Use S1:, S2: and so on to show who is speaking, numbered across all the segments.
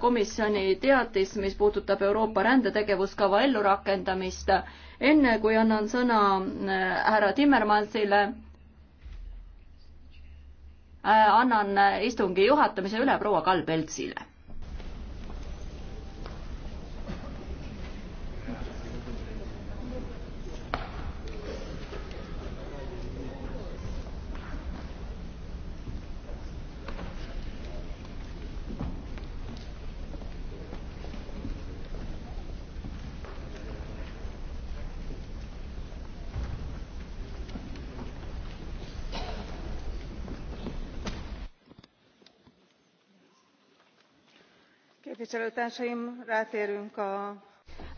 S1: komisjoni teatis, mis puudutab Euroopa rändetegevuskava ellurakendamist. enne kui annan sõna äh, härra Timmermansile, äh, annan istungi juhatamise üle proua Kalb Eltsile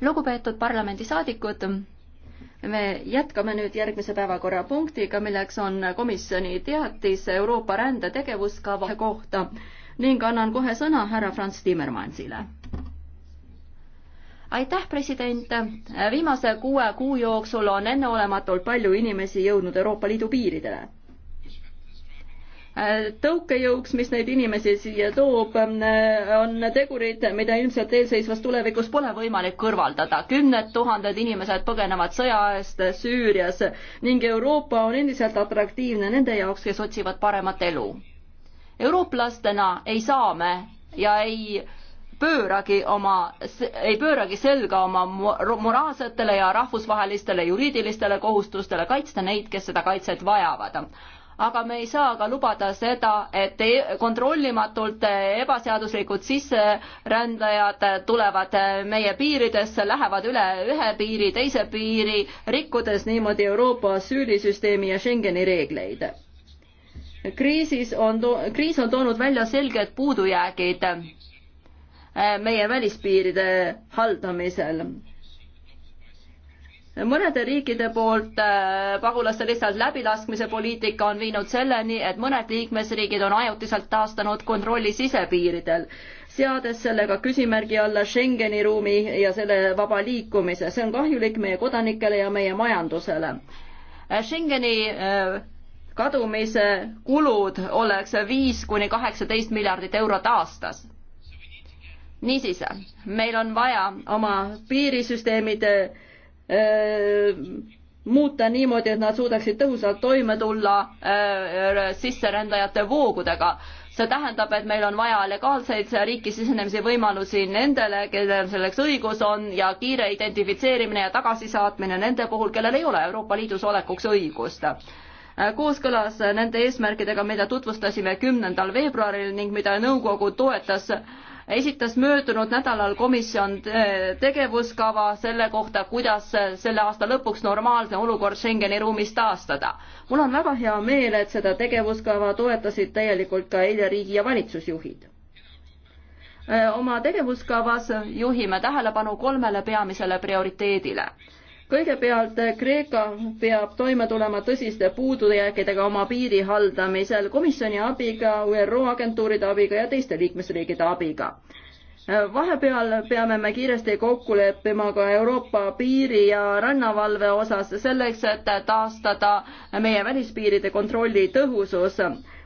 S1: lugupeetud parlamendisaadikud, me jätkame nüüd järgmise päevakorrapunktiga, milleks on komisjoni teatis Euroopa rände tegevuskava kohta ning annan kohe sõna härra Franz Timmermansile aitäh, president. viimase kuue kuu jooksul on enneolematult palju inimesi jõudnud Euroopa Liidu piiridele Äh, tõukejõuks, mis neid inimesi siia toob, ähm, on tegurid, mida ilmselt eelseisvas tulevikus pole võimalik kõrvaldada. kümned tuhanded inimesed põgenevad sõja eest Süürias ning Euroopa on endiselt atraktiivne nende jaoks, kes otsivad paremat elu. eurooplastena ei saa me ja ei pööragi oma, ei pööragi selga oma moraalsetele ja rahvusvahelistele juriidilistele kohustustele kaitsta neid, kes seda kaitset vajavad aga me ei saa ka lubada seda, et e-, kontrollimatult ebaseaduslikud sisserändajad tulevad meie piiridesse, lähevad üle ühe piiri, teise piiri, rikkudes niimoodi Euroopa asüülisüsteemi ja Schengeni reegleid. kriisis on, kriis on toonud välja selged puudujäägid meie välispiiride haldamisel mõnede riikide poolt äh, pagulaste lihtsalt läbilaskmise poliitika on viinud selleni, et mõned liikmesriigid on ajutiselt taastanud kontrolli sisepiiridel, seades sellega küsimärgi alla Schengeni ruumi ja selle vaba liikumise. see on kahjulik meie kodanikele ja meie majandusele. Äh, Schengeni äh, kadumise kulud oleks viis kuni kaheksateist miljardit eurot aastas. niisiis, meil on vaja oma piirisüsteemide muuta niimoodi, et nad suudaksid tõhusalt toime tulla sisserändajate voogudega. see tähendab, et meil on vaja legaalseid riiki sisenemise võimalusi nendele, kellel selleks õigus on ja kiire identifitseerimine ja tagasisaatmine nende puhul, kellel ei ole Euroopa Liidus olekuks õigust kooskõlas nende eesmärkidega, mida tutvustasime kümnendal veebruaril ning mida nõukogu toetas äh, esitas möödunud nädalal komisjon eh, tegevuskava selle kohta, kuidas selle aasta lõpuks normaalne olukord Schengeni ruumis taastada. mul on väga hea meel, et seda tegevuskava toetasid täielikult ka eile riigi- ja valitsusjuhid eh, oma tegevuskavas juhime tähelepanu kolmele peamisele prioriteedile kõigepealt eh, Kreeka peab toime tulema tõsiste puudujääkidega oma piiri haldamisel komisjoni abiga, ÜRO agentuuride abiga ja teiste liikmesriikide abiga. Eh, vahepeal peame me kiiresti kokku leppima ka Euroopa piiri ja rannavalve osas selleks, et taastada meie välispiiride kontrolli tõhusus.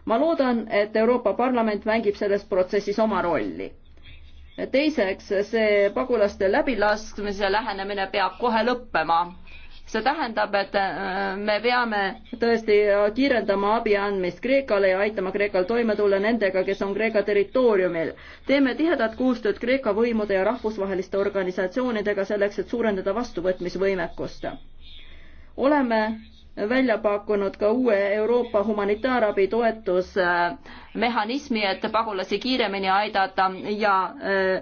S1: ma loodan, et Euroopa Parlament mängib selles protsessis oma rolli teiseks, see pagulaste läbilaskmise lähenemine peab kohe lõppema. see tähendab, et äh, me peame tõesti kiirendama abi andmist Kreekale ja aitama Kreekal toime tulla nendega, kes on Kreeka territooriumil. teeme tihedat koostööd Kreeka võimude ja rahvusvaheliste organisatsioonidega selleks, et suurendada vastuvõtmisvõimekust. oleme välja pakkunud ka uue Euroopa humanitaarabi toetusmehhanismi, et pagulasi kiiremini aidata ja äh,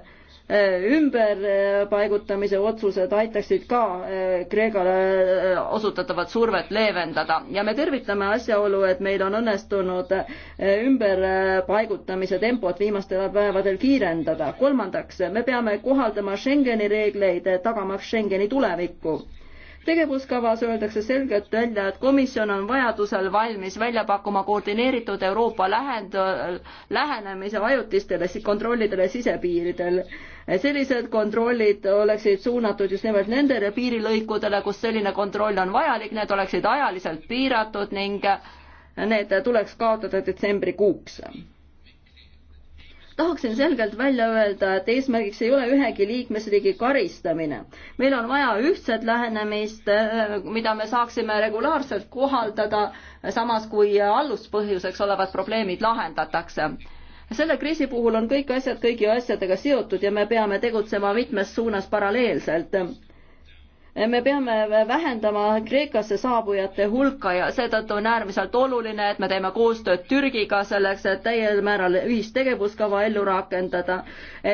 S1: ümberpaigutamise otsused aitaksid ka äh, Kreekale äh, osutatavat survet leevendada ja me tervitame asjaolu, et meil on õnnestunud ümberpaigutamise tempot viimastel päevadel kiirendada. kolmandaks, me peame kohaldama Schengeni reegleid, tagamaks Schengeni tulevikku tegevuskavas öeldakse selgelt välja, et komisjon on vajadusel valmis välja pakkuma koordineeritud Euroopa lähend-, lähenemise ajutistele kontrollidele sisepiiridel. sellised kontrollid oleksid suunatud just nimelt nendele piirilõikudele, kus selline kontroll on vajalik, need oleksid ajaliselt piiratud ning need tuleks kaotada detsembrikuuks tahaksin selgelt välja öelda, et eesmärgiks ei ole ühegi liikmesriigi karistamine. meil on vaja ühtset lähenemist, äh, mida me saaksime regulaarselt kohaldada, samas kui alluspõhjuseks olevad probleemid lahendatakse selle kriisi puhul on kõik asjad kõigi asjadega seotud ja me peame tegutsema mitmes suunas paralleelselt me peame vähendama Kreekasse saabujate hulka ja seetõttu on äärmiselt oluline, et me teeme koostööd Türgiga selleks, et täiel määral ühistegevuskava ellu rakendada,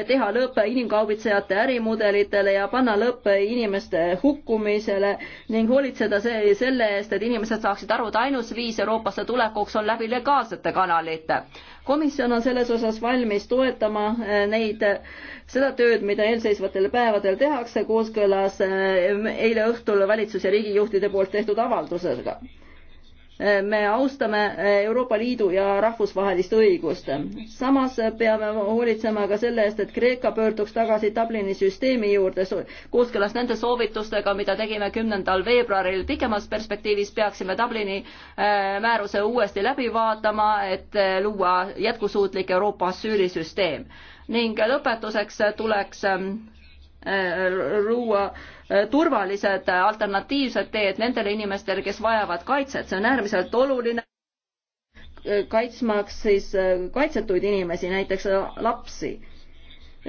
S1: teha lõpp inimkaubitsejate ärimudelitele ja panna lõpp inimeste hukkumisele ning hoolitseda see, selle eest, et inimesed saaksid aru, et ainus viis Euroopasse tulekuks on läbi legaalsete kanalite komisjon on selles osas valmis toetama eh, neid, eh, seda tööd, mida eelseisvatel päevadel tehakse kooskõlas eh, eile õhtul valitsus ja riigijuhtide poolt tehtud avaldusega me austame Euroopa Liidu ja rahvusvahelist õigust. samas peame hoolitsema ka selle eest, et Kreeka pöörduks tagasi Dublini süsteemi juurde kooskõlas nende soovitustega, mida tegime kümnendal veebruaril. pikemas perspektiivis peaksime Dublini äh, määruse uuesti läbi vaatama, et äh, luua jätkusuutlik Euroopa asüülisüsteem. ning lõpetuseks tuleks ähm, äh, luua äh, Äh, turvalised äh, alternatiivsed teed nendele inimestele, kes vajavad kaitset, see on äärmiselt oluline, äh, kaitsmaks siis kaitsetuid inimesi, näiteks lapsi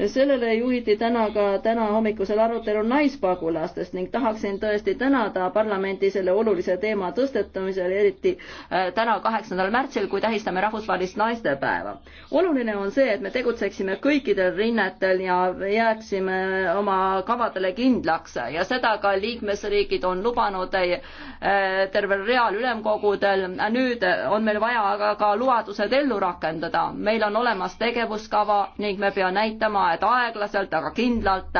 S1: sellele juhiti täna ka täna hommikusel arutelul naispagulastest ning tahaksin tõesti tänada parlamenti selle olulise teema tõstetamisel, eriti äh, täna, kaheksandal märtsil, kui tähistame rahvusvahelist naistepäeva. oluline on see, et me tegutseksime kõikidel rinnetel ja jääksime oma kavadele kindlaks ja seda ka liikmesriigid on lubanud äh, tervel real ülemkogudel. nüüd on meil vaja aga ka lubadused ellu rakendada. meil on olemas tegevuskava ning me peame näitama, näha, et aeglaselt, aga kindlalt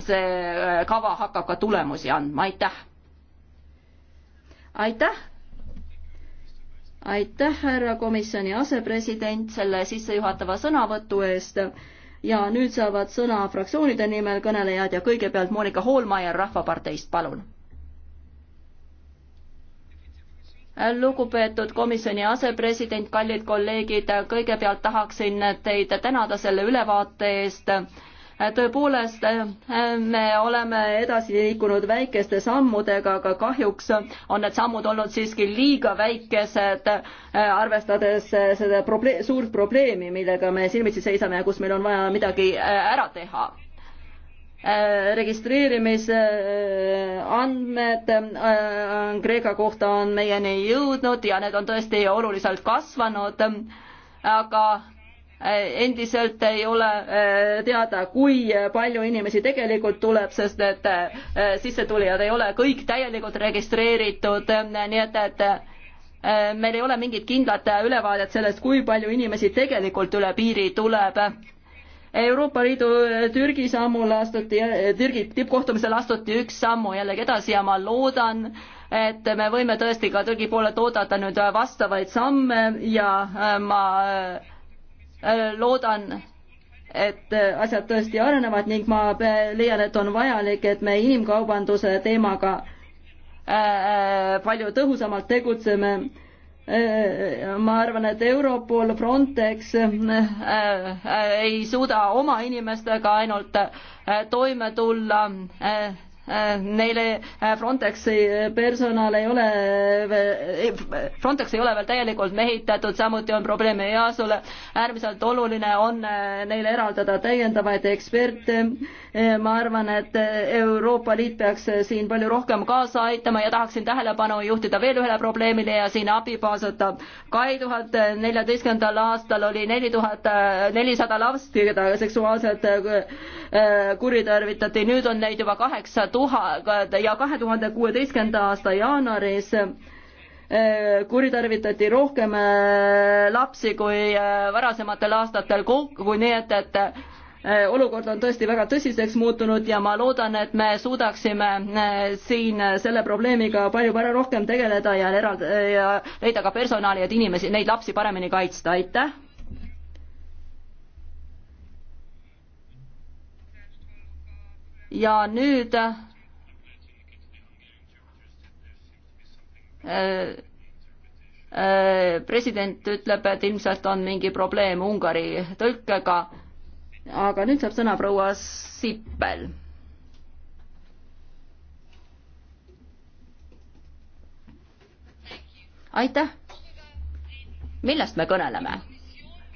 S1: see äh, kava hakkab ka tulemusi andma, aitäh. aitäh. aitäh, härra komisjoni asepresident, selle sissejuhatava sõnavõtu eest ja nüüd saavad sõna fraktsioonide nimel kõnelejad ja kõigepealt Monika Hoolmaier Rahvaparteist, palun lugupeetud komisjoni asepresident, kallid kolleegid, kõigepealt tahaksin teid tänada selle ülevaate eest. tõepoolest, me oleme edasi liikunud väikeste sammudega, aga kahjuks on need sammud olnud siiski liiga väikesed, arvestades seda probleem, suurt probleemi, millega me silmitsi seisame ja kus meil on vaja midagi ära teha Äh, registreerimise äh, andmed äh, Kreeka kohta on meieni jõudnud ja need on tõesti oluliselt kasvanud, aga endiselt ei ole teada, kui palju inimesi tegelikult tuleb, sest need sissetulijad ei ole kõik täielikult registreeritud, nii et, et meil ei ole mingit kindlat ülevaadet sellest, kui palju inimesi tegelikult üle piiri tuleb Euroopa Liidu äh, Türgi sammul astuti, äh, Türgi tippkohtumisel astuti üks sammu jällegi edasi ja ma loodan, et me võime tõesti ka Türgi poolelt oodata nüüd äh, vastavaid samme ja ma loodan, et asjad tõesti arenevad ning ma leian, et on vajalik, et me inimkaubanduse teemaga palju tõhusamalt tegutseme ma arvan, et Europol, Frontex äh, äh, ei suuda oma inimestega ainult äh, toime tulla Äh, neile äh, Frontexi äh, personal ei ole, Frontex ei ole veel täielikult mehitatud, samuti on probleeme EASO-le. äärmiselt oluline on neile eraldada täiendavaid eksperte. ma arvan, et Euroopa Liit peaks siin palju rohkem kaasa aitama ja tahaksin tähelepanu juhtida veel ühele probleemile ja siin abi baasata. kahe tuhande neljateistkümnendal aastal oli neli tuhat nelisada last, keda seksuaalselt kuritarvitati, nüüd on neid juba kaheksa tuhat tuhande ja kahe tuhande kuueteistkümnenda aasta jaanuaris äh, kuritarvitati rohkem äh, lapsi kui äh, varasematel aastatel kokku, nii et, et olukord on tõesti väga tõsiseks muutunud ja ma loodan, et me suudaksime siin selle probleemiga palju para rohkem tegeleda ja eraldi ja leida ka personali, et inimesi, neid lapsi paremini kaitsta, aitäh. ja nüüd äh, äh, president ütleb, et ilmselt on mingi probleem Ungari tõlkega. aga nüüd saab sõna proua Sippel. aitäh. millest me kõneleme?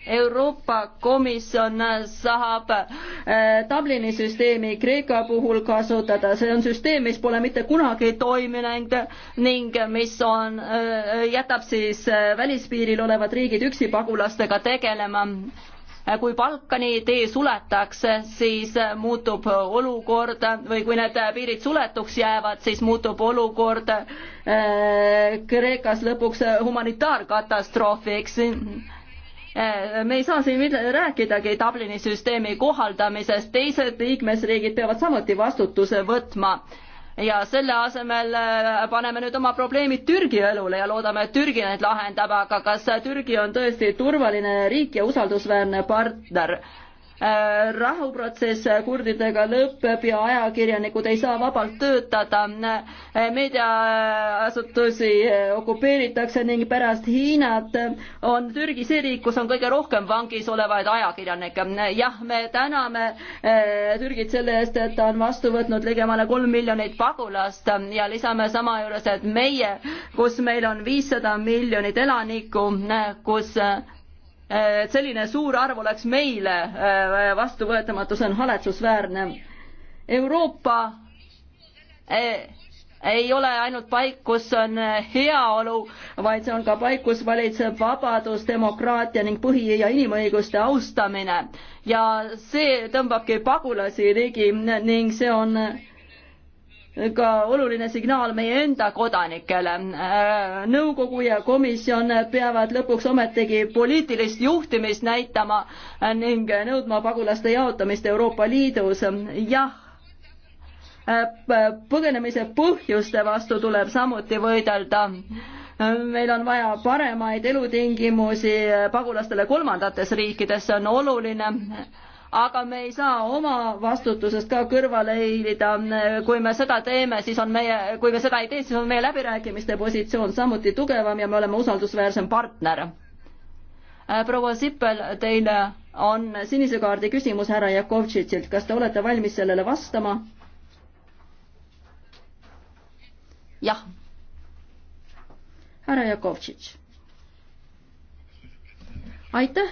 S1: Euroopa Komisjon saab äh, Dublini süsteemi Kreeka puhul kasutada, see on süsteem, mis pole mitte kunagi toiminud ning mis on, äh, jätab siis äh, välispiiril olevad riigid üksi pagulastega tegelema. kui Balkani tee suletakse, siis muutub olukord või kui need piirid suletuks jäävad, siis muutub olukord Kreekas lõpuks humanitaarkatastroofiks Eh, me ei saa siin rääkidagi Dublini süsteemi kohaldamisest, teised liikmesriigid peavad samuti vastutuse võtma ja selle asemel eh, paneme nüüd oma probleemid Türgi õlule ja loodame, et Türgi need lahendab, aga kas Türgi on tõesti turvaline riik ja usaldusväärne partner? Äh, rahuprotsess kurdidega lõpeb ja ajakirjanikud ei saa vabalt töötada. Äh, meediaasutusi äh, okupeeritakse ning pärast Hiinat on Türgi see riik, kus on kõige rohkem vangis olevaid ajakirjanikke. jah, me täname Türgit selle eest, et ta on vastu võtnud ligemale kolm miljonit pagulast ja lisame sama juures, et meie, kus meil on viissada miljonit elanikku, kus et selline suur arv oleks meile äh, vastuvõetamatu, see on haletsusväärne. Euroopa äh, ei ole ainult paik, kus on äh, heaolu, vaid see on ka paik, kus valitseb vabadus, demokraatia ning põhi- ja inimõiguste austamine. ja see tõmbabki pagulasi ligi ning see on ka oluline signaal meie enda kodanikele. Äh, nõukogu ja komisjon peavad lõpuks ometigi poliitilist juhtimist näitama ning nõudma pagulaste jaotamist Euroopa Liidus. jah, äh, põgenemise põhjuste vastu tuleb samuti võidelda meil on vaja paremaid elutingimusi pagulastele kolmandates riikides, see on oluline aga me ei saa oma vastutusest ka kõrvale hiilida. kui me seda teeme, siis on meie, kui me seda ei tee, siis on meie läbirääkimiste positsioon samuti tugevam ja me oleme usaldusväärsem partner. Äh, proua Sippel, teil on sinise kaardi küsimus härra Jakovtšitšilt, kas te olete valmis sellele vastama? jah. härra Jakovtšitš. aitäh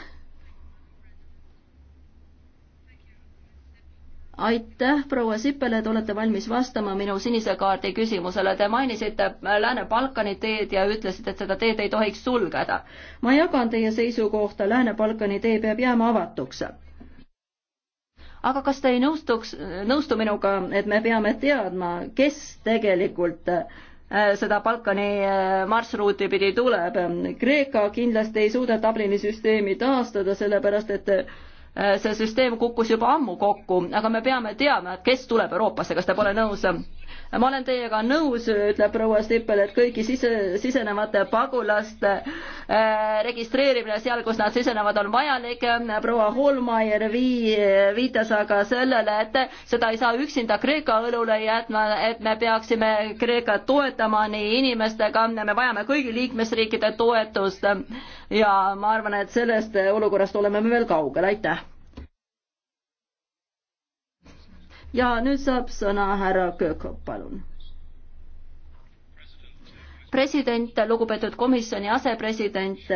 S1: aitäh, proua Sippel, et olete valmis vastama minu sinise kaardi küsimusele. Te mainisite Lääne-Balkani teed ja ütlesite, et seda teed ei tohiks sulgeda. ma jagan teie seisukohta, Lääne-Balkani tee peab jääma avatuks. aga kas te ei nõustuks, nõustu minuga, et me peame teadma, kes tegelikult äh, seda Balkani äh, marsruuti pidi tuleb. Kreeka kindlasti ei suuda Dublini süsteemi taastada, sellepärast et see süsteem kukkus juba ammu kokku, aga me peame teadma, et kes tuleb Euroopasse, kas te pole nõus? ma olen teiega nõus, ütleb proua Stippel, et kõigi sise, sisenevate pagulaste äh, registreerimine seal, kus nad sisenevad, on vajalik. proua Holmaier vii-, viitas aga sellele, et seda ei saa üksinda Kreeka õlule jätma, et me peaksime Kreekat toetama nii inimestega, me vajame kõigi liikmesriikide toetust ja ma arvan, et sellest olukorrast oleme me veel kaugel, aitäh! ja nüüd saab sõna härra Köökop, palun. president, lugupeetud komisjoni asepresident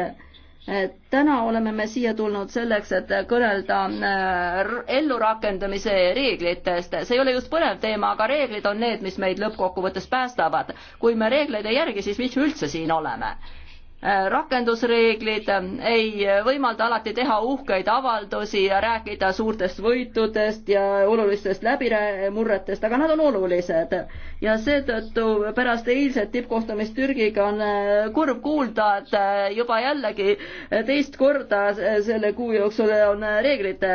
S1: täna oleme me siia tulnud selleks, et kõnelda äh, ellurakendamise reeglitest. see ei ole just põnev teema, aga reeglid on need, mis meid lõppkokkuvõttes päästavad. kui me reegleid ei järgi, siis miks me üldse siin oleme? Äh, rakendusreeglid äh, ei võimalda alati teha uhkeid avaldusi ja rääkida suurtest võitudest ja olulistest läbimurretest, aga nad on olulised. ja seetõttu pärast eilset tippkohtumist Türgiga on äh, kurb kuulda, et juba jällegi teist korda selle kuu jooksul on reeglite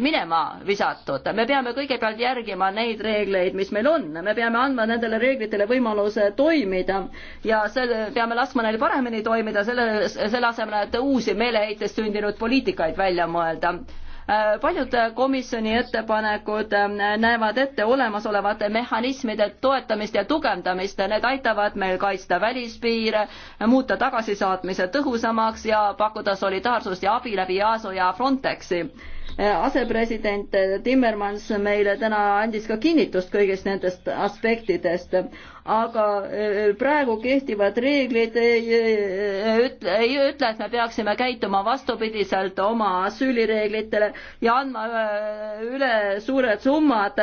S1: minema visatud, me peame kõigepealt järgima neid reegleid, mis meil on, me peame andma nendele reeglitele võimaluse toimida ja selle, peame laskma neil paremini toimida, selle, selle asemel, et uusi meeleheitest sündinud poliitikaid välja mõelda äh, paljud komisjoni ettepanekud äh, näevad ette olemasolevate mehhanismide toetamist ja tugevdamist, need aitavad meil kaitsta välispiire, muuta tagasisaatmise tõhusamaks ja pakkuda solidaarsust ja abi läbi EASO ja Frontexi asepresident Timmermans meile täna andis ka kinnitust kõigist nendest aspektidest, aga äh, praegu kehtivad reeglid ei äh, ütle, ei ütle, et me peaksime käituma vastupidiselt oma asüülireeglitele ja andma äh, üle suured summad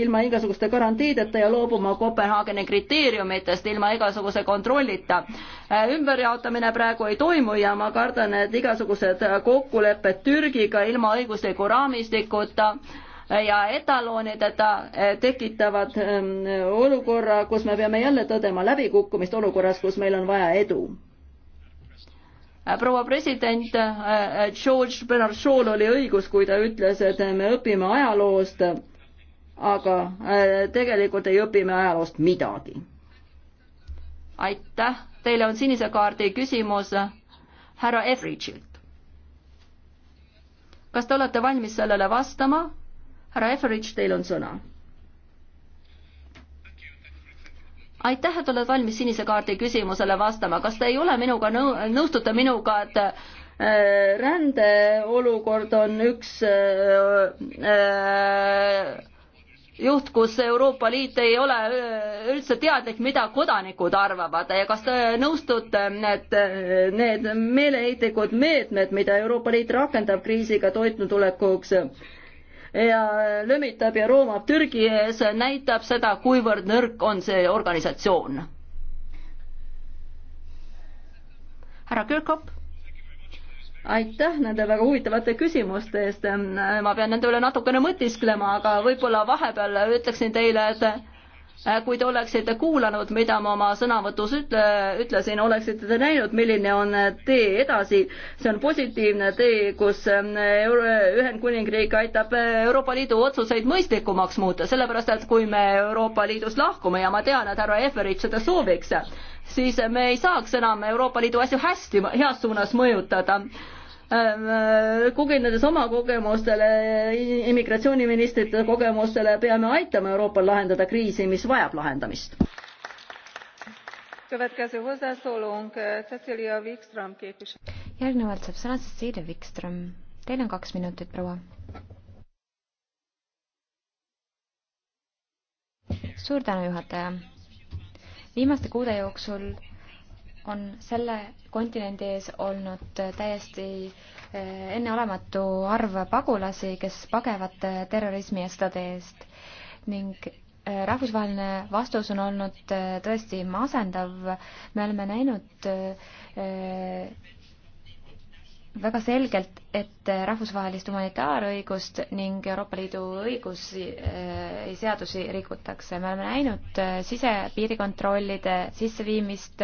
S1: ilma igasuguste garantiideta ja loobuma Kopenhaageni kriteeriumitest ilma igasuguse kontrollita. Äh, ümberjaotamine praegu ei toimu ja ma kardan, et igasugused kokkulepped Türgiga ilma õigusliku raamistikuta äh, ja etaloonideta äh, tekitavad ähm, olukorra, kus me peame jälle tõdema läbikukkumist olukorras, kus meil on vaja edu proua president George Bernard Shaw'l oli õigus, kui ta ütles, et me õpime ajaloost, aga tegelikult ei õpi me ajaloost midagi. aitäh Teile on sinise kaardi küsimus härra Efridžilt. kas te olete valmis sellele vastama? härra Efridž, teil on sõna. aitäh, et oled valmis sinise kaardi küsimusele vastama. kas te ei ole minuga nõu-, nõustute minuga, et äh, rändeolukord on üks äh, äh, juht, kus Euroopa Liit ei ole äh, üldse teadlik, mida kodanikud arvavad ja kas te nõustute, et äh, need meeleheitlikud meetmed, mida Euroopa Liit rakendab kriisiga toitmetulekuks ja lömitab ja roomab Türgi ees, näitab seda, kuivõrd nõrk on see organisatsioon? härra Kirkop aitäh nende väga huvitavate küsimuste eest. ma pean nende üle natukene mõtisklema, aga võib-olla vahepeal ütleksin teile, et äh, kui te oleksite kuulanud, mida ma oma sõnavõtus ütle, ütlesin, oleksite te näinud, milline on äh, tee edasi. see on positiivne tee, kus äh, Ühendkuningriik aitab Euroopa Liidu otsuseid mõistlikumaks muuta, sellepärast et kui me Euroopa Liidust lahkume ja ma tean, et härra Eferit seda sooviks siis me ei saaks enam Euroopa Liidu asju hästi, heas suunas mõjutada ehm, äh, kogenedes oma kogemustele, immigratsiooniministrite kogemustele, peame aitama Euroopal lahendada kriisi, mis vajab lahendamist.
S2: Äh,
S3: järgnevalt saab sõna Cecilia Wikström. Teil on kaks minutit, proua. suur tänu, juhataja viimaste kuude jooksul on selle kontinendi ees olnud täiesti eh, enneolematu arv pagulasi, kes pagevad eh, terrorismi ja sõdade eest ning eh, rahvusvaheline vastus on olnud tõesti masendav. me oleme näinud väga selgelt, et äh, rahvusvahelist humanitaarõigust ning Euroopa Liidu õigusi, äh, seadusi rikutakse. me oleme näinud äh, sisepiirikontrollide sisseviimist,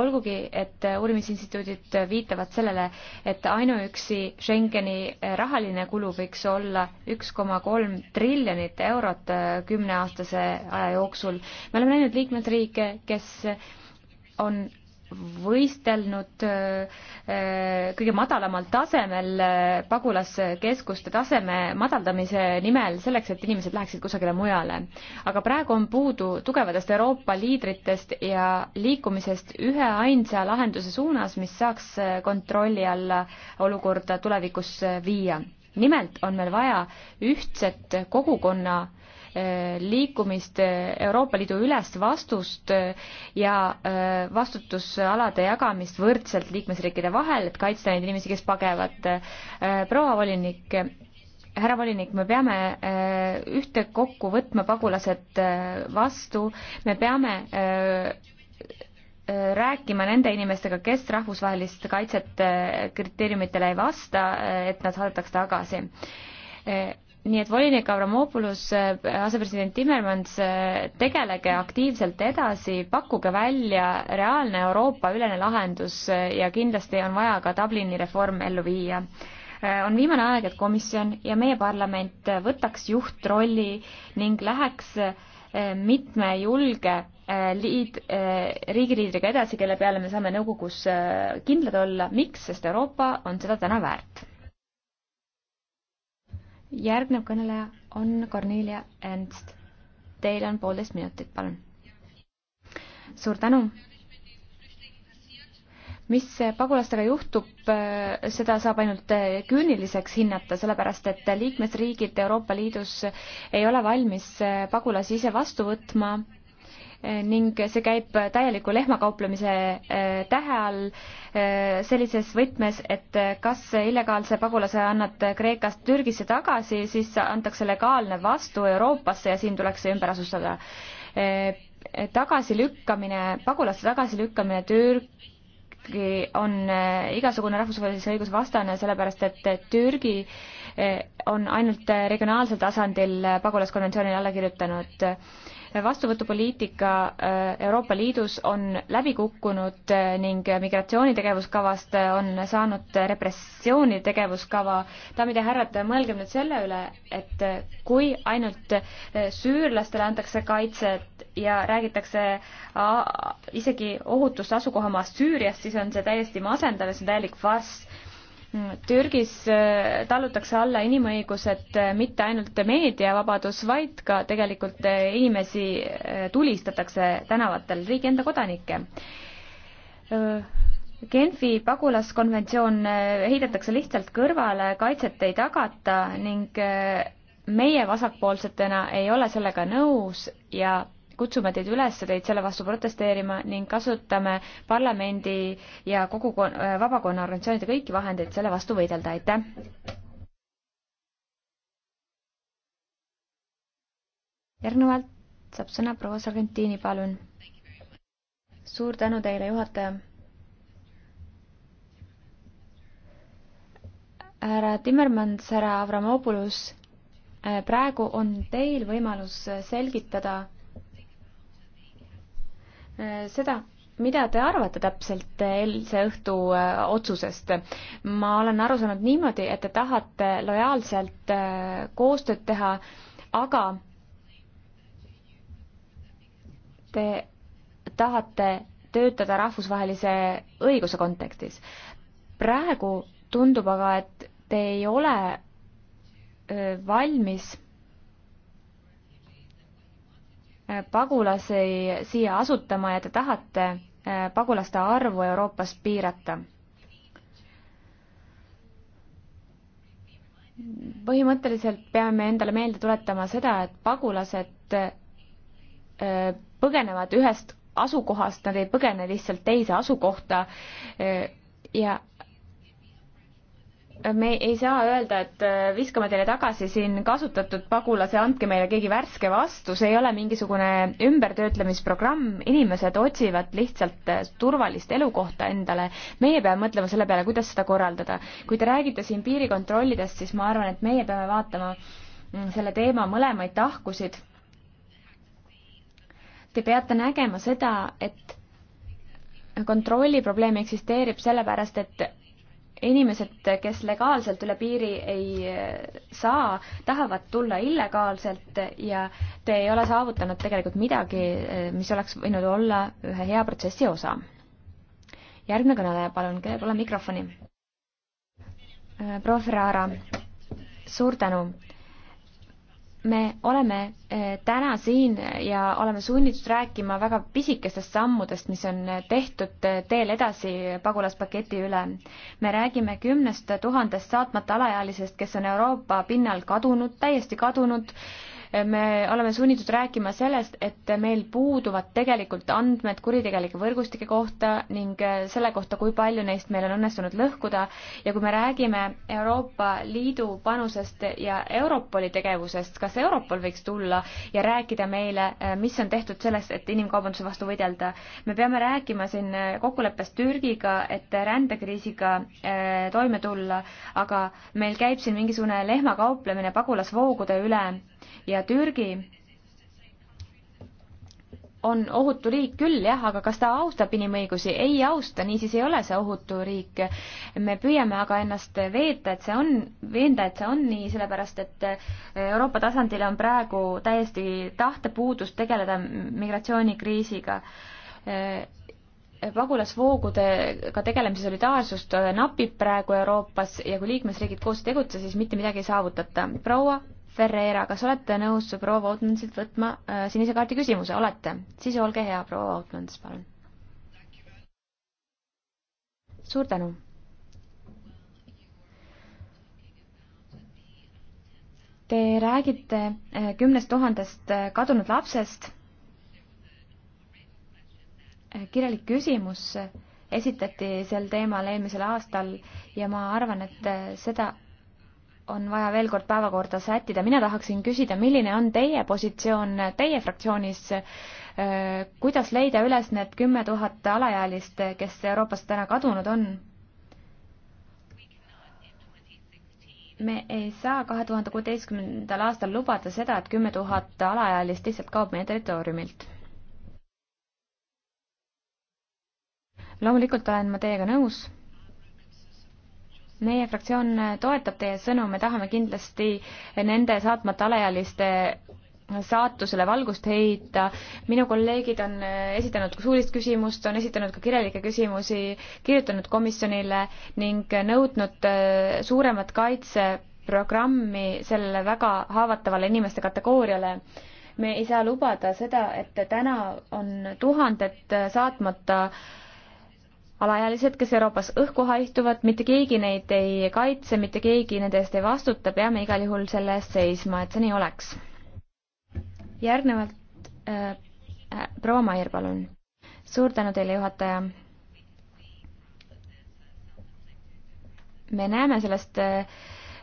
S3: olgugi et uurimisinstituudid viitavad sellele, et ainuüksi Schengeni rahaline kulu võiks olla üks koma kolm triljonit eurot kümneaastase aja jooksul. me oleme näinud liikmesriike, kes on võistelnud äh, äh, kõige madalamal tasemel äh, pagulaskeskuste taseme madaldamise nimel selleks, et inimesed läheksid kusagile mujale. aga praegu on puudu tugevatest Euroopa liidritest ja liikumisest ühe ainsa lahenduse suunas, mis saaks kontrolli alla olukorda tulevikus viia. nimelt on meil vaja ühtset kogukonna Äh, liikumist äh, Euroopa Liidu ülest vastust äh, ja vastutusalade jagamist võrdselt liikmesriikide vahel, et kaitsta neid inimesi, kes pagevad. proua volinik, härra volinik, me peame ühtekokku võtma pagulased vastu, me peame rääkima nende inimestega, kes rahvusvahelist kaitset kriteeriumitele ei vasta, et nad saadetakse tagasi nii et volinik Avramopoulos, eh, asepresident Timmermans, eh, tegelege aktiivselt edasi, pakkuge välja reaalne Euroopa-ülene lahendus eh, ja kindlasti on vaja ka Dublini reform ellu viia. on viimane aeg, et komisjon ja meie parlament võtaks juhtrolli ning läheks mitme julge liid, riigiliidriga edasi, kelle peale me saame nõukogus kindlad olla, miks, sest Euroopa on seda täna väärt järgnev kõneleja on Cornelia Ernst. Teil on poolteist minutit, palun. suur tänu. mis pagulastega juhtub, seda saab ainult küüniliseks hinnata, sellepärast et liikmesriigid Euroopa Liidus ei ole valmis pagulasi ise vastu võtma ning see käib täieliku lehmakauplemise eh, tähe all eh, sellises võtmes, et kas illegaalse pagulase annad Kreekast Türgisse tagasi, siis antakse legaalne vastu Euroopasse ja siin tuleks see ümber asustada. Eh, tagasilükkamine, pagulaste tagasilükkamine Türk-, Türgi on igasugune rahvusvahelise õiguse vastane, sellepärast et Türgi on ainult regionaalsel tasandil pagulaskonventsioonile alla kirjutanud vastuvõtupoliitika äh, Euroopa Liidus on läbi kukkunud äh, ning migratsioonitegevuskavast äh, on saanud repressiooni tegevuskava. daamid ja härrad, mõelgem nüüd selle üle, et kui ainult süürlastele antakse kaitset ja räägitakse isegi ohutust asukohamaast Süüriast, siis on see täiesti masendav ja see on täielik farss Türgis äh, tallutakse alla inimõigused äh, mitte ainult meediavabadus, vaid ka tegelikult äh, inimesi tulistatakse tänavatel, riigi enda kodanikke. Genfi pagulaskonventsioon heidetakse lihtsalt kõrvale, kaitset ei tagata ning meie vasakpoolsetena ei ole sellega nõus ja kutsume teid üles teid selle vastu protesteerima ning kasutame parlamendi ja kogu äh, vabakonna organisatsioonide kõiki vahendeid selle vastu võidelda, aitäh! järgnevalt saab sõna proua Sargentini, palun. suur tänu teile, juhataja. härra Timmermans, härra Avramopoulos äh, praegu on teil võimalus selgitada Äh, seda, mida te arvate täpselt äh, eilse õhtu äh, otsusest? ma olen aru saanud niimoodi, et te tahate lojaalselt koostööd teha, aga te tahate töötada rahvusvahelise õiguse kontekstis. praegu tundub aga, et te ei ole valmis pagulasi siia asutama ja te tahate eh, pagulaste arvu Euroopas piirata. põhimõtteliselt peame endale meelde tuletama seda, et pagulased eh, põgenevad ühest asukohast, nad ei põgene lihtsalt teise asukohta eh, ja me ei saa öelda, et äh, viskame teile tagasi siin kasutatud pagulase, andke meile keegi värske vastu, see ei ole mingisugune ümbertöötlemisprogramm, inimesed otsivad lihtsalt äh, turvalist elukohta endale. meie peame mõtlema selle peale, kuidas seda korraldada. kui te räägite siin piirikontrollidest, siis ma arvan, et meie peame vaatama mm, selle teema mõlemaid tahkusid. Te peate nägema seda, et kontrolliprobleem eksisteerib sellepärast, et inimesed, kes legaalselt üle piiri ei eh, saa, tahavad tulla illegaalselt ja te ei ole saavutanud tegelikult midagi, eh, mis oleks võinud olla ühe hea protsessi osa. järgmine kõneleja, palun, pole mikrofoni. Eh, proua Ferrara, suur tänu me oleme eh, täna siin ja oleme sunnitud rääkima väga pisikestest sammudest, mis on tehtud eh, teel edasi pagulaspaketi üle. me räägime kümnest tuhandest saatmata alaealisest, kes on Euroopa pinnal kadunud, täiesti kadunud äh, me oleme sunnitud rääkima sellest, et meil puuduvad tegelikult andmed kuritegelike võrgustike kohta ning äh, selle kohta, kui palju neist meil on õnnestunud lõhkuda ja kui me räägime Euroopa Liidu panusest ja Europoli tegevusest, kas Europol võiks tulla ja rääkida meile, äh, mis on tehtud selleks, et inimkaubanduse vastu võidelda. me peame rääkima siin äh, kokkuleppest Türgiga, et rändekriisiga toime tulla, aga meil käib siin mingisugune lehmakauplemine pagulasvoogude üle ja Türgi on ohutu riik küll jah, aga kas ta austab inimõigusi? ei austa, niisiis ei ole see ohutu riik. me püüame aga ennast veeta, et see on, veenda, et see on nii, sellepärast et Euroopa tasandil on praegu täiesti tahtepuudust tegeleda migratsioonikriisiga pagulasvoogudega tegelemise solidaarsust napib praegu Euroopas ja kui liikmesriigid koos ei tegutse, siis mitte midagi ei saavutata. proua Ferreira, kas olete nõus proua Vautmansilt võtma äh, sinise kaardi küsimuse, olete? siis olge hea, proua Vautmans, palun. suur tänu. Te räägite äh, kümnest tuhandest äh, kadunud lapsest. Äh, kirjalik küsimus esitati sel teemal eelmisel aastal ja ma arvan, et seda on vaja veel kord päevakorda sättida. mina tahaksin küsida, milline on teie positsioon teie fraktsioonis, äh, kuidas leida üles need kümme tuhat alaealist, kes Euroopast täna kadunud on? me ei saa kahe tuhande kuueteistkümnendal aastal lubada seda, et kümme tuhat alaealist lihtsalt kaob meie territooriumilt. loomulikult olen ma teiega nõus meie fraktsioon toetab teie sõnu, me tahame kindlasti nende saatmata alaealiste saatusele valgust heita. minu kolleegid on esitanud suulist küsimust, on esitanud ka kirjalikke küsimusi, kirjutanud komisjonile ning nõudnud äh, suuremat kaitseprogrammi sellele väga haavatavale inimeste kategooriale. me ei saa lubada seda, et täna on tuhanded saatmata äh, alaealised, kes Euroopas õhku haihtuvad, mitte keegi neid ei kaitse, mitte keegi nende eest ei vastuta, peame igal juhul selle eest seisma, et see nii oleks. järgnevalt äh, äh, proua Maier, palun. suur tänu teile, juhataja. me näeme sellest äh,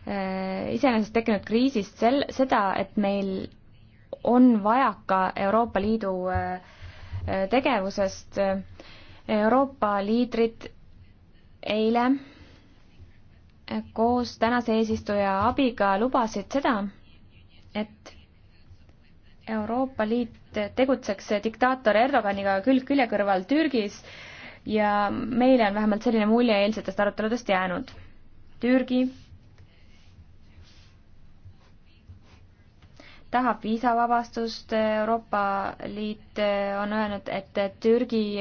S3: äh iseenesest tekkinud kriisist sel-, seda, et meil on vajaka Euroopa Liidu äh, äh tegevusest äh, Euroopa liidrid eile koos tänase eesistuja abiga lubasid seda, et Euroopa Liit tegutseks diktaator Erdoganiga külg külje kõrval Türgis ja meile on vähemalt selline mulje eilsetest aruteludest jäänud. Türgi tahab viisavabastust, Euroopa Liit äh, on öelnud, et Türgil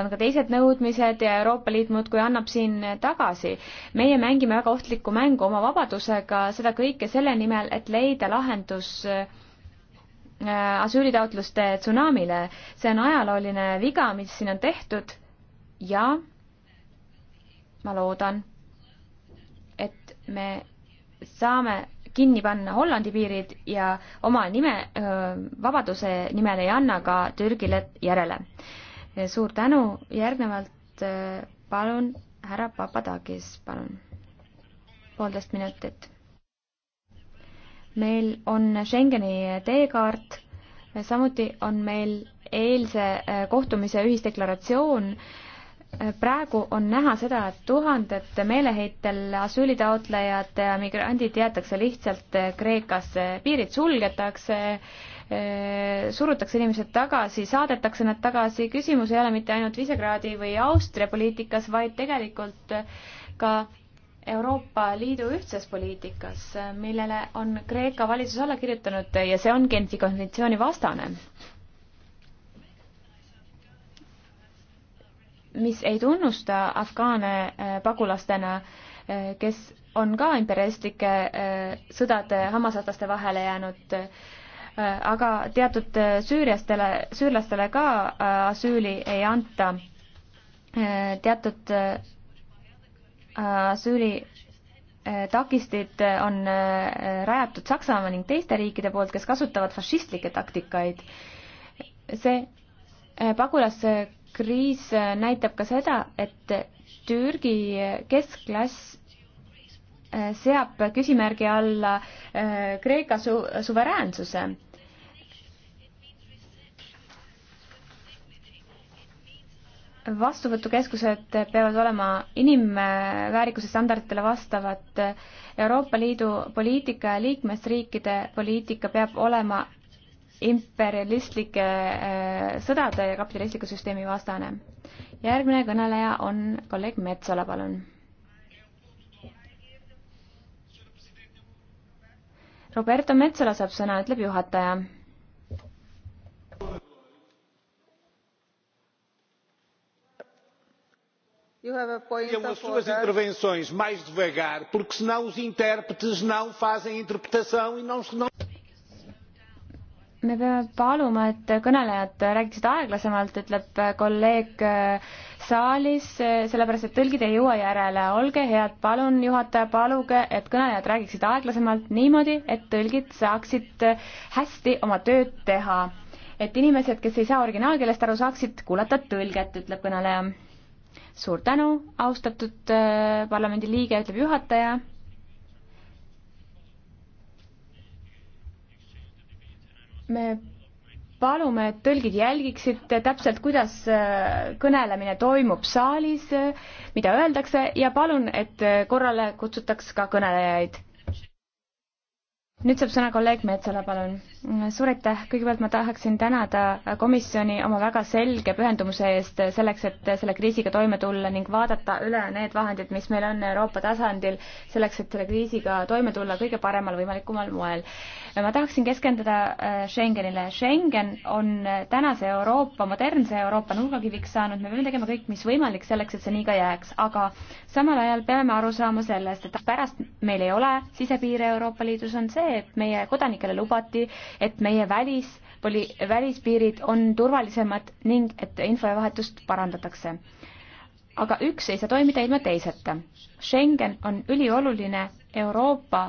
S3: on ka teised nõudmised ja Euroopa Liit muudkui annab siin tagasi. meie mängime väga ohtlikku mängu oma vabadusega, seda kõike selle nimel, et leida lahendus äh, asüülitaotluste tsunamile. see on ajalooline viga, mis siin on tehtud ja ma loodan, et me saame kinni panna Hollandi piirid ja oma nime, vabaduse nimel ei anna ka Türgile järele. suur tänu, järgnevalt palun härra Papadakis, palun. poolteist minutit. meil on Schengeni teekaart, samuti on meil eilse kohtumise ühisdeklaratsioon praegu on näha seda, et tuhanded meeleheitel asüülitaotlejad ja migrandid jäetakse lihtsalt eh, Kreekasse, piirid sulgetakse, eh, surutakse inimesed tagasi, saadetakse nad tagasi, küsimus ei ole mitte ainult Visegradi või Austria poliitikas, vaid tegelikult eh, ka Euroopa Liidu ühtses poliitikas, millele on Kreeka valitsus alla kirjutanud ja see on Genfi konventsiooni vastane mis ei tunnusta afgaane äh, pagulastena, äh, kes on ka imperialistlike äh, sõdade hammasrataste vahele jäänud, aga teatud süüriastele, süürlastele ka asüüli ei anta. teatud asüüli takistid on rajatud Saksamaa ning teiste riikide poolt, kes kasutavad fašistlikke taktikaid. see pagulasse kriis äh, näitab ka seda, et Türgi keskklass äh, seab küsimärgi alla äh, Kreeka su-, suveräänsuse vastuvõtukeskused peavad olema inimväärikuse standarditele vastavad. Euroopa Liidu poliitika ja liikmesriikide poliitika peab olema imperialistlike äh, sõdade ja kapitalistliku süsteemi vastane. järgmine kõneleja on kolleeg Metsola, palun. Roberto Metsola saab sõna, ütleb juhataja.
S2: Temos suas intervenções mais devagar, porque senão os intérpretes não fazem interpretação e não.
S3: não me peame paluma, et kõnelejad räägiksid aeglasemalt, ütleb kolleeg äh, saalis, äh, sellepärast et tõlgid ei jõua järele. olge head, palun juhataja, paluge, et kõnelejad räägiksid aeglasemalt niimoodi, et tõlgid saaksid äh, hästi oma tööd teha. et inimesed, kes ei saa originaalkeelest aru, saaksid kuulata tõlget, ütleb kõneleja. suur tänu, austatud parlamendiliige, ütleb juhataja me palume, et tõlgid jälgiksid täpselt, kuidas äh, kõnelemine toimub saalis, äh, mida öeldakse ja palun, et äh, korrale kutsutaks ka kõnelejaid. nüüd saab sõna kolleeg Metsala, palun suur aitäh, kõigepealt ma tahaksin tänada komisjoni oma väga selge pühendumuse eest selleks, et selle kriisiga toime tulla ning vaadata üle need vahendid, mis meil on Euroopa tasandil, selleks, et selle kriisiga toime tulla kõige paremal võimalikumal moel. ma tahaksin keskenduda äh, Schengenile. Schengen on tänase Euroopa, modernse Euroopa nurgakiviks saanud, me peame tegema kõik, mis võimalik selleks, et see nii ka jääks, aga samal ajal peame aru saama sellest, et pärast meil ei ole sisepiire Euroopa Liidus, on see, et meie kodanikele lubati et meie välis poli-, välispiirid on turvalisemad ning et infovahetust parandatakse. aga üks ei saa toimida ilma teiseta. Schengen on ülioluline Euroopa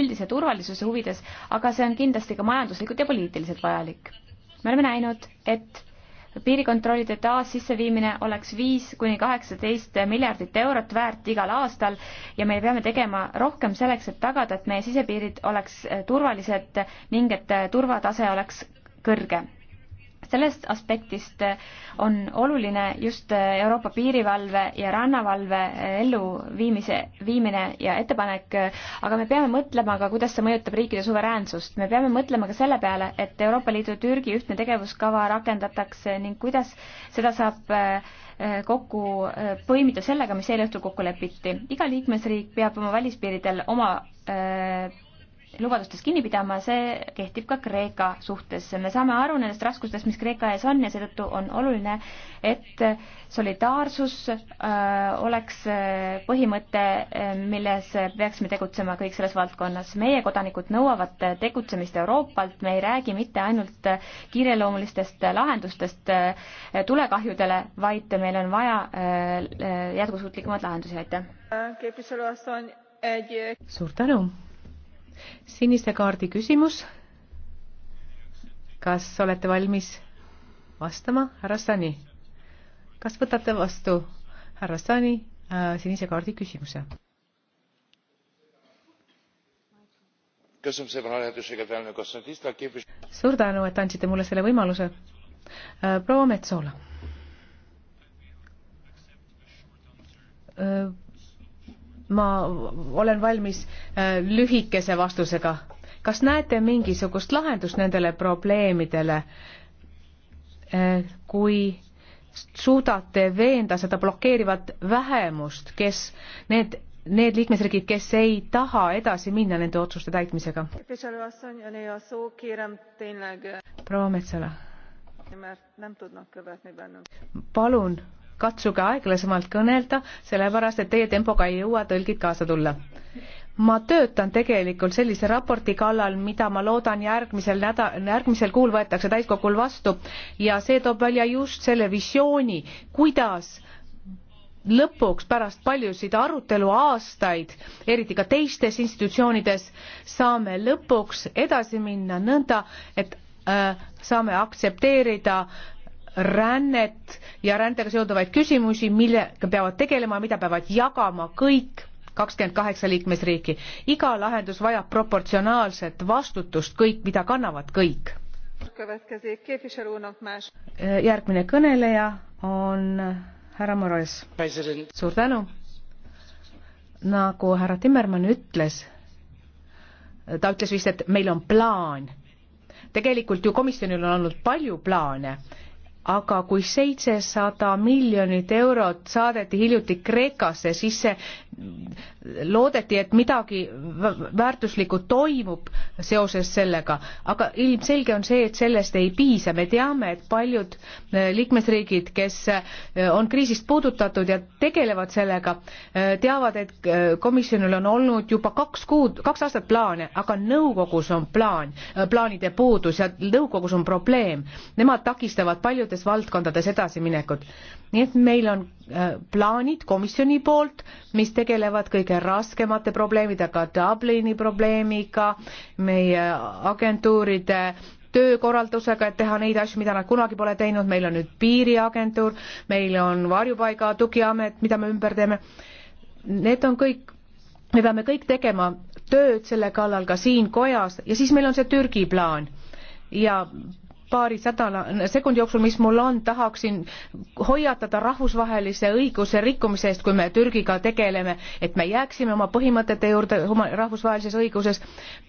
S3: üldise turvalisuse huvides, aga see on kindlasti ka majanduslikult ja poliitiliselt vajalik. me oleme näinud, et piirikontrollide taassisseviimine oleks viis kuni kaheksateist miljardit eurot väärt igal aastal ja me peame tegema rohkem selleks, et tagada, et meie sisepiirid oleks turvalised ning et turvatase oleks kõrge sellest aspektist äh, on oluline just äh, Euroopa piirivalve ja rannavalve äh, elluviimise, viimine ja ettepanek, aga me peame mõtlema ka, kuidas see mõjutab riikide suveräänsust. me peame mõtlema ka selle peale, et Euroopa Liidu Türgi ühtne tegevuskava rakendatakse ning kuidas seda saab kokku põimida sellega, mis eile õhtul kokku lepiti. iga liikmesriik peab oma välispiiridel oma lubadustest kinni pidama, see kehtib ka Kreeka suhtes. me saame aru nendest raskustest, mis Kreeka ees on ja seetõttu on oluline, et solidaarsus öö, äh, oleks äh, põhimõte, äh, milles peaksime tegutsema kõik selles valdkonnas. meie kodanikud nõuavad tegutsemist Euroopalt, me ei räägi mitte ainult kiireloomulistest lahendustest tulekahjudele, vaid meil on vaja jätkusuutlikumaid lahendusi, aitäh! suur tänu! sinise
S4: kaardi küsimus. kas olete valmis vastama, härra Stani? kas võtate vastu härra Stani äh, sinise kaardi küsimuse? suur tänu, et andsite mulle selle võimaluse äh,. proua Metsola äh, ma olen valmis äh, lühikese vastusega. kas näete mingisugust lahendust nendele probleemidele, äh, kui suudate veenda seda blokeerivat vähemust, kes need, need liikmesriigid, kes ei taha edasi minna nende otsuste täitmisega?
S2: proua Metsala.
S4: palun katsuge aeglasemalt kõnelda, sellepärast et teie tempoga ei jõua tõlgid kaasa tulla. ma töötan tegelikult sellise raporti kallal, mida ma loodan järgmisel näda-, järgmisel kuul võetakse täiskogul vastu ja see toob välja just selle visiooni, kuidas lõpuks pärast paljusid aruteluaastaid, eriti ka teistes institutsioonides, saame lõpuks edasi minna nõnda, et äh, saame aktsepteerida äh, rännet ja rändega seonduvaid küsimusi, millega peavad tegelema, mida peavad jagama kõik kakskümmend kaheksa liikmesriiki. iga lahendus vajab proportsionaalset vastutust, kõik, mida kannavad kõik. järgmine kõneleja on härra Morales. suur tänu. nagu härra Timmermann ütles, ta ütles vist, et meil on plaan tegelikult ju komisjonil on olnud palju plaane aga kui seitsesada miljonit eurot saadeti hiljuti Kreekasse, siis see loodeti, et midagi väärtuslikku toimub seoses sellega, aga ilmselge on see, et sellest ei piisa, me teame, et paljud äh, liikmesriigid, kes äh, on kriisist puudutatud ja tegelevad sellega, äh, teavad, et komisjonil on olnud juba kaks kuud, kaks aastat plaane, aga nõukogus on plaan, plaanide puudus ja nõukogus on probleem. Nemad takistavad paljude erinevates valdkondades edasiminekut. nii et meil on äh, plaanid komisjoni poolt, mis tegelevad kõige raskemate probleemidega, Dublini probleemiga, meie agentuuride töökorraldusega, et teha neid asju, mida nad kunagi pole teinud, meil on nüüd piiriagentuur, meil on varjupaiga tugiamet, mida me ümber teeme. Need on kõik, me peame kõik tegema tööd selle kallal ka siin kojas ja siis meil on see Türgi plaan ja paari sadala sekundi jooksul, mis mul on, tahaksin hoiatada rahvusvahelise õiguse rikkumise eest, kui me Türgiga tegeleme, et me jääksime oma põhimõtete juurde rahvusvahelises õiguses.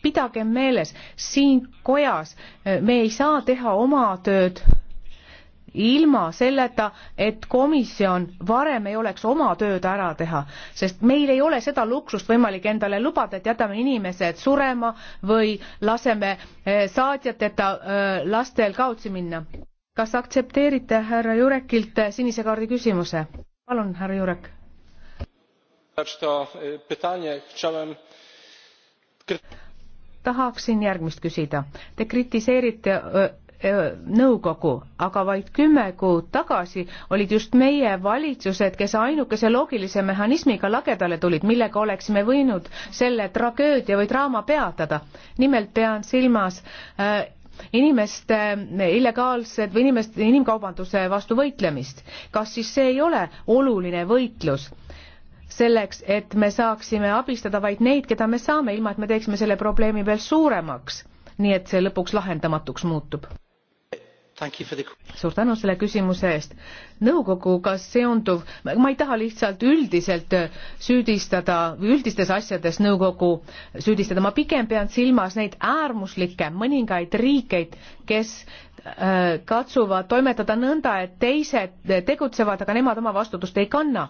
S4: pidagem meeles, siin kojas eh, me ei saa teha oma tööd ilma selleta, et komisjon varem ei oleks oma tööd ära teha, sest meil ei ole seda luksust võimalik endale lubada, et jätame inimesed surema või laseme eh, saatjateta eh, lastel kaotsi minna. kas aktsepteerite härra Jurekilt eh, sinise kaardi küsimuse? palun, härra Jurek. tahaksin järgmist küsida. Te kritiseerite öö, nõukogu, aga vaid kümme kuud tagasi olid just meie valitsused, kes ainukese loogilise mehhanismiga lagedale tulid, millega oleksime võinud selle tragöödia või draama peatada. nimelt pean silmas äh, inimeste illegaalsed või inimeste, inimkaubanduse vastu võitlemist. kas siis see ei ole oluline võitlus? selleks, et me saaksime abistada vaid neid, keda me saame, ilma et me teeksime selle probleemi veel suuremaks nii et see lõpuks lahendamatuks muutub suur tänu selle küsimuse eest. nõukoguga seonduv, ma ei taha lihtsalt üldiselt äh, süüdistada või üldistes asjades nõukogu süüdistada, ma pigem pean silmas neid äärmuslikke mõningaid riikeid, kes äh, katsuvad toimetada nõnda, et teised äh, tegutsevad, aga nemad oma vastutust ei kanna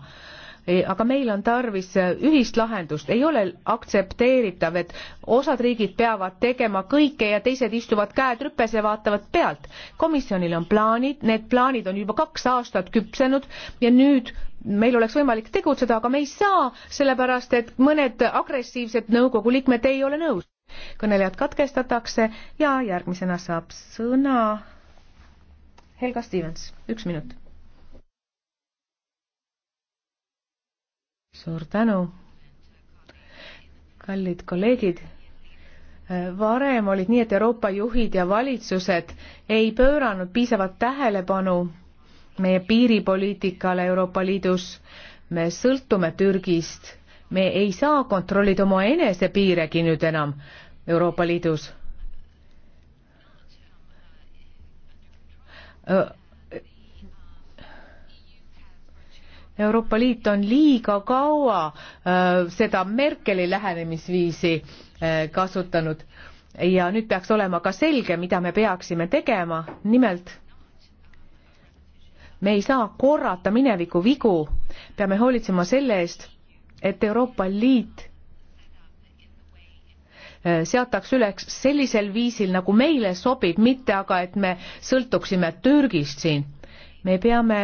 S4: aga meil on tarvis äh, ühist lahendust, ei ole aktsepteeritav, et osad riigid peavad tegema kõike ja teised istuvad käed rüpes ja vaatavad pealt. komisjonil on plaanid, need plaanid on juba kaks aastat küpsenud ja nüüd meil oleks võimalik tegutseda, aga me ei saa, sellepärast et mõned agressiivsed nõukogu liikmed ei ole nõus. kõnelejad katkestatakse ja järgmisena saab sõna Helga Stevens, üks minut suur tänu. kallid kolleegid varem olid nii, et Euroopa juhid ja valitsused ei pööranud piisavat tähelepanu meie piiripoliitikale Euroopa Liidus. me sõltume Türgist, me ei saa kontrollida omaenese piiregi nüüd enam Euroopa Liidus. Euroopa Liit on liiga kaua äh, seda Merkeli lähenemisviisi äh, kasutanud ja nüüd peaks olema ka selge, mida me peaksime tegema, nimelt me ei saa korrata mineviku vigu, peame hoolitsema selle eest, et Euroopa Liit äh, seataks üles sellisel viisil, nagu meile sobib, mitte aga, et me sõltuksime Türgist siin. me peame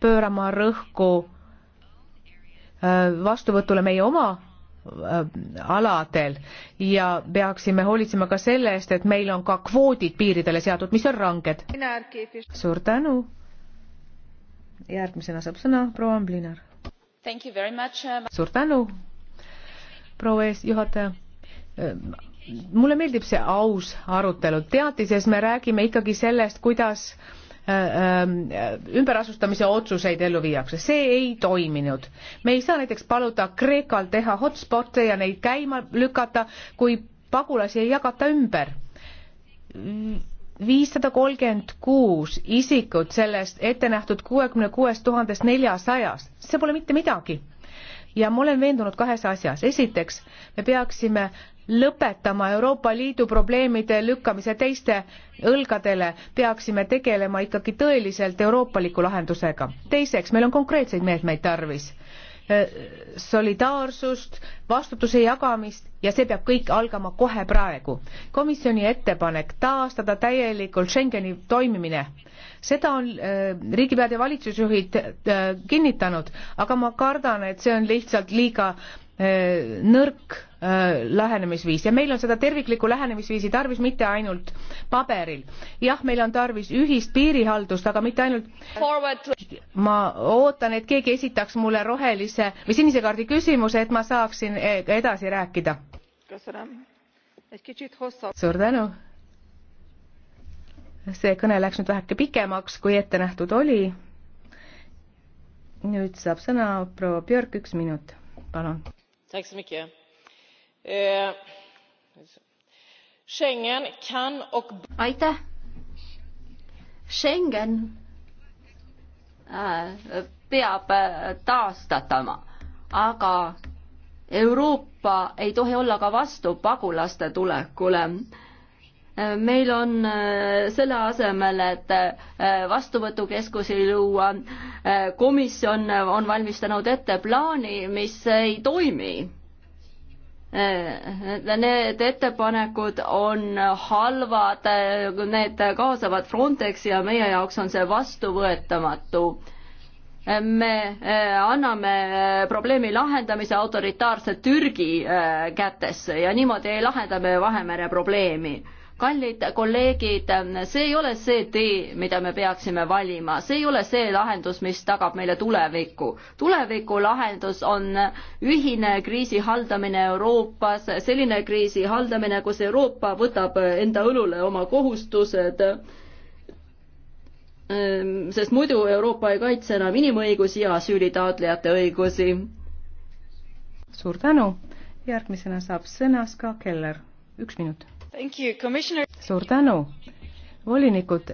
S4: pöörama rõhku äh, vastuvõtule meie oma äh, aladel ja peaksime hoolitsema ka selle eest, et meil on ka kvoodid piiridele seatud, mis on ranged. suur tänu. järgmisena saab sõna proua Amblinar.
S3: Uh,
S4: suur tänu, proua ees-, juhataja äh, mulle meeldib see aus arutelu. teatises me räägime ikkagi sellest, kuidas Äh, ähm, äh, ümberasustamise otsuseid ellu viiakse. see ei toiminud. me ei saa näiteks paluda Kreekal teha hotspot'e ja neid käima lükata, kui pagulasi ei jagata ümber. viissada kolmkümmend kuus isikut sellest ette nähtud kuuekümne kuuest tuhandest neljasajast, see pole mitte midagi ja ma olen veendunud kahes asjas. esiteks, me peaksime lõpetama Euroopa Liidu probleemide lükkamise teiste õlgadele, peaksime tegelema ikkagi tõeliselt euroopaliku lahendusega. teiseks, meil on konkreetseid meetmeid tarvis solidaarsust, vastutuse jagamist ja see peab kõik algama kohe praegu. komisjoni ettepanek taastada täielikult Schengeni toimimine, seda on äh, riigipead ja valitsusjuhid äh, kinnitanud, aga ma kardan, et see on lihtsalt liiga äh, Äh, nõrk äh, lähenemisviis ja meil on seda terviklikku lähenemisviisi tarvis mitte ainult paberil. jah, meil on tarvis ühist piirihaldust, aga mitte ainult. ma ootan, et keegi esitaks mulle rohelise või sinise kaardi küsimuse, et ma saaksin e, edasi rääkida. suur tänu. see kõne läks nüüd väheke pikemaks, kui ette nähtud oli. nüüd saab sõna proua Björk, üks minut,
S1: palun
S2: Eh, herr
S1: präsident! aitäh! schengen äh, peab äh, taastatama aga euroopa ei tohi olla ka vastu pagulaste tulekule meil on äh, selle asemel, et äh, vastuvõtukeskusi luua, äh, komisjon on valmistanud ette plaani, mis ei toimi. Need ettepanekud on halvad, need kaasavad Frontexi ja meie jaoks on see vastuvõetamatu me anname probleemi lahendamise autoritaarse Türgi kätesse ja niimoodi ei lahenda me Vahemere probleemi kallid kolleegid, see ei ole see tee, mida me peaksime valima, see ei ole see lahendus, mis tagab meile tuleviku. tuleviku lahendus on ühine kriisi haldamine Euroopas, selline kriisi haldamine, kus Euroopa võtab enda õlule oma kohustused, sest muidu Euroopa ei kaitse enam inimõigusi ja asüülitaotlejate õigusi.
S4: suur tänu, järgmisena saab sõna Ska Keller, üks minut suur tänu, volinikud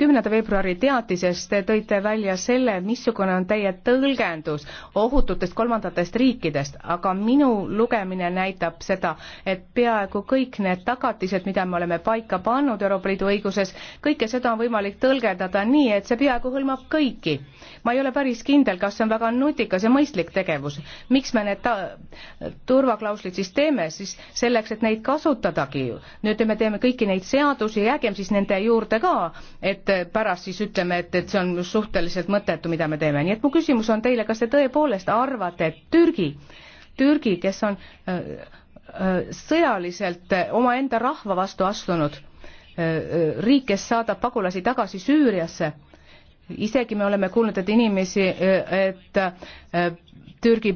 S4: kümnenda veebruari teatises te tõite välja selle, missugune on teie tõlgendus ohututest kolmandatest riikidest, aga minu lugemine näitab seda, et peaaegu kõik need tagatised, mida me oleme paika pannud Euroopa Liidu õiguses, kõike seda on võimalik tõlgendada nii, et see peaaegu hõlmab kõiki. ma ei ole päris kindel, kas see on väga nutikas ja mõistlik tegevus. miks me need turvaklauslid siis teeme, siis selleks, et neid kasutadagi. nüüd me teeme kõiki neid seadusi, jäägem siis nende juurde ka, et et pärast siis ütleme, et, et see on suhteliselt mõttetu, mida me teeme, nii et mu küsimus on teile, kas te tõepoolest arvate, et Türgi, Türgi, kes on äh, äh, sõjaliselt omaenda rahva vastu astunud, äh, riik, kes saadab pagulasi tagasi Süüriasse isegi me oleme kuulnud, et inimesi, et äh, Türgi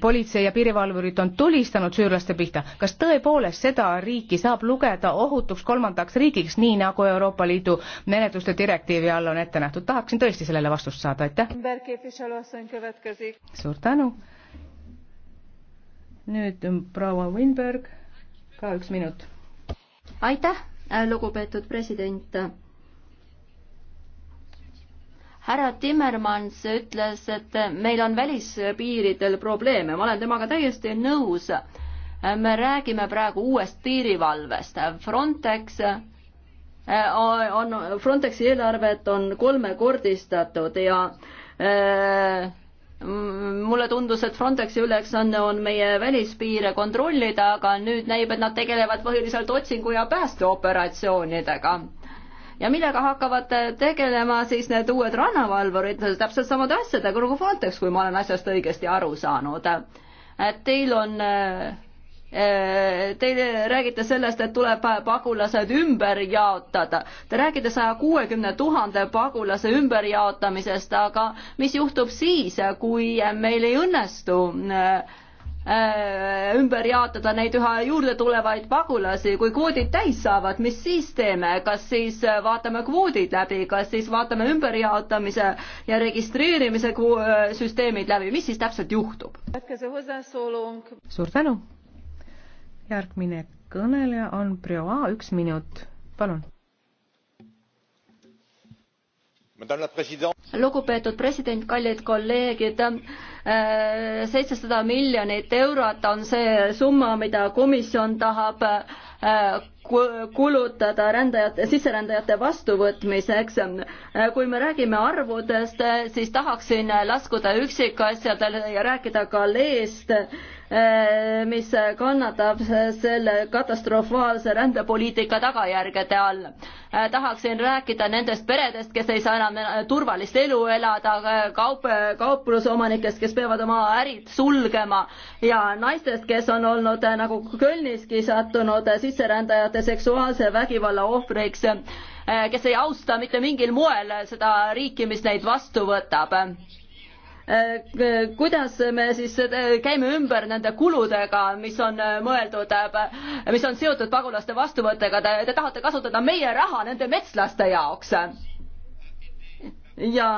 S4: politsei ja piirivalvurid on tulistanud süürlaste pihta. kas tõepoolest seda riiki saab lugeda ohutuks kolmandaks riigiks, nii nagu Euroopa Liidu menetluste direktiivi all on ette nähtud? tahaksin tõesti sellele vastust saada, aitäh. suur tänu. nüüd proua Winberg, ka üks minut.
S1: aitäh, lugupeetud president härra Timmermans ütles, et meil on välispiiridel probleeme, ma olen temaga täiesti nõus. me räägime praegu uuest piirivalvest, Frontex äh, on, Frontexi eelarvet on kolmekordistatud ja äh, mulle tundus, et Frontexi ülesanne on meie välispiire kontrollida, aga nüüd näib, et nad tegelevad põhiliselt otsingu ja päästeoperatsioonidega ja millega hakkavad äh, tegelema siis need uued rannavalvurid, täpselt samade asjadega nagu Frontex, kui ma olen asjast õigesti aru saanud. et teil on äh, äh, Te räägite sellest, et tuleb pagulased ümber jaotada. Te räägite saja kuuekümne tuhande pagulase ümberjaotamisest, aga mis juhtub siis, kui meil ei õnnestu äh, Äh, ümber jaotada neid üha juurde tulevaid pagulasi, kui kvoodid täis saavad, mis siis teeme, kas siis äh, vaatame kvoodid läbi, kas siis vaatame ümberjaotamise ja registreerimise äh, süsteemid läbi, mis siis täpselt juhtub?
S4: suur tänu! järgmine kõneleja on Prioa, üks minut, palun
S1: lugupeetud president, kallid kolleegid, äh, seitsesada miljonit eurot on see summa, mida komisjon tahab äh, kulutada rändajate, sisserändajate vastuvõtmiseks. kui me räägime arvudest, siis tahaksin laskuda üksikasjadele ja rääkida ka Leest, mis kannatab selle katastrofaalse rändepoliitika tagajärgede all. tahaksin rääkida nendest peredest, kes ei saa enam turvalist elu elada, kaup, kauplusomanikest, kes peavad oma ärid sulgema ja naistest, kes on olnud nagu Kölniski sattunud sisserändajate seksuaalse vägivalla ohvriks, eh, kes ei austa mitte mingil moel seda riiki, mis neid vastu võtab eh, kuidas me siis eh, käime ümber nende kuludega, mis on mõeldud, mis on seotud pagulaste vastuvõttega, te, te tahate kasutada meie raha nende metslaste jaoks. ja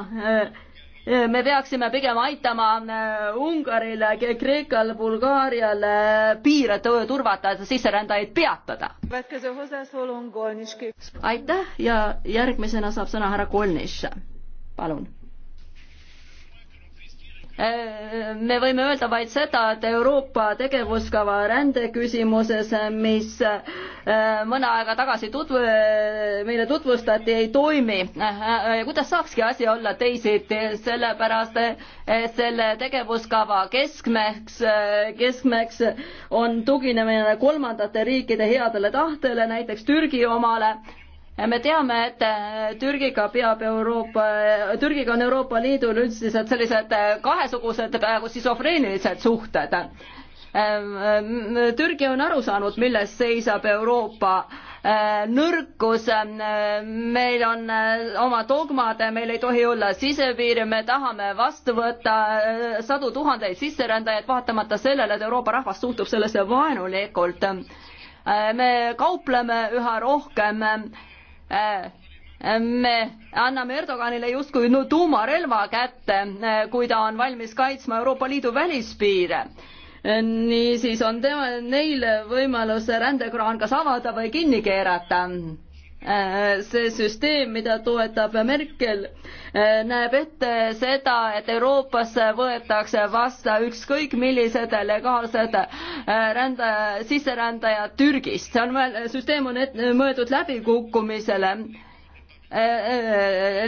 S1: me peaksime pigem aitama äh, Ungarile, Kreekal, Bulgaariale piire turvata, et sisserändajaid peatada. aitäh ja järgmisena saab sõna härra Kolnis, palun Äh, me võime öelda vaid seda, et Euroopa tegevuskava rändeküsimuses, mis äh, mõne aega tagasi tutvu-, meile tutvustati, ei toimi. Äh, kuidas saakski asi olla teisiti, sellepärast selle tegevuskava keskmeks, keskmeks on tuginemine kolmandate riikide headele tahtele, näiteks Türgi omale me teame, et äh, Türgiga peab Euroopa, äh, Türgiga on Euroopa Liidul üldiselt sellised äh, kahesugused, peaaegu skisofreenilised suhted. Türgi on aru saanud, milles seisab Euroopa nõrkus, meil on oma dogmad, meil ei tohi olla sisepiire, me tahame vastu võtta sadu tuhandeid sisserändajaid, vaatamata sellele, et Euroopa rahvas suhtub sellesse vaenulikult. me kaupleme üha rohkem Äh, me anname Erdoganile justkui no, tuumarelva kätte, äh, kui ta on valmis kaitsma Euroopa Liidu välispiire äh, niisiis on tema, neil võimalus rändekraan kas avada või kinni keerata Äh, see süsteem, mida toetab Merkel, äh, näeb ette seda, et Euroopasse võetakse vastu ükskõik millised legaalsed äh, rända, sisserändajad Türgist. see on, süsteem on et, mõeldud läbikukkumisele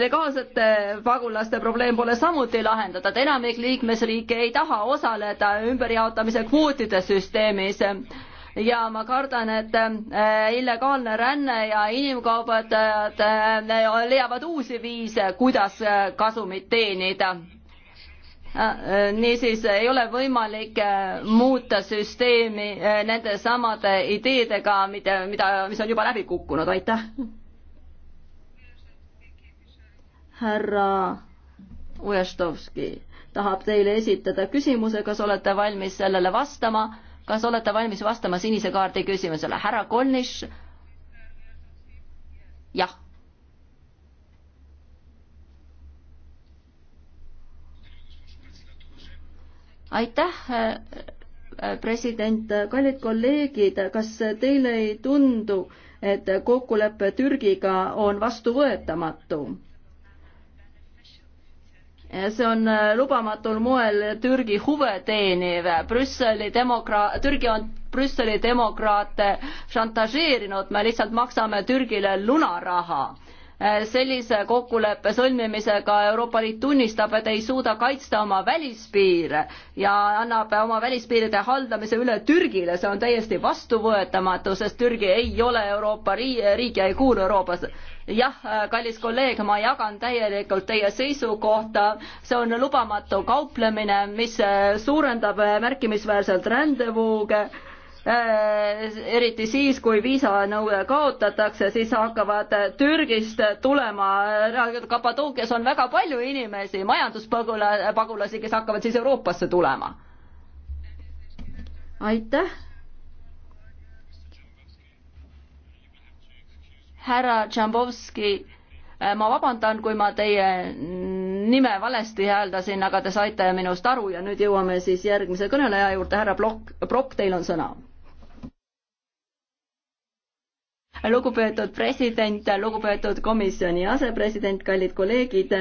S1: legaalsete pagulaste probleem pole samuti lahendatud, enamik liikmesriike ei taha osaleda ümberjaotamise kvootide süsteemis ja ma kardan, et äh, illegaalne ränne ja inimkaubatajad äh, leiavad uusi viise, kuidas äh, kasumit teenida niisiis ei ole võimalik muuta süsteemi nende samade ideedega, mida, mida, mis on juba läbi kukkunud, aitäh. härra Ujaštovski tahab teile esitada küsimuse, kas olete valmis sellele vastama? kas olete valmis vastama sinise kaardi küsimusele? härra Kolnis? jah. aitäh, äh, president, kallid kolleegid, kas teile ei tundu, et kokkulepe Türgiga on vastuvõetamatu? see on äh, lubamatul moel Türgi huve teeniv. Brüsseli demokraat, Türgi on Brüsseli demokraate šantažeerinud, me lihtsalt maksame Türgile lunaraha. Äh, sellise kokkuleppe sõlmimisega Euroopa Liit tunnistab, et ei suuda kaitsta oma välispiire ja annab oma välispiiride haldamise üle Türgile, see on täiesti vastuvõetamatu, sest Türgi ei ole Euroopa riik ja ei kuulu Euroopasse jah, äh, kallis kolleeg, ma jagan täielikult teie seisukohta, see on lubamatu kauplemine, mis äh, suurendab äh, märkimisväärselt rändevooge, eriti siis, kui viisanõue kaotatakse, siis hakkavad Türgist tulema, Kapadookias on väga palju inimesi, majanduspagulasi, kes hakkavad siis Euroopasse tulema. aitäh härra Tšambovski, äh, ma vabandan, kui ma teie nime valesti hääldasin, aga te saite minust aru ja nüüd jõuame siis järgmise kõneleja juurde, härra Blok-, Prokk, teil on sõna. lugupeetud president, lugupeetud komisjoni asepresident, kallid kolleegid,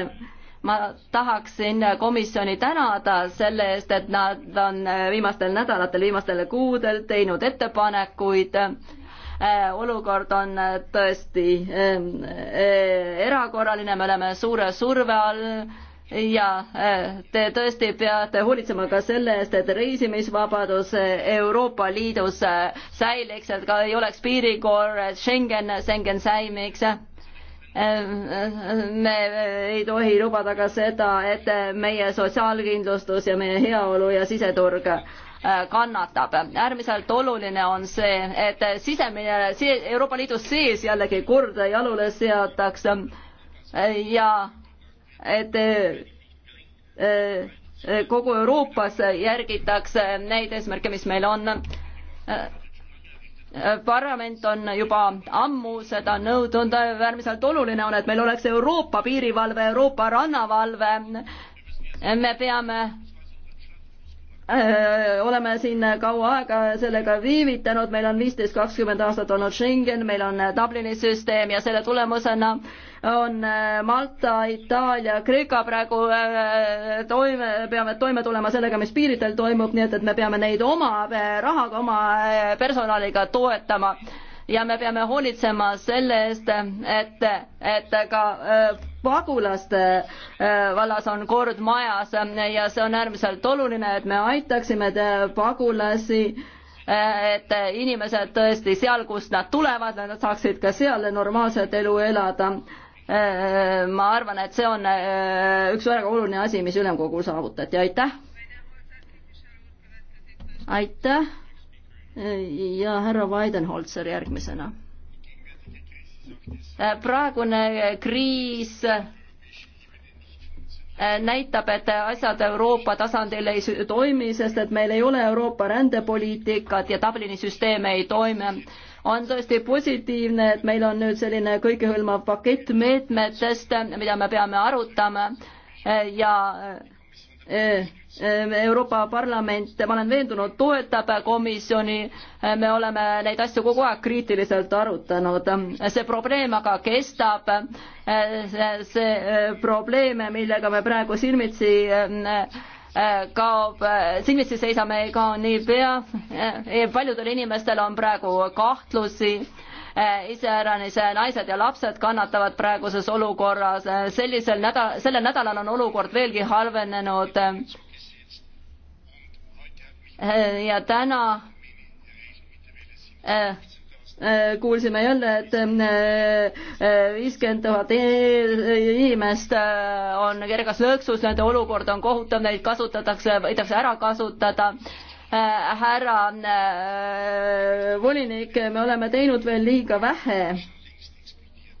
S1: ma tahaksin komisjoni tänada selle eest, et nad on viimastel nädalatel, viimastel kuudel teinud ettepanekuid äh, Äh, olukord on äh, tõesti ähm, äh, erakorraline, me oleme suure surve all ja te tõesti peate hoolitsema ka selle eest, et reisimisvabadus Euroopa Liidus säiliks, et ka ei oleks piirikorras Schengen, Schengen säimiks me ei tohi lubada ka seda, et meie sotsiaalkindlustus ja meie heaolu ja siseturg Äh, kannatab. äärmiselt oluline on see, et sisemine, see Euroopa Liidu sees jällegi kord jalule seatakse ja et äh, kogu Euroopas järgitakse neid eesmärke, mis meil on. parlament on juba ammu seda nõudnud, äärmiselt oluline on, et meil oleks Euroopa piirivalve, Euroopa rannavalve. me peame Äh, oleme siin kaua aega sellega viivitanud, meil on viisteist, kakskümmend aastat olnud Schengen, meil on äh, Dublini süsteem ja selle tulemusena on äh, Malta, Itaalia, Kreeka praegu toime, peame toime tulema sellega, mis piiridel toimub, nii et, et me peame neid oma rahaga, oma personaliga toetama ja me peame hoolitsema selle eest, et, et ka pagulaste äh, vallas on kord majas äh, ja see on äärmiselt oluline, et me aitaksime äh, pagulasi, et inimesed tõesti seal, kust nad tulevad, nad saaksid ka seal normaalset elu elada. ma arvan, et see on üks väga oluline asi, mis ülemkogul saavutati, aitäh. aitäh ja härra Weidenholzer järgmisena praegune kriis äh, näitab, et asjad Euroopa tasandil ei toimi, sest et meil ei ole Euroopa rändepoliitikat ja Dublini süsteem ei toimi. on tõesti positiivne, et meil on nüüd selline kõikehõlmav pakett meetmetest, mida me peame arutama äh, ja äh, Ehm, Euroopa Parlament, ma olen veendunud, toetab komisjoni, ehm, me oleme neid asju kogu aeg kriitiliselt arutanud. see probleem aga kestab, ehm, see probleem, millega me praegu silmitsi kaob, silmitsi seisame, ei kao niipea, paljudel inimestel on praegu kahtlusi iseäranis naised ja lapsed kannatavad praeguses olukorras. sellisel nädal, sellel nädalal on olukord veelgi halvenenud. Äh, ja täna äh, äh, kuulsime jälle, et viiskümmend tuhat inimest on kerges lõksus, nende olukord on kohutav, neid kasutatakse, võidakse ära kasutada. härra volinik, me oleme teinud veel liiga vähe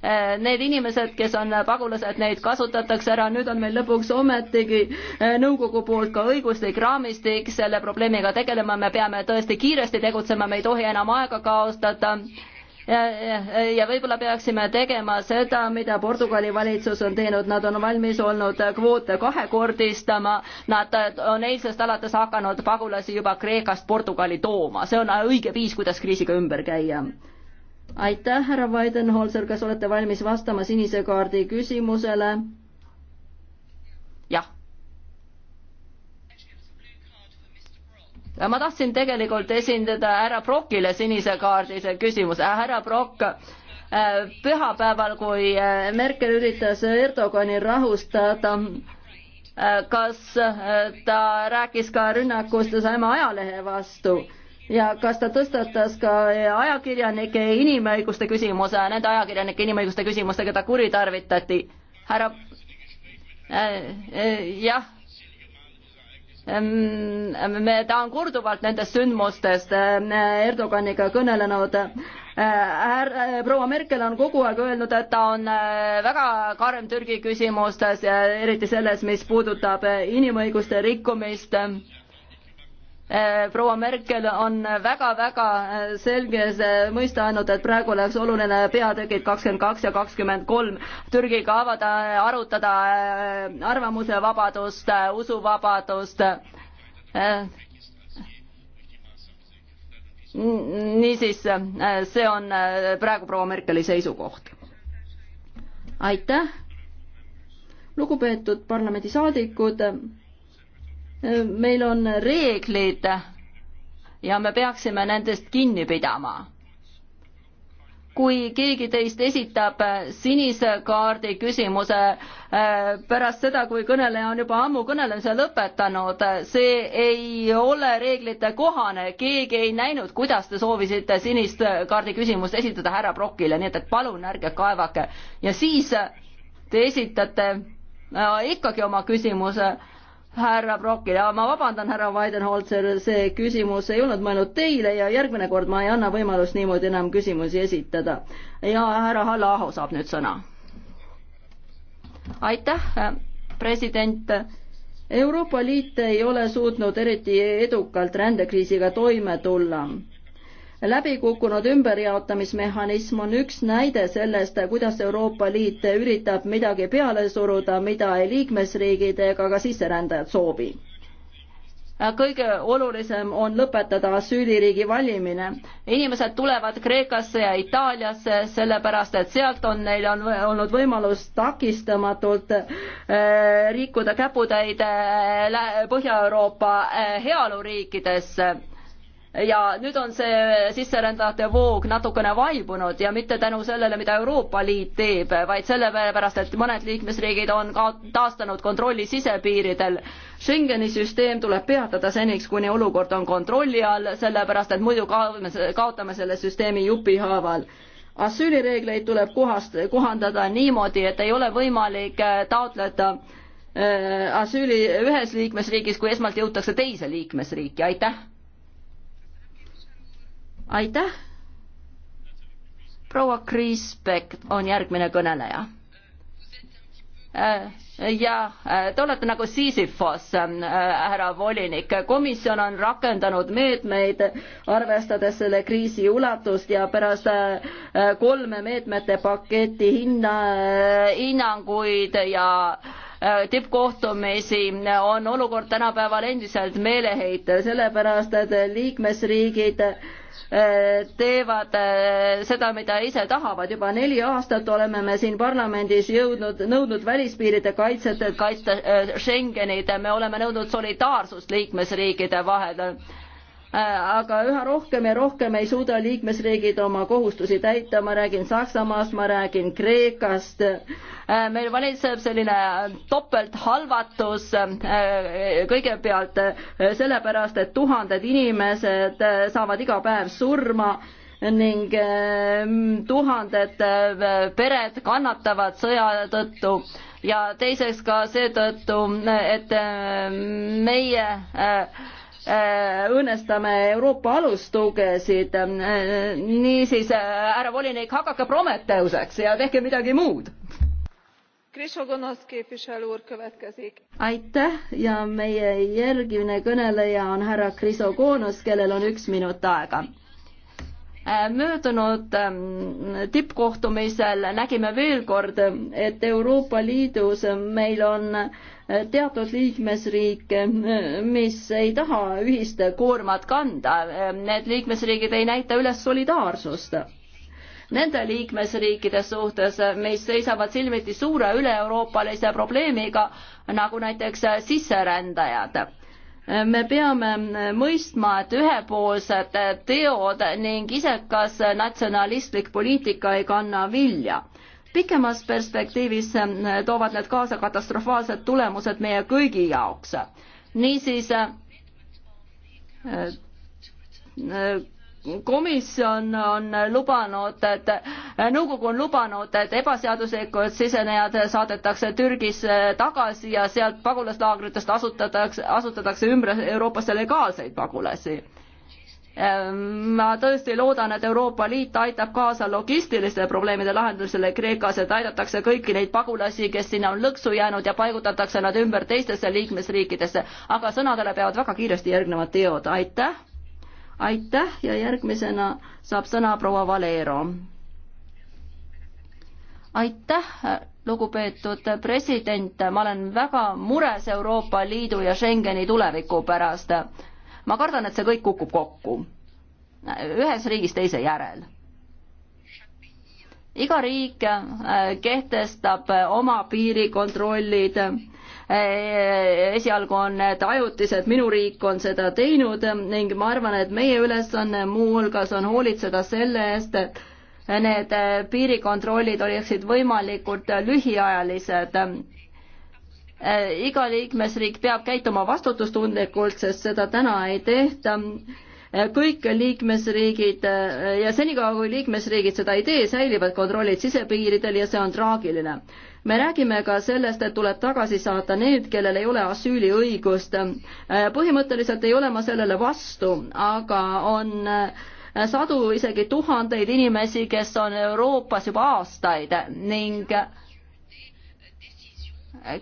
S1: Eh, need inimesed, kes on pagulased, neid kasutatakse ära, nüüd on meil lõpuks ometigi eh, nõukogu poolt ka õiguslik raamistik selle probleemiga tegelema, me peame tõesti kiiresti tegutsema, me ei tohi enam aega kaotada ja, ja, ja võib-olla peaksime tegema seda, mida Portugali valitsus on teinud, nad on valmis olnud kvoote kahekordistama, nad on eilsest alates hakanud pagulasi juba Kreekast Portugali tooma, see on õige viis, kuidas kriisiga ümber käia aitäh, härra Weidenholzer, kas olete valmis vastama sinise kaardi küsimusele? jah. ma tahtsin tegelikult esindada härra Brockile sinise kaardise küsimuse, äh, härra Brock äh, pühapäeval, kui äh, Merkel üritas Erdogani rahustada, kas ta rääkis ka rünnakust sama ajalehe vastu? ja kas ta tõstatas ka ajakirjanike inimõiguste küsimuse, nende ajakirjanike inimõiguste küsimuste, keda kuritarvitati? härra äh,, äh jah ehm, ehm, me, ta on korduvalt nendest sündmustest äh, Erdoganiga kõnelenud. Äh, proua Merkel on kogu aeg öelnud, et ta on väga karm Türgi küsimustes, eriti selles, mis puudutab inimõiguste rikkumist Äh, proua Merkel on väga-väga äh, selges äh, mõista andnud, et praegu oleks oluline peatükid kakskümmend kaks ja kakskümmend kolm Türgiga avada, arutada arvamusevabadust, usuvabadust. niisiis, see on praegu proua Merkeli seisukoht. aitäh, lugupeetud parlamendisaadikud meil on reeglid ja me peaksime nendest kinni pidama kui keegi teist esitab sinise kaardi küsimuse äh, pärast seda, kui kõneleja on juba ammu kõnelemise lõpetanud, see ei ole reeglite kohane, keegi ei näinud, kuidas te soovisite sinist kaardi küsimust esitada härra Brokile, nii et, et palun ärge kaevake. ja siis te esitate äh, ikkagi oma küsimuse härra Brockile, ma vabandan, härra Weidenholzer, see küsimus ei olnud mõelnud teile ja järgmine kord ma ei anna võimalust niimoodi enam küsimusi esitada. ja härra Halla Aho saab nüüd sõna. aitäh, president. Euroopa Liit ei ole suutnud eriti edukalt rändekriisiga toime tulla läbikukkunud ümberjaotamismehhanism on üks näide sellest, kuidas Euroopa Liit üritab midagi peale suruda, mida ei liikmesriigid ega ka sisserändajad soovi kõige olulisem on lõpetada asüüliriigi valimine. inimesed tulevad Kreekasse ja Itaaliasse sellepärast, et sealt on neil on olnud võimalus takistamatult äh, rikkuda käputäide äh, Põhja-Euroopa äh, heaoluriikidesse ja nüüd on see sisserändajate voog natukene vaibunud ja mitte tänu sellele, mida Euroopa Liit teeb, vaid sellepärast, et mõned liikmesriigid on ka taastanud kontrolli sisepiiridel. Schengeni süsteem tuleb peatada seniks, kuni olukord on kontrolli all, sellepärast et muidu kaotame selle süsteemi jupihaaval asüülireegleid tuleb kohast, kohandada niimoodi, et ei ole võimalik äh, taotleda äh, asüüli ühes liikmesriigis, kui esmalt jõutakse teise liikmesriiki, aitäh aitäh. proua Kriisbeck on järgmine kõneleja äh, jah, äh, te olete nagu Sisyphos, äh, härra volinik. komisjon on rakendanud meetmeid, arvestades selle kriisi ulatust ja pärast kolme meetmete paketi hinna, hinnanguid ja tippkohtumisi on olukord tänapäeval endiselt meeleheitel, sellepärast et liikmesriigid Äh, teevad äh, seda, mida ise tahavad. juba neli aastat oleme me siin parlamendis jõudnud, nõudnud välispiiride kaitset, et kaitsta äh, Schengenit, me oleme nõudnud solidaarsust liikmesriikide vahel Äh, aga üha rohkem ja rohkem ei suuda liikmesriigid oma kohustusi täita, ma räägin Saksamaast, ma räägin Kreekast, äh, meil valitseb selline topelthalvatus äh, kõigepealt sellepärast, et tuhanded inimesed saavad iga päev surma ning tuhanded pered kannatavad sõja tõttu ja teiseks ka seetõttu, et meie Äh, õõnestame Euroopa alustugesid. Äh, niisiis, äh, härra volinik, hakake Prometheuseks ja tehke midagi muud. aitäh ja meie järgmine kõneleja on härra Krisokonos, kellel on üks minut aega möödunud ähm, tippkohtumisel nägime veel kord, et Euroopa Liidus meil on äh, teatud liikmesriike, mis ei taha ühist koormat kanda. Need liikmesriigid ei näita üles solidaarsust. Nende liikmesriikide suhtes, mis seisavad silmiti suure üle-euroopalise probleemiga, nagu näiteks sisserändajad me peame mõistma, et ühepoolsed teod ning isekas natsionalistlik poliitika ei kanna vilja pikemas perspektiivis äh, toovad need kaasa katastrofaalsed tulemused meie kõigi jaoks. niisiis äh, äh, komisjon on lubanud, et nõukogu on lubanud, et ebaseaduslikud sisenejad saadetakse Türgisse tagasi ja sealt pagulaslaagritest asutatakse, asutatakse ümber Euroopasse legaalseid pagulasi Ehm, ma tõesti loodan, et Euroopa Liit aitab kaasa logistiliste probleemide lahendusele Kreekas, et aidatakse kõiki neid pagulasi, kes sinna on lõksu jäänud ja paigutatakse nad ümber teistesse liikmesriikidesse. aga sõnadele peavad väga kiiresti järgnevad teod, aitäh. aitäh ja järgmisena saab sõna proua Valero. aitäh, lugupeetud president, ma olen väga mures Euroopa Liidu ja Schengeni tuleviku pärast ma kardan, et see kõik kukub kokku. ühes riigis teise järel. iga riik äh, kehtestab äh, oma piirikontrollid äh, esialgu on need ajutised, minu riik on seda teinud ning ma arvan, et meie ülesanne muuhulgas on hoolitseda selle eest, et need piirikontrollid oleksid võimalikult lühiajalised Äh, iga liikmesriik peab käituma vastutustundlikult, sest seda täna ei tehta äh, kõik liikmesriigid äh, ja senikaua, kui liikmesriigid seda ei tee, säilivad kontrollid sisepiiridel ja see on traagiline. me räägime ka sellest, et tuleb tagasi saata need, kellel ei ole asüüliõigust. põhimõtteliselt ei ole ma sellele vastu, aga on sadu, isegi tuhandeid inimesi, kes on Euroopas juba aastaid ning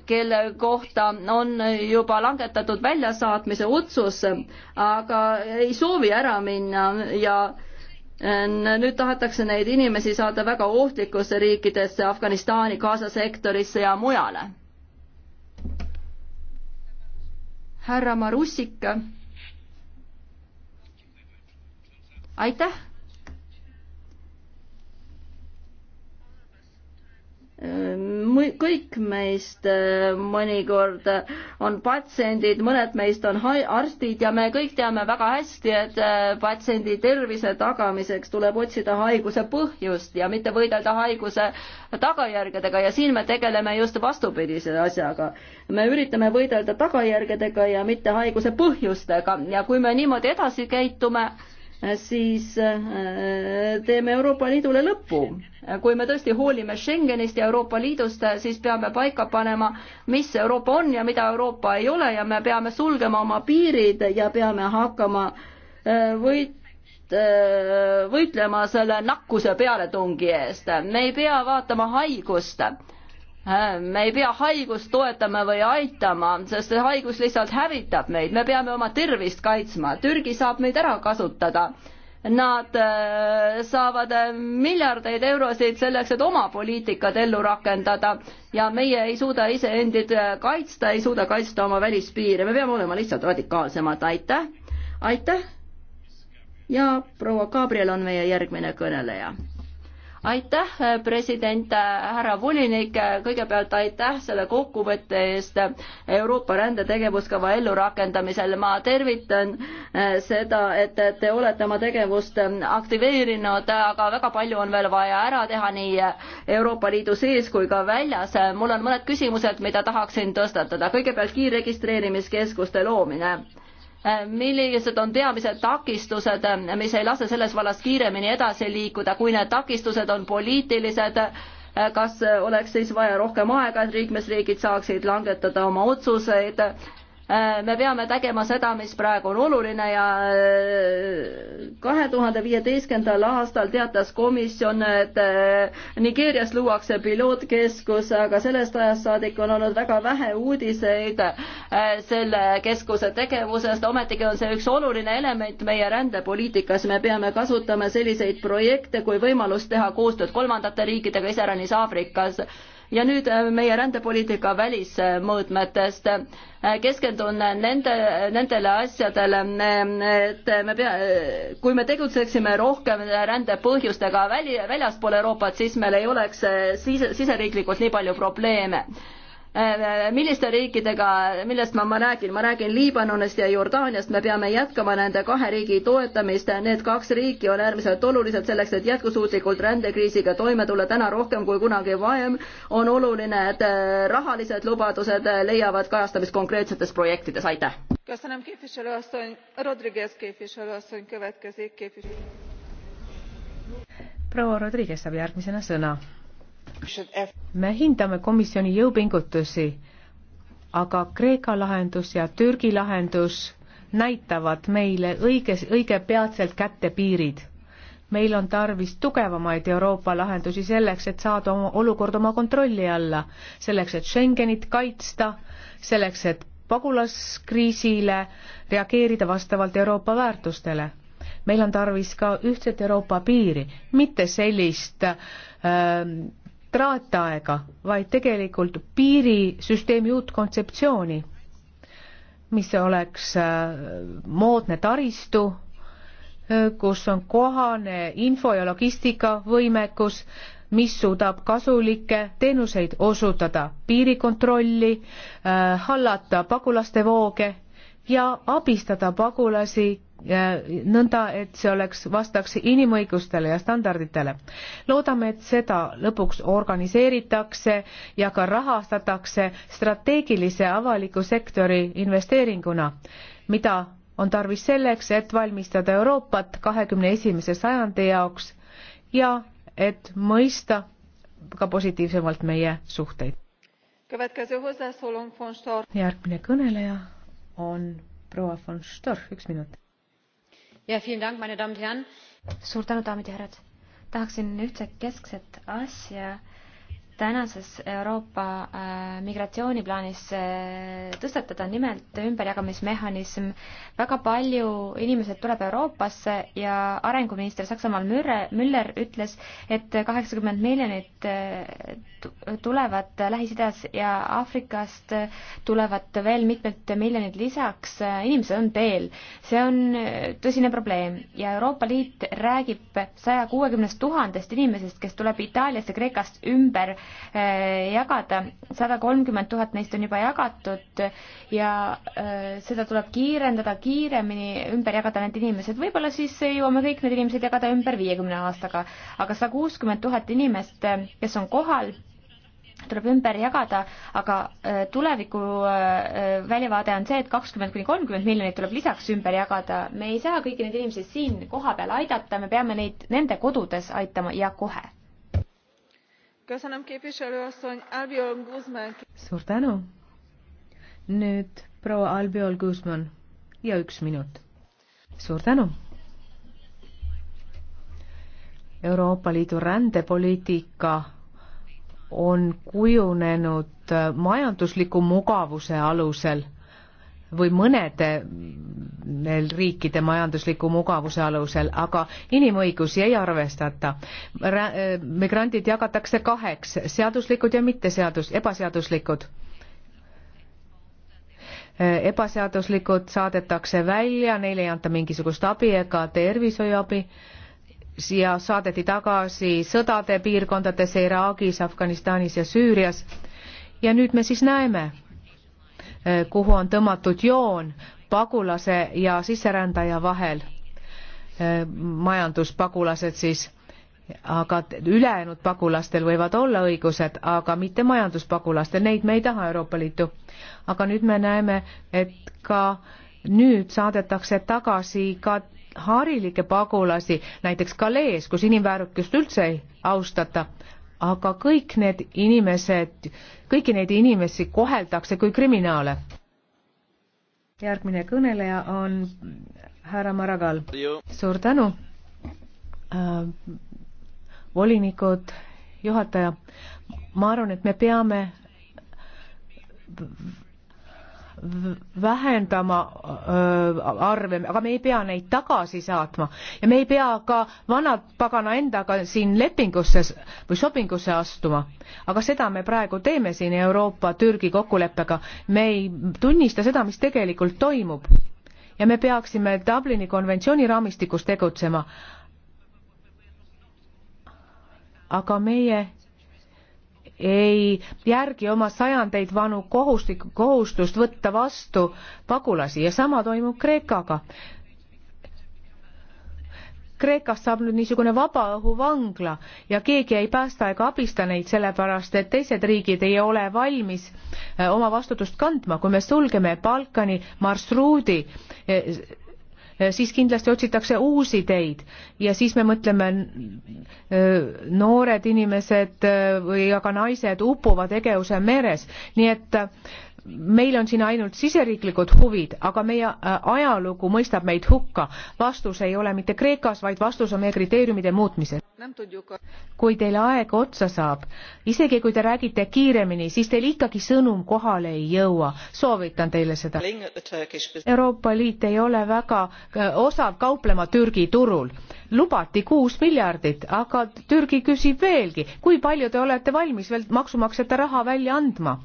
S1: kelle kohta on juba langetatud väljasaatmise otsus, aga ei soovi ära minna ja nüüd tahetakse neid inimesi saada väga ohtlikesse riikidesse, Afganistani, Gaza sektorisse ja mujale. härra Marussik. aitäh kõik meist äh, mõnikord on patsiendid, mõned meist on arstid ja me kõik teame väga hästi, et äh, patsiendi tervise tagamiseks tuleb otsida haiguse põhjust ja mitte võidelda haiguse tagajärgedega ja siin me tegeleme just vastupidise asjaga. me üritame võidelda tagajärgedega ja mitte haiguse põhjustega ja kui me niimoodi edasi käitume, siis äh, teeme Euroopa Liidule lõpu. kui me tõesti hoolime Schengenist ja Euroopa Liidust, siis peame paika panema, mis Euroopa on ja mida Euroopa ei ole ja me peame sulgema oma piirid ja peame hakkama äh, võit-, äh, võitlema selle nakkuse pealetungi eest. me ei pea vaatama haigust Äh, me ei pea haigust toetama või aitama, sest see haigus lihtsalt hävitab meid, me peame oma tervist kaitsma, Türgi saab meid ära kasutada. Nad äh, saavad äh, miljardeid eurosid selleks, et oma poliitikat ellu rakendada ja meie ei suuda iseendid kaitsta, ei suuda kaitsta oma välispiire, me peame olema lihtsalt radikaalsemad, aitäh, aitäh. ja proua Gabriel on meie järgmine kõneleja aitäh, president, härra volinik, kõigepealt aitäh selle kokkuvõtte eest Euroopa rändetegevuskava ellurakendamisel. ma tervitan äh, seda, et te olete oma tegevust aktiveerinud, aga väga palju on veel vaja ära teha nii Euroopa Liidu sees kui ka väljas. mul on mõned küsimused, mida tahaksin tõstatada. kõigepealt kiirregistreerimiskeskuste loomine Äh, millised on peamised takistused, äh, mis ei lase selles vallas kiiremini edasi liikuda, kui need takistused on poliitilised, äh, kas oleks siis vaja rohkem aega, et liikmesriigid saaksid langetada oma otsuseid Äh, me peame tegema seda, mis praegu on oluline ja äh, kahe tuhande viieteistkümnendal aastal teatas komisjon, et äh, Nigeerias luuakse pilootkeskus, aga sellest ajast saadik on olnud väga vähe uudiseid selle keskuse tegevusest, ometigi on see üks oluline element meie rändepoliitikas, me peame kasutama selliseid projekte kui võimalust teha koostööd kolmandate riikidega, iseäranis Aafrikas ja nüüd äh, meie rändepoliitika välismõõtmetest. Äh, keskendun nende, nendele asjadele, äh, et me pea, kui me tegutseksime rohkem rände põhjustega väli, väljaspool Euroopat, siis meil ei oleks sise, siseriiklikult nii palju probleeme Äh, äh, milliste riikidega, millest ma, ma räägin, ma räägin Liibanonist ja Jordaaniast, me peame jätkama nende kahe riigi toetamist, need kaks riiki on äärmiselt olulised selleks, et jätkusuutlikult rändekriisiga toime tulla, täna rohkem kui kunagi varem on oluline, et äh, rahalised lubadused leiavad kajastamist konkreetsetes projektides, aitäh!
S4: proua Rodriguez saab järgmisena sõna me hindame komisjoni jõupingutusi, aga Kreeka lahendus ja Türgi lahendus näitavad meile õiges, õigepeatselt kätte piirid meil on tarvis tugevamaid Euroopa lahendusi selleks, et saada oma olukord oma kontrolli alla, selleks, et Schengenit kaitsta, selleks, et pagulaskriisile reageerida vastavalt Euroopa väärtustele. meil on tarvis ka ühtset Euroopa piiri, mitte sellist äh, traataega, vaid tegelikult piirisüsteemi uut kontseptsiooni, mis oleks äh, moodne taristu, äh, kus on kohane info- ja logistikavõimekus, mis suudab kasulikke teenuseid osutada, piirikontrolli, äh, hallata pagulaste vooge ja abistada pagulasi äh, nõnda, et see oleks, vastaks inimõigustele ja standarditele. loodame, et seda lõpuks organiseeritakse ja ka rahastatakse strateegilise avaliku sektori investeeringuna, mida on tarvis selleks, et valmistada Euroopat kahekümne esimese sajandi jaoks ja et mõista ka positiivsemalt meie suhteid. järgmine kõneleja on proua von Storch, üks minut.
S3: suur tänu, daamid ja härrad. tahaksin ühte keskset asja tänases Euroopa äh, migratsiooniplaanis äh, tõstatada, nimelt ümberjagamismehhanism. väga palju inimesed tuleb Euroopasse ja arenguminister Saksamaal Müller ütles, et kaheksakümmend miljonit äh, tulevad Lähis-Idas ja Aafrikast, tulevad veel mitmed miljonid lisaks, inimesed on teel. see on tõsine probleem ja Euroopa Liit räägib saja kuuekümnest tuhandest inimesest, kes tuleb Itaaliast ja Kreekast ümber Eh, jagada. sada kolmkümmend tuhat neist on juba jagatud ja eh, seda tuleb kiirendada, kiiremini ümber jagada need inimesed. võib-olla siis jõuame kõik need inimesed jagada ümber viiekümne aastaga, aga sada kuuskümmend tuhat inimest, eh, kes on kohal, tuleb ümber jagada, aga tuleviku väljavaade on see, et kakskümmend kuni kolmkümmend miljonit tuleb lisaks ümber jagada. me ei saa kõiki neid inimesi siin kohapeal aidata, me peame neid nende kodudes aitama ja kohe suur tänu.
S4: nüüd proua Albiol Guzman ja üks minut. suur tänu. Euroopa Liidu rändepoliitika on kujunenud majandusliku mugavuse alusel või mõnede mm, riikide majandusliku mugavuse alusel, aga inimõigusi ei arvestata. migrandid jagatakse kaheks, seaduslikud ja mitteseadus, ebaseaduslikud. ebaseaduslikud saadetakse välja, neile ei anta mingisugust abi ega tervishoiuabi ja saadeti tagasi sõdade piirkondadesse Iraagis, Afganistanis ja Süürias. ja nüüd me siis näeme Eh, kuhu on tõmmatud joon pagulase ja sisserändaja vahel, eh, majanduspagulased siis, aga ülejäänud pagulastel võivad olla õigused, aga mitte majanduspagulastel, neid me ei taha Euroopa Liitu. aga nüüd me näeme, et ka nüüd saadetakse tagasi ka harilikke pagulasi, näiteks Galees, kus inimväärikust üldse ei austata, aga kõik need inimesed, kõiki neid inimesi koheldakse kui kriminaale. järgmine kõneleja on härra Maragal. suur tänu äh,. volinikud, juhataja, ma arvan, et me peame vähendama arve, aga me ei pea neid tagasi saatma ja me ei pea ka vanad pagana endaga siin lepingusse või shoppingusse astuma. aga seda me praegu teeme siin Euroopa-Türgi kokkuleppega, me ei tunnista seda, mis tegelikult toimub. ja me peaksime Dublini konventsiooni raamistikus tegutsema. aga meie ei järgi oma sajandeid vanu kohustik, kohustust võtta vastu pagulasi ja sama toimub Kreekaga. Kreekast saab nüüd niisugune vabaõhuvangla ja keegi ei päästa ega abista neid, sellepärast et teised riigid ei ole valmis äh, oma vastutust kandma. kui me sulgeme Balkani marsruudi, eh, Äh, siis kindlasti otsitakse uusi teid ja siis me mõtleme, äh, noored inimesed äh, või ka naised upuvad Egeuse meres, nii et meil on siin ainult siseriiklikud huvid, aga meie äh, ajalugu mõistab meid hukka. vastus ei ole mitte Kreekas, vaid vastus on meie kriteeriumide muutmises. kui teil aeg otsa saab, isegi kui te räägite kiiremini, siis teil ikkagi sõnum kohale ei jõua. soovitan teile seda. Euroopa Liit ei ole väga äh, osav kauplema Türgi turul. lubati kuus miljardit, aga Türgi küsib veelgi, kui palju te olete valmis veel maksumaksjate raha välja andma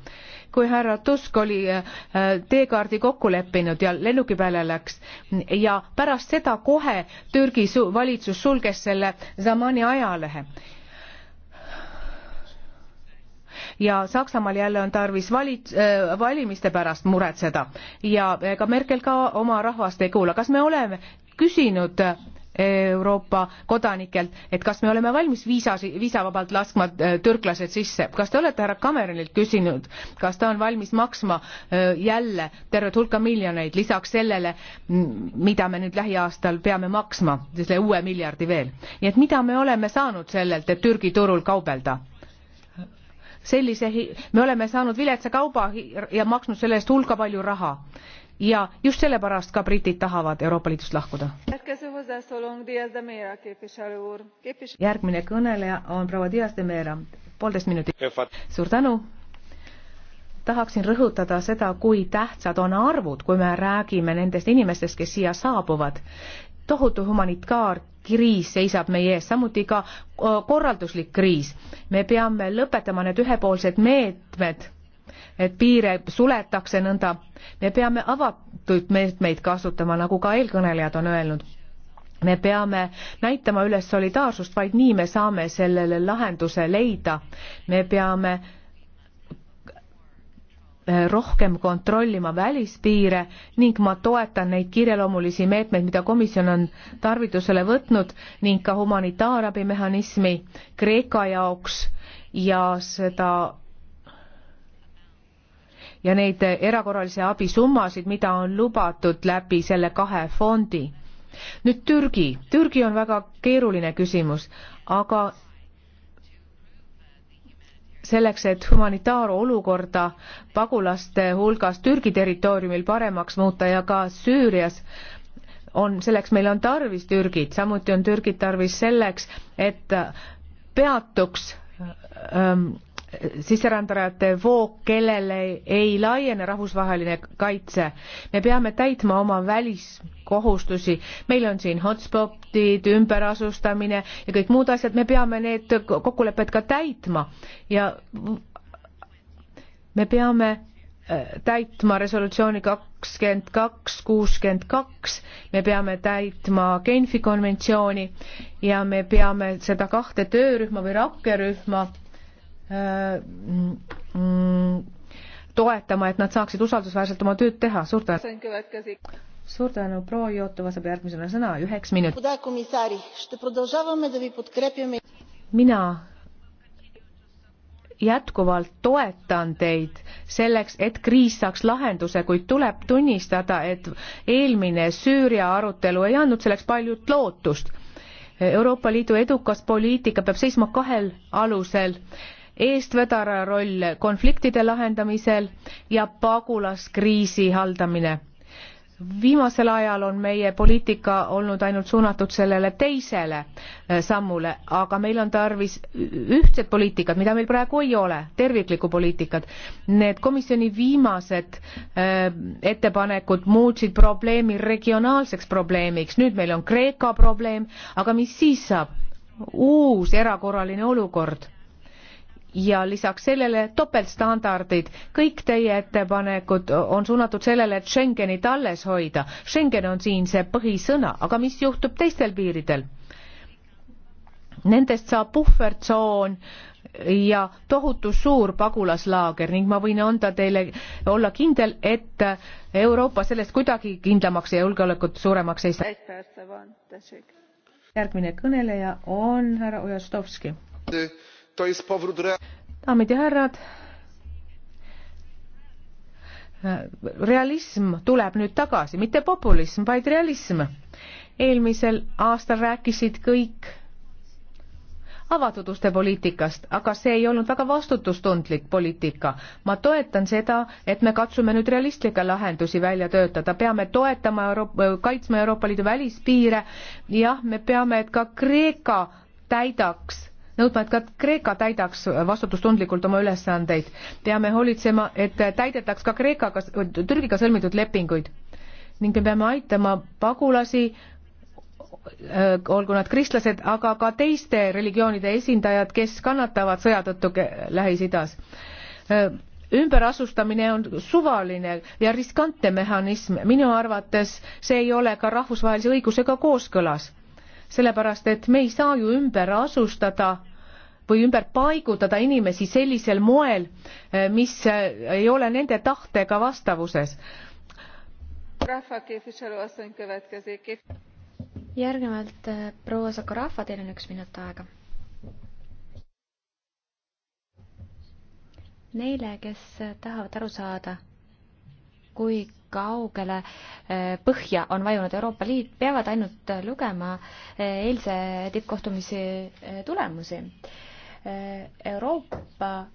S4: kui härra Tusk oli äh, teekaardi kokku leppinud ja lennuki peale läks ja pärast seda kohe Türgi valitsus sulges selle Zamani ajalehe ja Saksamaal jälle on tarvis valit-, äh, valimiste pärast muretseda ja ega Merkel ka oma rahvast ei kuula. kas me oleme küsinud äh, Euroopa kodanikelt, et kas me oleme valmis viisa, viisavabalt laskma äh, türklased sisse. kas te olete härra Cameronilt küsinud, kas ta on valmis maksma äh, jälle tervet hulka miljoneid lisaks sellele, mida me nüüd lähiaastal peame maksma, selle uue miljardi veel. nii et mida me oleme saanud sellelt, et Türgi turul kaubelda? sellise, me oleme saanud viletsa kauba ja maksnud selle eest hulka palju raha ja just sellepärast ka britid tahavad Euroopa Liidust lahkuda. järgmine kõneleja on proua Dias de Mera, poolteist minutit. suur tänu. tahaksin rõhutada seda, kui tähtsad on arvud, kui me räägime nendest inimestest, kes siia saabuvad tohutu humanitaarkriis seisab meie ees, samuti ka korralduslik kriis. me peame lõpetama need ühepoolsed meetmed et piire suletakse nõnda. me peame avatud meetmeid kasutama, nagu ka eelkõnelejad on öelnud. me peame näitama üles solidaarsust, vaid nii me saame sellele lahenduse leida. me peame äh, rohkem kontrollima välispiire ning ma toetan neid kiireloomulisi meetmeid, mida komisjon on tarvitusele võtnud ning ka humanitaarabimehhanismi Kreeka jaoks ja seda ja neid erakorralise abi summasid, mida on lubatud läbi selle kahe fondi. nüüd Türgi. Türgi on väga keeruline küsimus, aga selleks, et humanitaarolukorda pagulaste hulgas Türgi territooriumil paremaks muuta ja ka Süürias on, selleks meil on tarvis Türgit, samuti on Türgit tarvis selleks, et peatuks ähm, sisserändajate voog, kellele ei laiene rahvusvaheline kaitse. me peame täitma oma väliskohustusi, meil on siin hotspotid, ümberasustamine ja kõik muud asjad, me peame need kokkulepped ka täitma ja me peame äh, täitma resolutsiooni kakskümmend kaks, kuuskümmend kaks, me peame täitma Genfi konventsiooni ja me peame seda kahte töörühma või rakkerühma Äh, mm, toetama, et nad saaksid usaldusväärselt oma tööd teha. suur tänu. suur tänu, proua Jootova saab järgmisena sõna üheks minutiks. mina jätkuvalt toetan teid selleks, et kriis saaks lahenduse, kuid tuleb tunnistada, et eelmine Süüria arutelu ei andnud selleks paljut lootust. Euroopa Liidu edukas poliitika peab seisma kahel alusel eestvedaja roll konfliktide lahendamisel ja pagulaskriisi haldamine. viimasel ajal on meie poliitika olnud ainult suunatud sellele teisele äh, sammule, aga meil on tarvis ühtset poliitikat, mida meil praegu ei ole, terviklikku poliitikat. Need komisjoni viimased äh, ettepanekud muutsid probleemi regionaalseks probleemiks, nüüd meil on Kreeka probleem, aga mis siis saab? uus erakorraline olukord ja lisaks sellele topeltstandardid. kõik teie ettepanekud on suunatud sellele, et Schengenit alles hoida. Schengen on siin see põhisõna, aga mis juhtub teistel piiridel? Nendest saab puhvertsoon ja tohutu suur pagulaslaager ning ma võin anda teile, olla kindel, et Euroopa sellest kuidagi kindlamaks ja julgeolekut suuremaks ei saa. järgmine kõneleja on härra Ojastovski
S3: daamid
S4: ja härrad, realism tuleb nüüd tagasi, mitte populism, vaid realism. eelmisel aastal rääkisid kõik avatud uste poliitikast, aga see ei olnud väga vastutustundlik poliitika. ma toetan seda, et me katsume nüüd realistlikke lahendusi välja töötada, peame toetama Euroopa, kaitsma Euroopa Liidu välispiire, jah, me peame, et ka Kreeka täidaks nõudma, et ka Kreeka täidaks vastutustundlikult oma ülesandeid. peame hoolitsema, et täidetaks ka Kreekaga, Türgiga sõlmitud lepinguid ning me peame aitama pagulasi, äh, olgu nad kristlased, aga ka teiste religioonide esindajad, kes kannatavad sõja tõttu Lähis-Idas äh, ümberasustamine on suvaline ja riskantne mehhanism minu arvates see ei ole ka rahvusvahelise õigusega kooskõlas sellepärast et me ei saa ju ümber asustada või ümber paigutada inimesi sellisel moel, eh, mis eh, ei ole nende tahtega vastavuses.
S3: järgnevalt eh, proua Sakorafa, teil on üks minut aega. Neile, kes tahavad aru saada, kui kaugele põhja on vajunud Euroopa Liit, peavad ainult lugema eilse tippkohtumise tulemusi Euroopa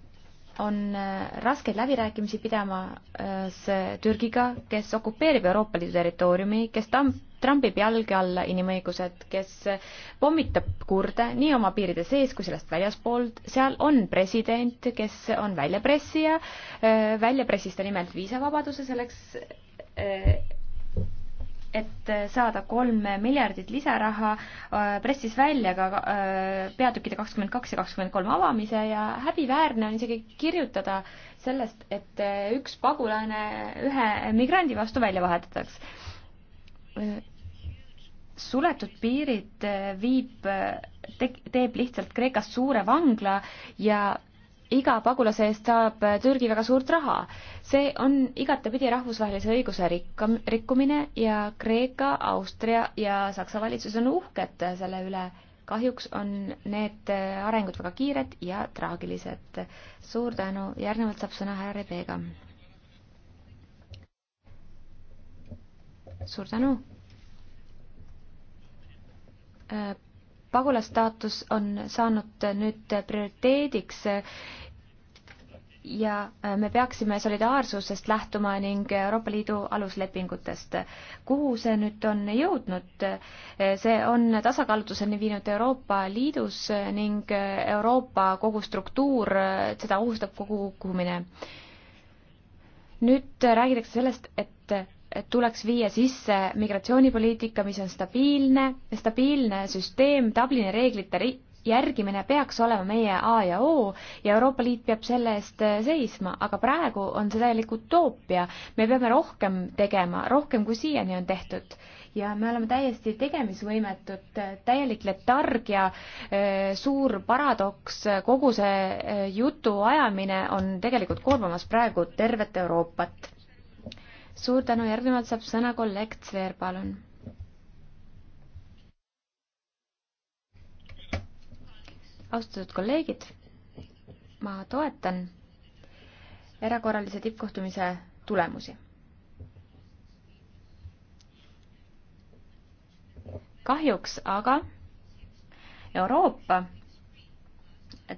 S3: on äh, raskeid läbirääkimisi pidamas äh, Türgiga, kes okupeerib Euroopa Liidu territooriumi, kes tam-, trambib jalge alla inimõigused, kes äh, pommitab kurde nii oma piiride sees kui sellest väljaspoolt, seal on president, kes on väljapressija, väljapressis ta nimelt viisavabaduse selleks, et äh, saada kolm miljardit lisaraha, äh, pressis välja ka äh, peatükkide kakskümmend kaks ja kakskümmend kolm avamise ja häbiväärne on isegi kirjutada sellest, et üks pagulane ühe migrandi vastu välja vahetatakse. suletud piirid viib, teeb lihtsalt Kreekast suure vangla ja iga pagulase eest saab Türgi väga suurt raha. see on igatepidi rahvusvahelise õiguse rikkam, rikkumine ja Kreeka, Austria ja Saksa valitsus on uhked selle üle. kahjuks on need arengud väga kiired ja traagilised. suur tänu, järgnevalt saab sõna härra Rebega. suur tänu äh, pagulasstaatus on saanud nüüd prioriteediks äh, ja äh, me peaksime solidaarsusest lähtuma ning Euroopa Liidu aluslepingutest. kuhu see nüüd on jõudnud? Äh, see on tasakaalutuseni viinud Euroopa Liidus ning äh, Euroopa kogu struktuur, seda ohustab kogu kukkumine. nüüd räägitakse sellest, et et tuleks viia sisse migratsioonipoliitika, mis on stabiilne, stabiilne süsteem Dublini reeglite ri-, järgimine peaks olema meie A ja O ja Euroopa Liit peab selle eest äh, seisma, aga praegu on see täielik utoopia. me peame rohkem tegema, rohkem kui siiani on tehtud ja me oleme täiesti tegemisvõimetud, äh, täielik letargia, äh, suur paradoks, kogu see jutu ajamine on tegelikult koormamas praegu tervet Euroopat. suur tänu, järgnevalt saab sõna kolleeg Zver, palun austatud kolleegid, ma toetan erakorralise tippkohtumise tulemusi. kahjuks aga Euroopa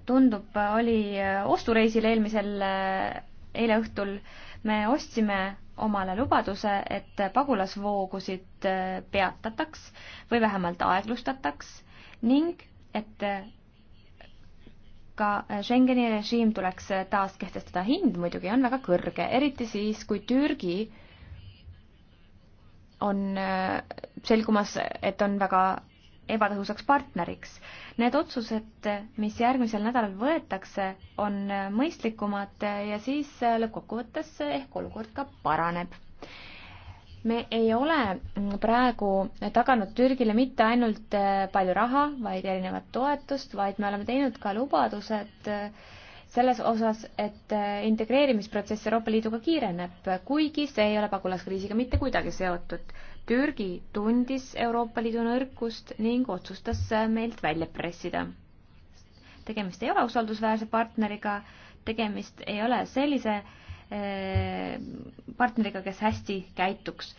S3: tundub, oli ostureisil eelmisel, eile õhtul me ostsime omale lubaduse, et pagulasvoogusid peatataks või vähemalt aeglustataks ning et ka äh, Schengeni režiim tuleks äh, taas kehtestada. hind muidugi on väga kõrge, eriti siis, kui Türgi on äh, selgumas, et on väga ebatõhusaks partneriks. Need otsused, mis järgmisel nädalal võetakse, on mõistlikumad ja siis lõppkokkuvõttes ehk olukord ka paraneb me ei ole praegu taganud Türgile mitte ainult äh, palju raha, vaid erinevat toetust, vaid me oleme teinud ka lubadused äh, selles osas, et äh, integreerimisprotsess Euroopa Liiduga kiireneb, kuigi see ei ole pagulaskriisiga mitte kuidagi seotud. Türgi tundis Euroopa Liidu nõrkust ning otsustas meilt välja pressida. tegemist ei ole usaldusväärse partneriga, tegemist ei ole sellise äh, Äh, partneriga, kes hästi käituks.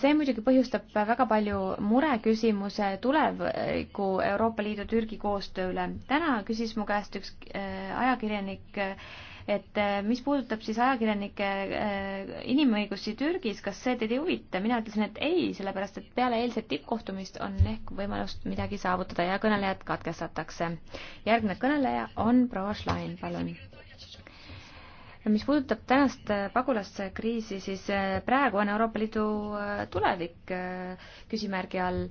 S3: see muidugi põhjustab väga palju mureküsimuse tuleviku Euroopa Liidu Türgi koostööle. täna küsis mu käest üks äh, ajakirjanik, et äh, mis puudutab siis ajakirjanike inimõigusi Türgis, kas see teid ei huvita? mina ütlesin, et ei, sellepärast et peale eilset tippkohtumist on ehk võimalus midagi saavutada ja kõnelejad katkestatakse. järgmine kõneleja on proua Schlein, palun mis puudutab tänast äh, pagulaskriisi, siis äh, praegu on Euroopa Liidu äh, tulevik küsimärgi all.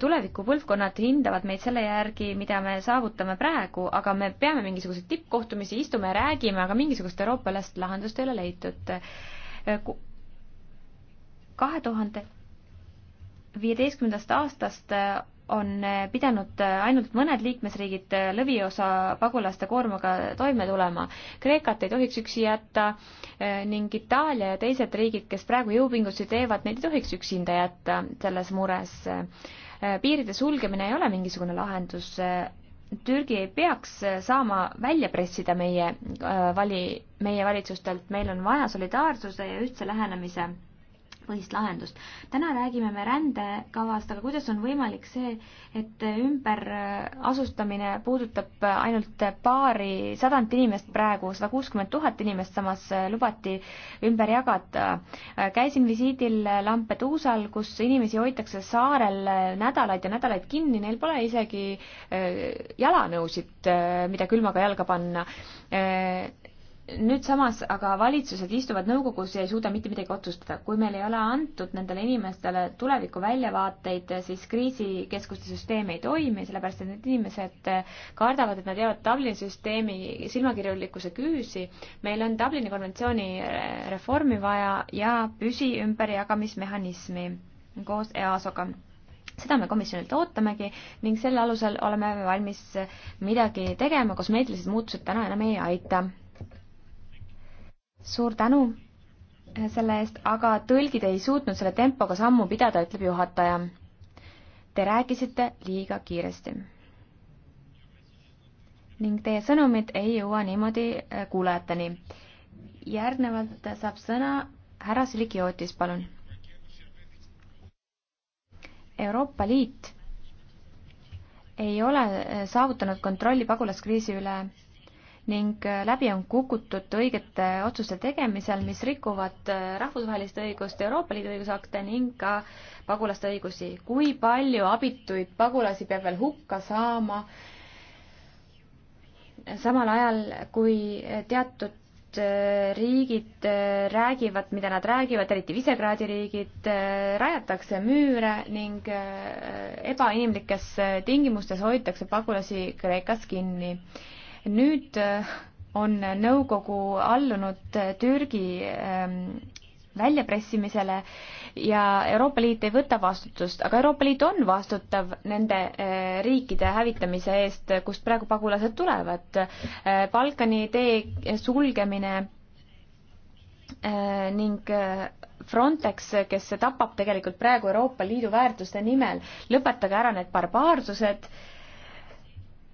S3: tuleviku põlvkonnad hindavad meid selle järgi, mida me saavutame praegu, aga me peame mingisuguseid tippkohtumisi, istume ja räägime, aga mingisugust Euroopa-ülest lahendust ei ole leitud. kahe tuhande viieteistkümnendast aastast on äh, pidanud äh, ainult mõned liikmesriigid äh, lõviosa pagulaste koormaga toime tulema. Kreekat ei tohiks üksi jätta ning Itaalia ja teised riigid, kes praegu jõupingutusi teevad, neid ei tohiks üksinda jätta selles mures. piiride sulgemine ei ole mingisugune lahendus. Türgi ei peaks saama välja pressida meie vali, meie valitsustelt, meil on vaja solidaarsuse ja ühtse lähenemise põhist lahendust. täna räägime me rändekavast, aga kuidas on võimalik see, et ümberasustamine puudutab ainult paari sadat inimest praegu, sada kuuskümmend tuhat inimest samas lubati ümber jagada. käisin visiidil Lampeduusal, kus inimesi hoitakse saarel nädalaid ja nädalaid kinni, neil pole isegi äh, jalanõusid, äh, mida külmaga jalga panna äh, nüüd samas aga valitsused istuvad nõukogus ja ei suuda mitte midagi otsustada. kui meil ei ole antud nendele inimestele tuleviku väljavaateid, siis kriisikeskuste süsteem ei toimi, sellepärast et need inimesed kardavad, et nad jäävad Dublini süsteemi silmakirjalikkuse küüsi. meil on Dublini konventsiooni reformi vaja ja püsi ümberjagamismehhanismi koos EASO-ga seda me komisjonilt ootamegi ning selle alusel oleme valmis midagi tegema, kosmeetilised muutused täna enam ei aita suur tänu äh, selle eest, aga tõlgid ei suutnud selle tempoga sammu pidada, ütleb juhataja. Te rääkisite liiga kiiresti. ning teie sõnumid ei jõua niimoodi äh, kuulajateni. järgnevalt saab sõna härra Silikiotis, palun. Euroopa Liit ei ole äh, saavutanud kontrolli pagulaskriisi üle ning äh, läbi on kukutud õigete otsuste tegemisel, mis rikuvad äh, rahvusvahelist õigust, Euroopa Liidu õigusakte ning ka pagulaste õigusi. kui palju abituid pagulasi peab veel hukka saama, samal ajal kui teatud äh, riigid räägivad, mida nad räägivad, eriti Visegradi riigid, rajatakse müüre ning ebainimlikes tingimustes hoitakse pagulasi Kreekas kinni nüüd äh, on nõukogu allunud äh, Türgi ähm, väljapressimisele ja Euroopa Liit ei võta vastutust, aga Euroopa Liit on vastutav nende äh, riikide hävitamise eest, kust praegu pagulased tulevad. Balkani tee sulgemine ning Frontex, kes tapab tegelikult praegu Euroopa Liidu väärtuste nimel, lõpetage ära need barbaarsused äh,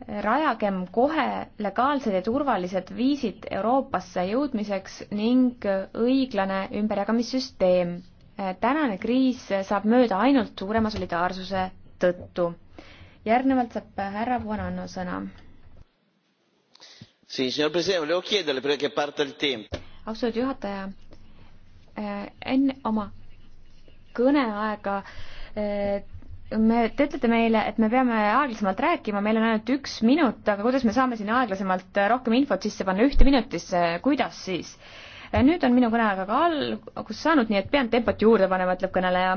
S3: rajagem kohe legaalsed ja turvalised viisid Euroopasse jõudmiseks ning õiglane ümberjagamissüsteem. tänane kriis saab mööda ainult suurema solidaarsuse tõttu. järgnevalt saab härra Buonanno sõna. austatud juhataja, enne oma kõneaega eh, me, te ütlete meile, et me peame aeglasemalt rääkima, meil on ainult üks minut, aga kuidas me saame siin aeglasemalt rohkem infot sisse panna ühte minutisse, kuidas siis? nüüd on minu kõneaeg aga algus saanud, nii et pean tempot juurde panema, ütleb kõneleja.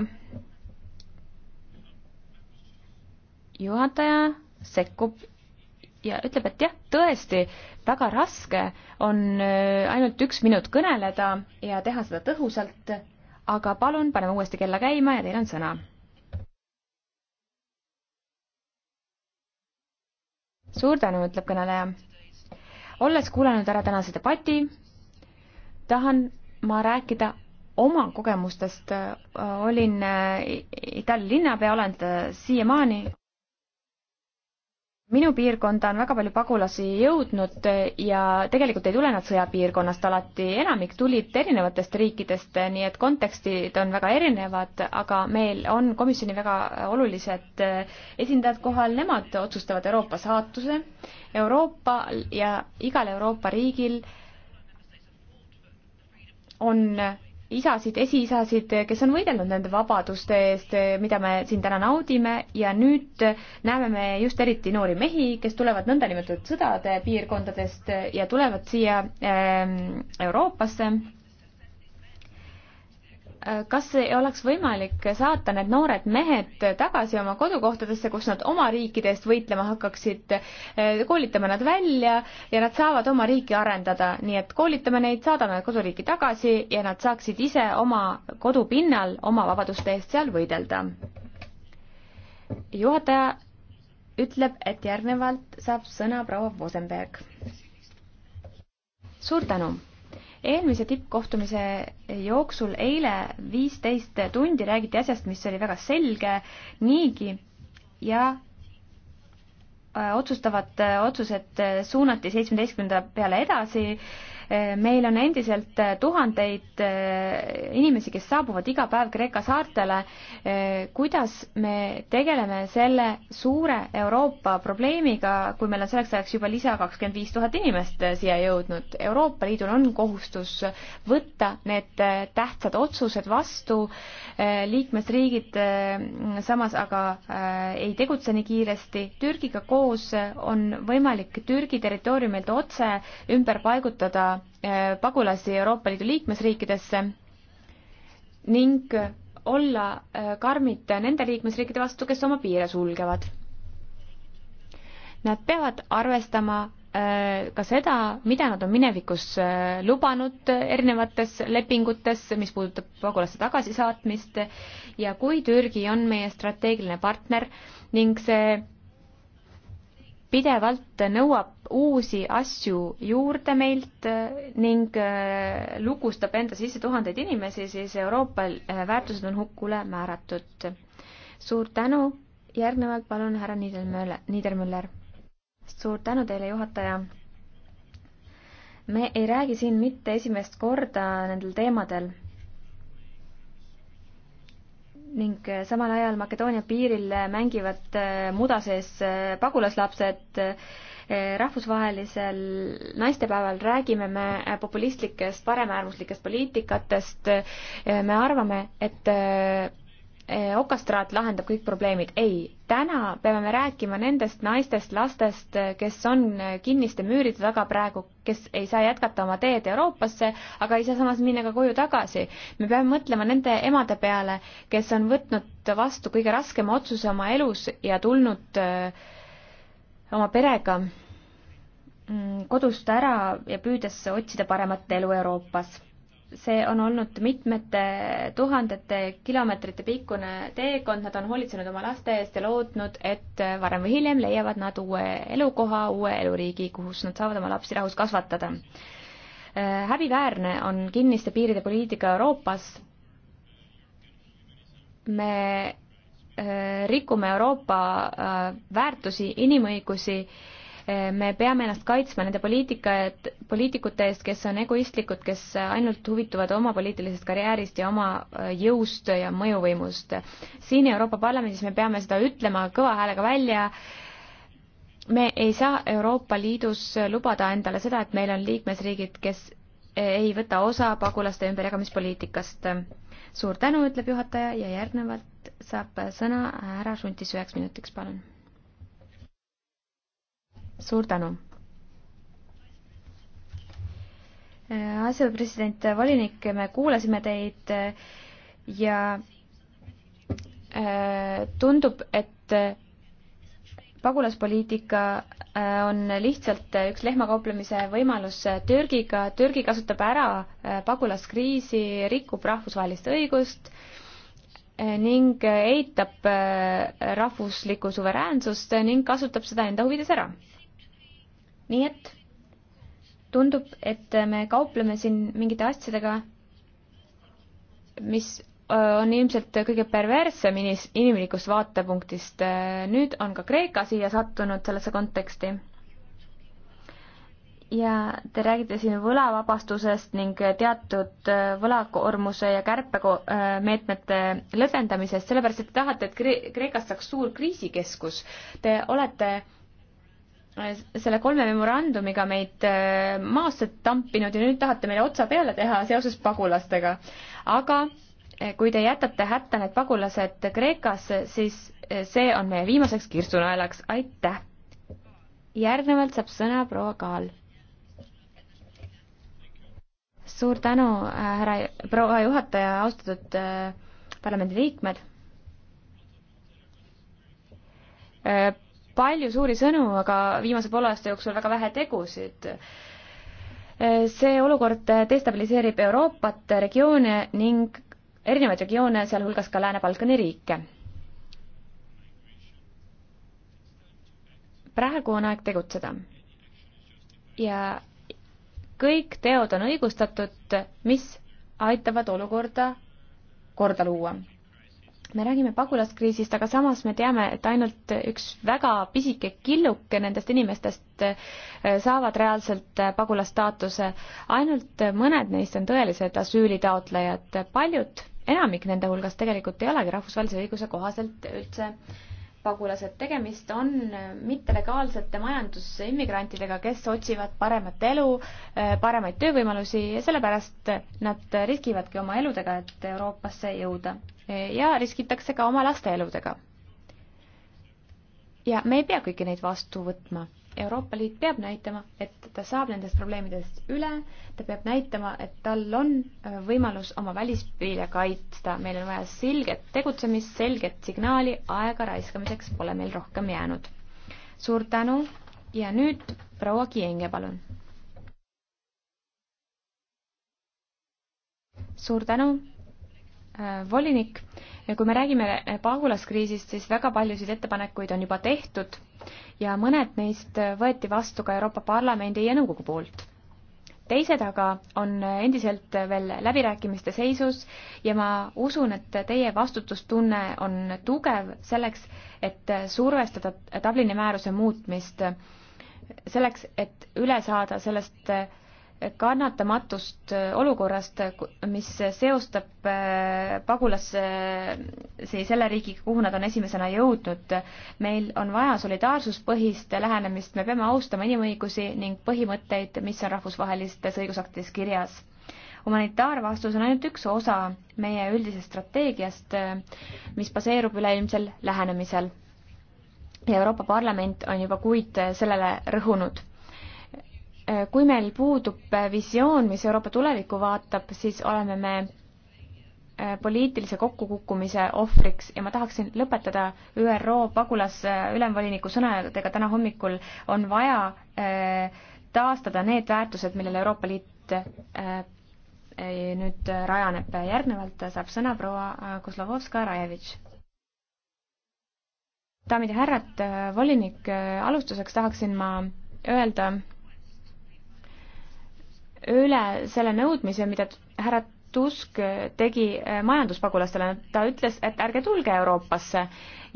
S3: juhataja sekkub ja ütleb, et jah, tõesti, väga raske on äh, ainult üks minut kõneleda ja teha seda tõhusalt, aga palun, paneme uuesti kella käima ja teil on sõna suur tänu, ütleb kõneleja. olles kuulanud ära tänase debati, tahan ma rääkida oma kogemustest, olin äh, Itaalia linnapea, olen seda siiamaani minu piirkonda on väga palju pagulasi jõudnud ja tegelikult ei tule nad sõjapiirkonnast alati, enamik tulid erinevatest riikidest, nii et kontekstid on väga erinevad, aga meil on komisjoni väga olulised esindajad kohal, nemad otsustavad Euroopa saatuse, Euroopa ja igal Euroopa riigil on isasid, esiisasid, kes on võidelnud nende vabaduste eest, mida me siin täna naudime ja nüüd näeme me just eriti noori mehi, kes tulevad nõndanimetatud sõdade piirkondadest ja tulevad siia ehm, Euroopasse kas ei oleks võimalik saata need noored mehed tagasi oma kodukohtadesse, kus nad oma riikide eest võitlema hakkaksid, eh, koolitame nad välja ja nad saavad oma riiki arendada, nii et koolitame neid, saadame koduriiki tagasi ja nad saaksid ise oma kodupinnal oma vabaduste eest seal võidelda. juhataja ütleb, et järgnevalt saab sõna proua Vosenberg. suur tänu eelmise tippkohtumise jooksul eile viisteist tundi räägiti asjast, mis oli väga selge niigi ja äh, otsustavad äh, otsused äh, suunati seitsmeteistkümnenda peale edasi meil on endiselt äh, tuhandeid äh, inimesi, kes saabuvad iga päev Kreeka saartele. Äh, kuidas me tegeleme selle suure Euroopa probleemiga, kui meil on selleks ajaks juba lisa kakskümmend viis tuhat inimest siia jõudnud? Euroopa Liidul on kohustus võtta need tähtsad otsused vastu, liikmesriigid samas aga ei tegutse nii kiiresti. Türgiga koos on võimalik Türgi territooriumilt otse ümber paigutada Äh, pagulasi Euroopa Liidu liikmesriikidesse ning olla äh, karmid nende liikmesriikide vastu, kes oma piire sulgevad. Nad peavad arvestama äh, ka seda, mida nad on minevikus lubanud erinevates lepingutes, mis puudutab pagulaste tagasisaatmist ja kui Türgi on meie strateegiline partner ning see pidevalt nõuab uusi asju juurde meilt eh, ning eh, lukustab enda sisse tuhandeid inimesi, siis Euroopa eh, väärtused on hukule määratud. suur tänu, järgnevalt palun härra Niedermüller. suur tänu teile, juhataja. me ei räägi siin mitte esimest korda nendel teemadel ning eh, samal ajal Makedoonia piiril eh, mängivad eh, muda sees pagulaslapsed. rahvusvahelisel naistepäeval räägime me populistlikest paremäärmuslikest poliitikatest. me arvame, et Eh, okastraat lahendab kõik probleemid. ei, täna peame me rääkima nendest naistest, lastest, eh, kes on eh, kinniste müüride taga praegu, kes ei saa jätkata oma teed Euroopasse, aga ei saa samas minna ka koju tagasi. me peame mõtlema nende emade peale, kes on võtnud vastu kõige raskema otsuse oma elus ja tulnud oma perega mm, kodust ära ja püüdes otsida paremat elu Euroopas see on olnud mitmete tuhandete kilomeetrite pikkune teekond, nad on hoolitsenud oma laste eest ja lootnud, et varem või hiljem leiavad nad uue elukoha, uue eluriigi, kus nad saavad oma lapsi rahus kasvatada. Äh, häbiväärne on kinniste piiride poliitika Euroopas. me äh, rikume Euroopa äh, väärtusi, inimõigusi me peame ennast kaitsma nende poliitika, poliitikute eest, kes on egoistlikud, kes ainult huvituvad oma poliitilisest karjäärist ja oma äh, jõust ja mõjuvõimust. siin Euroopa Parlamendis me peame seda ütlema kõva häälega välja, me ei saa Euroopa Liidus lubada endale seda, et meil on liikmesriigid, kes ei võta osa pagulaste ümberjagamispoliitikast. suur tänu, ütleb juhataja ja järgnevalt saab sõna härra Šuntis üheks minutiks, palun suur tänu. Äh, asjapresident äh, volinik, me kuulasime teid äh, ja tundub, et pagulaspoliitika on lihtsalt üks lehmakauplemise võimalus Türgiga. Türgi kasutab ära pagulaskriisi, rikub rahvusvahelist õigust ning eitab rahvuslikku suveräänsust ning kasutab seda enda huvides ära nii et tundub, et me kaupleme siin mingite asjadega, mis on ilmselt kõige perverssem inis-, inimlikust vaatepunktist. nüüd on ka Kreeka siia sattunud sellesse konteksti. ja te räägite siin võlavabastusest ning teatud võlakoormuse ja kärpemeetmete lõdvendamisest, sellepärast et te tahate, et Kreekast saaks suur kriisikeskus. Te olete selle kolme memorandumiga meid äh, maasse tampinud ja nüüd tahate meile otsa peale teha seoses pagulastega. aga äh, kui te jätate hätta need pagulased Kreekasse, siis äh, see on meie viimaseks kirstunaelaks, aitäh! järgnevalt saab sõna proua Kaal. suur tänu, härra proua juhataja, austatud parlamendiliikmed palju suuri sõnu, aga viimase poole aasta jooksul väga vähe tegusid. see olukord destabiliseerib Euroopat, regioone ning erinevaid regioone, sealhulgas ka Lääne-Balkani riike. praegu on aeg tegutseda. ja kõik teod on õigustatud, mis aitavad olukorda korda luua me räägime pagulaskriisist, aga samas me teame, et ainult üks väga pisike killuke nendest inimestest äh, saavad reaalselt äh, pagulastaatuse. ainult mõned neist on tõelised asüülitaotlejad, paljud, enamik nende hulgast tegelikult ei olegi rahvusvahelise õiguse kohaselt üldse pagulased, tegemist on äh, mittelegaalsete majandusimmigrantidega, kes otsivad paremat elu, paremaid töövõimalusi ja sellepärast nad riskivadki oma eludega, et Euroopasse jõuda ja riskitakse ka oma laste eludega. ja me ei pea kõiki neid vastu võtma. Euroopa Liit peab näitama, et ta saab nendest probleemidest üle, ta peab näitama, et tal on äh, võimalus oma välispiire kaitsta, meil on vaja selget tegutsemist, selget signaali, aega raiskamiseks pole meil rohkem jäänud. suur tänu ja nüüd proua Kienge, palun. suur tänu Äh, volinik, kui me räägime äh, pagulaskriisist, siis väga paljusid ettepanekuid on juba tehtud ja mõned neist äh, võeti vastu ka Euroopa Parlamendi ja nõukogu poolt. teised aga on endiselt veel läbirääkimiste seisus ja ma usun, et teie vastutustunne on tugev selleks, et survestada Dublini määruse muutmist, selleks, et üle saada sellest kannatamatust äh, olukorrast, mis seostab äh, pagulasse äh, siis selle riigiga, kuhu nad on esimesena jõudnud. meil on vaja solidaarsuspõhist lähenemist, me peame austama inimõigusi ning põhimõtteid, mis on rahvusvahelistes õigusaktides kirjas. humanitaarvastus on ainult üks osa meie üldisest strateegiast, mis baseerub üleilmsel lähenemisel. Euroopa Parlament on juba kuid sellele rõhunud Äh, kui meil puudub äh, visioon, mis Euroopa tulevikku vaatab, siis oleme me äh, poliitilise kokkukukkumise ohvriks ja ma tahaksin lõpetada ÜRO pagulasülemvoliniku sõnadega täna hommikul on vaja taastada need väärtused, millele Euroopa Liit nüüd rajaneb. järgnevalt saab sõna proua Kozlovovska-Rajevitš daamid ja härrad, volinik, alustuseks tahaksin ma öelda, üle selle nõudmise, mida härra Tusk tegi äh, majanduspagulastele, ta ütles, et ärge tulge Euroopasse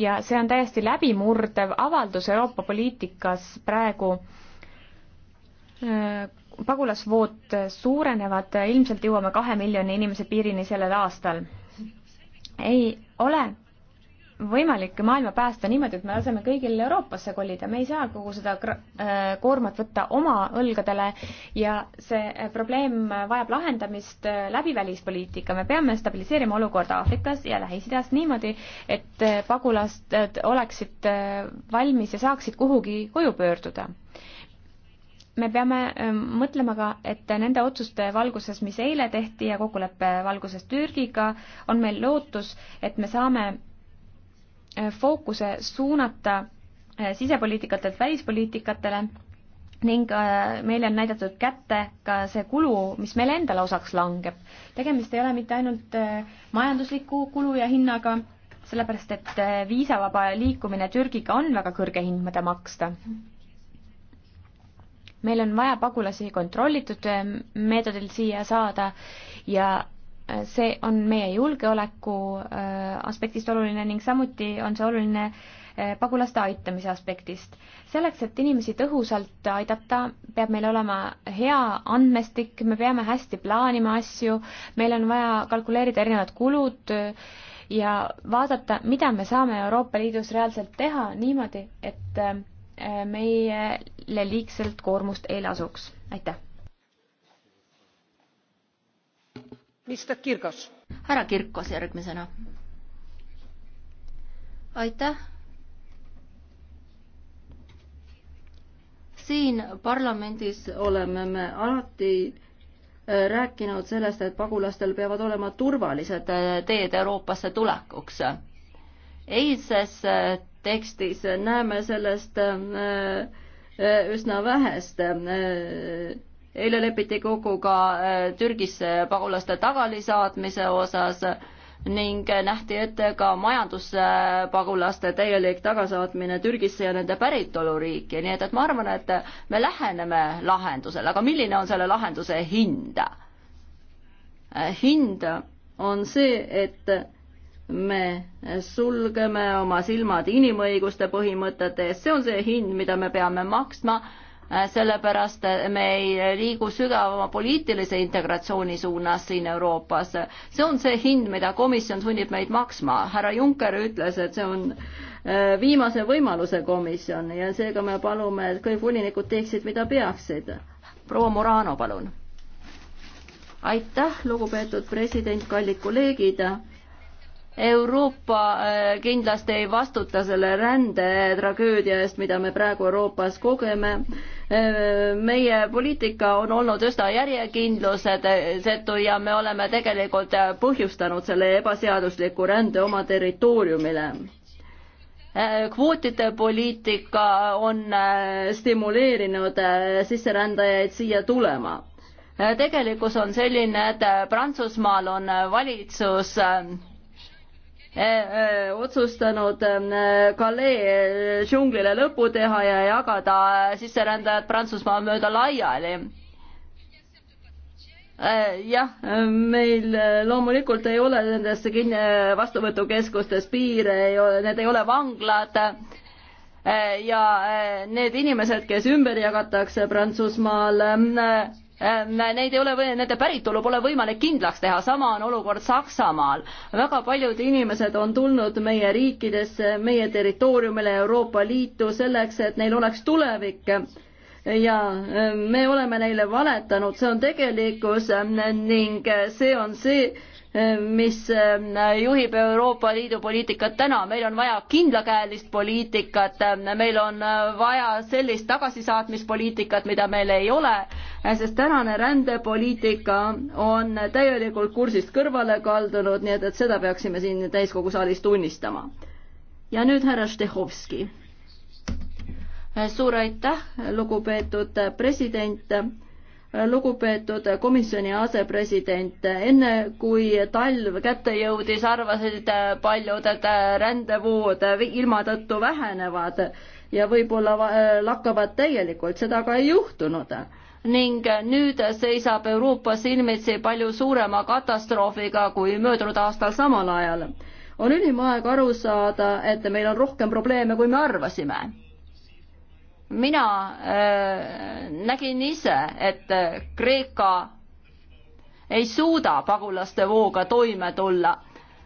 S3: ja see on täiesti läbimurdev avaldus Euroopa poliitikas praegu. Äh, pagulasvood suurenevad, ilmselt jõuame kahe miljoni inimese piirini sellel aastal. ei ole võimalik maailma päästa niimoodi, et me laseme kõigil Euroopasse kolida, me ei saa kogu seda äh, koormat võtta oma õlgadele ja see äh, probleem vajab lahendamist äh, läbi välispoliitika, me peame stabiliseerima olukorda Aafrikas ja Lähis-Idas niimoodi, et pagulased oleksid valmis ja saaksid kuhugi koju pöörduda me peame ähm, mõtlema ka, et nende otsuste valguses, mis eile tehti ja kokkuleppe valguses Türgiga, on meil lootus, et me saame fookuse suunata äh, sisepoliitikatelt välispoliitikatele ning äh, meile on näidatud kätte ka see kulu, mis meile endale osaks langeb. tegemist ei ole mitte ainult äh, majandusliku kulu ja hinnaga, sellepärast et viisavaba liikumine Türgiga on väga kõrge hind, mida maksta. meil on vaja pagulasi kontrollitud meetodil siia saada ja see on meie julgeoleku äh, aspektist oluline ning samuti on see oluline äh, pagulaste aitamise aspektist. selleks, et inimesi tõhusalt aidata, peab meil olema hea andmestik, me peame hästi plaanima asju, meil on vaja kalkuleerida erinevad kulud äh, ja vaadata, mida me saame Euroopa Liidus reaalselt teha niimoodi, et meile liigselt koormust ei lasuks. aitäh! härra Kirkos
S1: järgmisena. aitäh. siin parlamendis oleme me alati äh, rääkinud sellest, et pagulastel peavad olema turvalised äh, teed Euroopasse tulekuks. eilses äh, tekstis näeme sellest üsna vähest eile lepiti kokku ka äh, Türgisse pagulaste tagalisaatmise osas ning nähti ette ka majanduspagulaste täielik tagasaatmine Türgisse ja nende päritoluriiki, nii et, et ma arvan, et me läheneme lahendusele, aga milline on selle lahenduse hind? Äh, hind on see, et me sulgeme oma silmad inimõiguste põhimõtete eest, see on see hind, mida me peame maksma Äh, sellepärast me ei liigu sügavama poliitilise integratsiooni suunas siin Euroopas. see on see hind, mida komisjon sunnib meid maksma. härra Juncker ütles, et see on äh, viimase võimaluse komisjon ja seega me palume, et kõik volinikud teeksid, mida peaksid. proua Murano, palun. aitäh, lugupeetud president, kallid kolleegid Euroopa äh, kindlasti ei vastuta selle rändetragöödia eest, mida me praegu Euroopas kogeme Ehm, meie poliitika on olnud üsna järjekindlusetu ja me oleme tegelikult põhjustanud selle ebaseadusliku rände oma territooriumile ehm, kvootide poliitika on ehm, stimuleerinud sisserändajaid siia tulema. tegelikkus on selline, et Prantsusmaal on valitsus Äh, äh, otsustanud Calais ähm, äh, džunglile lõpu teha ja jagada sisserändajad Prantsusmaa mööda laiali jah, meil loomulikult ei ole nendes kinni vastuvõtukeskustes piire, ei ole, need ei ole vanglad. ja need inimesed, kes ümber jagatakse Prantsusmaal, Äh, neid ei ole, nende päritolu pole võimalik kindlaks teha, sama on olukord Saksamaal. väga paljud inimesed on tulnud meie riikidesse, meie territooriumile, Euroopa Liitu selleks, et neil oleks tulevik ja äh, me oleme neile valetanud, see on tegelikkus äh, ning see on see, mis ähm, juhib Euroopa Liidu poliitikat täna. meil on vaja kindlakäelist poliitikat, meil on äh, vaja sellist tagasisaatmispoliitikat, mida meil ei ole, äh, sest tänane rändepoliitika on täielikult kursist kõrvale kaldunud, nii et, et seda peaksime siin täiskogu saalis tunnistama. ja nüüd härra Štehovski. suur aitäh, lugupeetud president lugupeetud komisjoni asepresident, enne kui talv kätte jõudis, arvasid paljud, et rändevood ilma tõttu vähenevad ja võib-olla äh, lakkavad täielikult, seda aga ei juhtunud ning nüüd seisab Euroopa silmitsi palju suurema katastroofiga kui möödunud aastal samal ajal. on ülim aeg aru saada, et meil on rohkem probleeme, kui me arvasime mina äh, nägin ise, et äh, Kreeka ei suuda pagulaste vooga toime tulla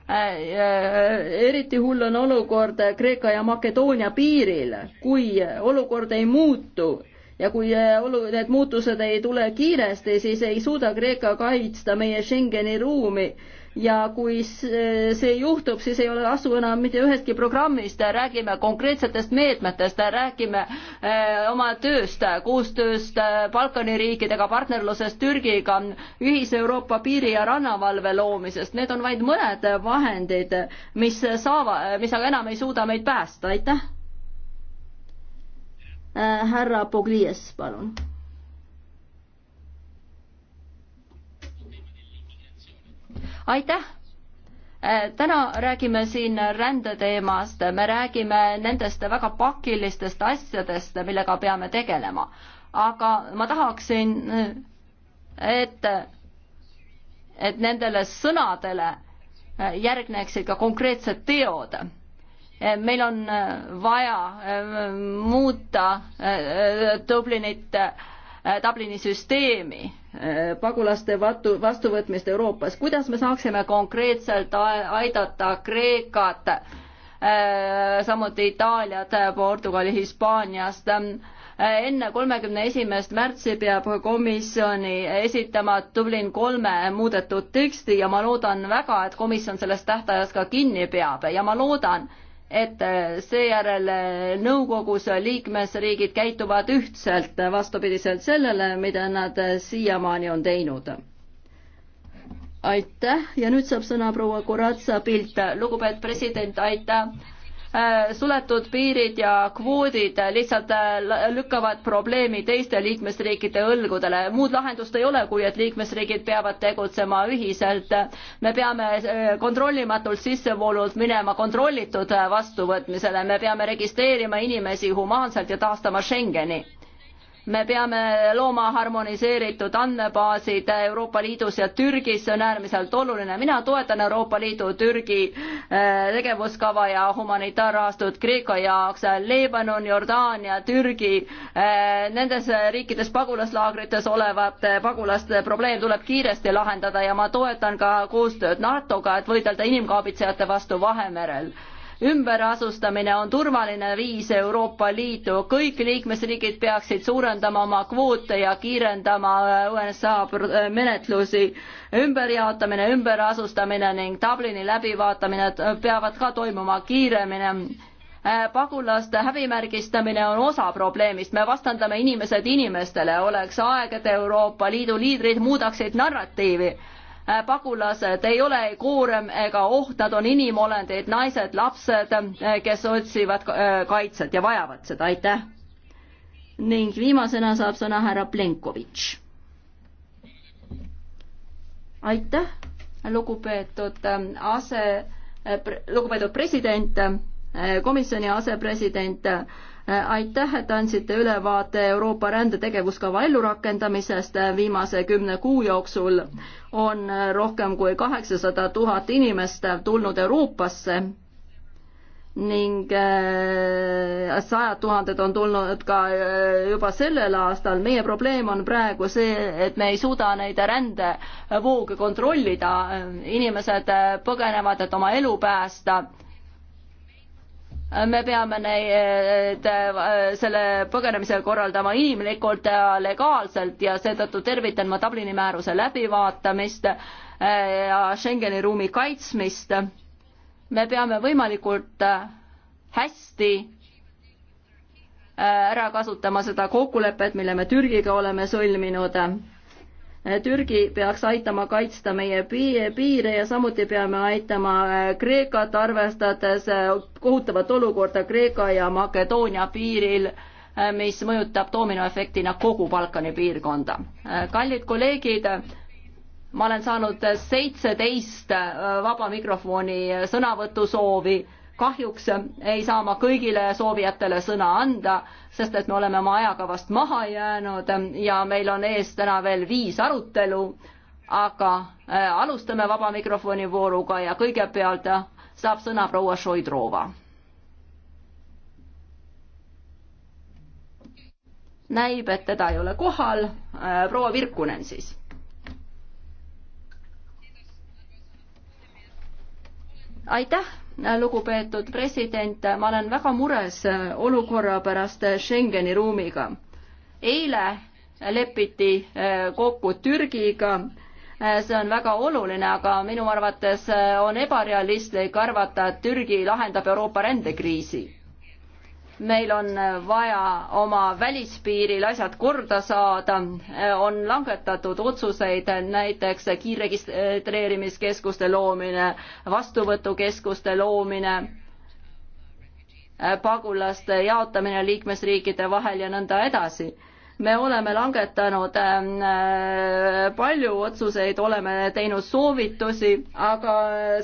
S1: äh, äh,. eriti hull on olukord Kreeka ja Makedoonia piiril, kui olukord ei muutu ja kui äh, olu-, need muutused ei tule kiiresti, siis ei suuda Kreeka kaitsta meie Schengeni ruumi ja kui see juhtub, siis ei ole asu enam mitte ühestki programmist, räägime konkreetsetest meetmetest, räägime eh, oma tööst, koostööst eh, Balkani riikidega, partnerlusest Türgiga, ühise Euroopa piiri ja rannavalve loomisest, need on vaid mõned vahendid, mis saavad, mis aga enam ei suuda meid päästa, aitäh. Eh, härra Puglies, palun aitäh! Äh, täna räägime siin rändeteemast, me räägime nendest väga pakilistest asjadest, millega peame tegelema. aga ma tahaksin, et, et nendele sõnadele äh, järgneksid ka konkreetsed teod äh, meil on vaja muuta Dublinit, Dublini süsteemi Äh, pagulaste vatu, vastuvõtmist Euroopas, kuidas me saaksime konkreetselt aidata Kreekat, äh, samuti Itaaliat, Portugali, Hispaaniast. Äh, enne kolmekümne esimest märtsi peab komisjoni esitama Dublin kolme muudetud teksti ja ma loodan väga, et komisjon sellest tähtajast ka kinni peab ja ma loodan, et äh, seejärel äh, nõukogus liikmesriigid käituvad ühtselt, äh, vastupidiselt sellele, mida nad siiamaani on teinud. aitäh ja nüüd saab sõna proua Kuratsa Pilt, lugupeetud president, aitäh Äh, suletud piirid ja kvoodid lihtsalt äh, lükkavad probleemi teiste liikmesriikide õlgudele. muud lahendust ei ole, kui et liikmesriigid peavad tegutsema ühiselt. me peame äh, kontrollimatult sissevoolult minema kontrollitud vastuvõtmisele, me peame registreerima inimesi humaanselt ja taastama Schengeni me peame looma harmoniseeritud andmebaasid Euroopa Liidus ja Türgis, see on äärmiselt oluline. mina toetan Euroopa Liidu Türgi eh, tegevuskava ja humanitaarrahastut Kreeka jaoks. Leebanon, Jordaania, Türgi, eh, nendes riikides pagulaslaagrites olevate pagulaste probleem tuleb kiiresti lahendada ja ma toetan ka koostööd NATO-ga, et võidelda inimkaabitsejate vastu Vahemerel ümberasustamine on turvaline viis Euroopa Liitu, kõik liikmesriigid peaksid suurendama oma kvoote ja kiirendama äh, USA äh, menetlusi. ümberjaotamine, ümberasustamine ning Dublini läbivaatamine äh, peavad ka toimuma kiiremini pagulaste häbimärgistamine on osa probleemist, me vastandame inimesed inimestele, oleks aeg, et Euroopa Liidu liidrid muudaksid narratiivi Äh, pagulased ei ole ei koorem ega oht, nad on inimolendid, naised, lapsed, äh, kes otsivad äh, kaitset ja vajavad seda, aitäh. ning viimasena saab sõna härra Plenkovitš. aitäh, lugupeetud ähm, ase, lugupeetud president, komisjoni asepresident aitäh, et andsite ülevaate Euroopa rändetegevuskava ellurakendamisest viimase kümne kuu jooksul on rohkem kui kaheksasada tuhat inimest tulnud Euroopasse ning äh, sajad tuhanded on tulnud ka äh, juba sellel aastal. meie probleem on praegu see, et me ei suuda neid rändevooge kontrollida. Äh, inimesed põgenevad, et oma elu päästa me peame neid, äh, selle põgenemise korraldama inimlikult ja legaalselt ja seetõttu tervitan ma Dublini määruse läbivaatamist äh, ja Schengeni ruumi kaitsmist. me peame võimalikult äh, hästi ära kasutama seda kokkulepet, mille me Türgiga oleme sõlminud Türgi peaks aitama kaitsta meie piire ja samuti peame aitama äh, Kreekat, arvestades äh, kohutavat olukorda Kreeka ja Makedoonia piiril, äh, mis mõjutab dominoefektina kogu Balkani piirkonda. kallid kolleegid, ma olen saanud seitseteist vaba mikrofoni sõnavõtusoovi kahjuks ei saa ma kõigile soovijatele sõna anda, sest et me oleme oma ajakavast maha jäänud ja meil on ees täna veel viis arutelu, aga äh, alustame vaba mikrofoni vooruga ja kõigepealt saab sõna proua Šoidrova. näib, et teda ei ole kohal, äh, proua Virkunen siis aitäh, lugupeetud president, ma olen väga mures olukorra pärast Schengeni ruumiga. eile lepiti eh, kokku Türgiga, eh, see on väga oluline, aga minu arvates eh, on ebarealistlik arvata, et Türgi lahendab Euroopa rändekriisi meil on vaja oma välispiiril asjad korda saada, on langetatud otsuseid, näiteks kiirregistreerimiskeskuste loomine, vastuvõtukeskuste loomine, pagulaste jaotamine liikmesriikide vahel ja nõnda edasi me oleme langetanud äh, palju otsuseid, oleme teinud soovitusi, aga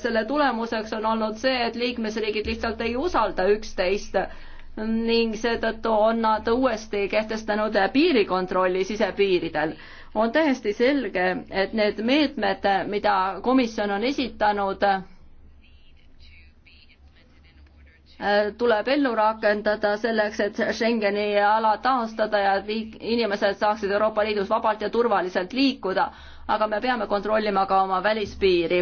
S1: selle tulemuseks on olnud see, et liikmesriigid lihtsalt ei usalda üksteist ning seetõttu on nad uuesti kehtestanud piirikontrolli sisepiiridel. on täiesti selge, et need meetmed, mida komisjon on esitanud, tuleb ellu rakendada selleks, et Schengeni ala taastada ja liik-, inimesed saaksid Euroopa Liidus vabalt ja turvaliselt liikuda, aga me peame kontrollima ka oma välispiiri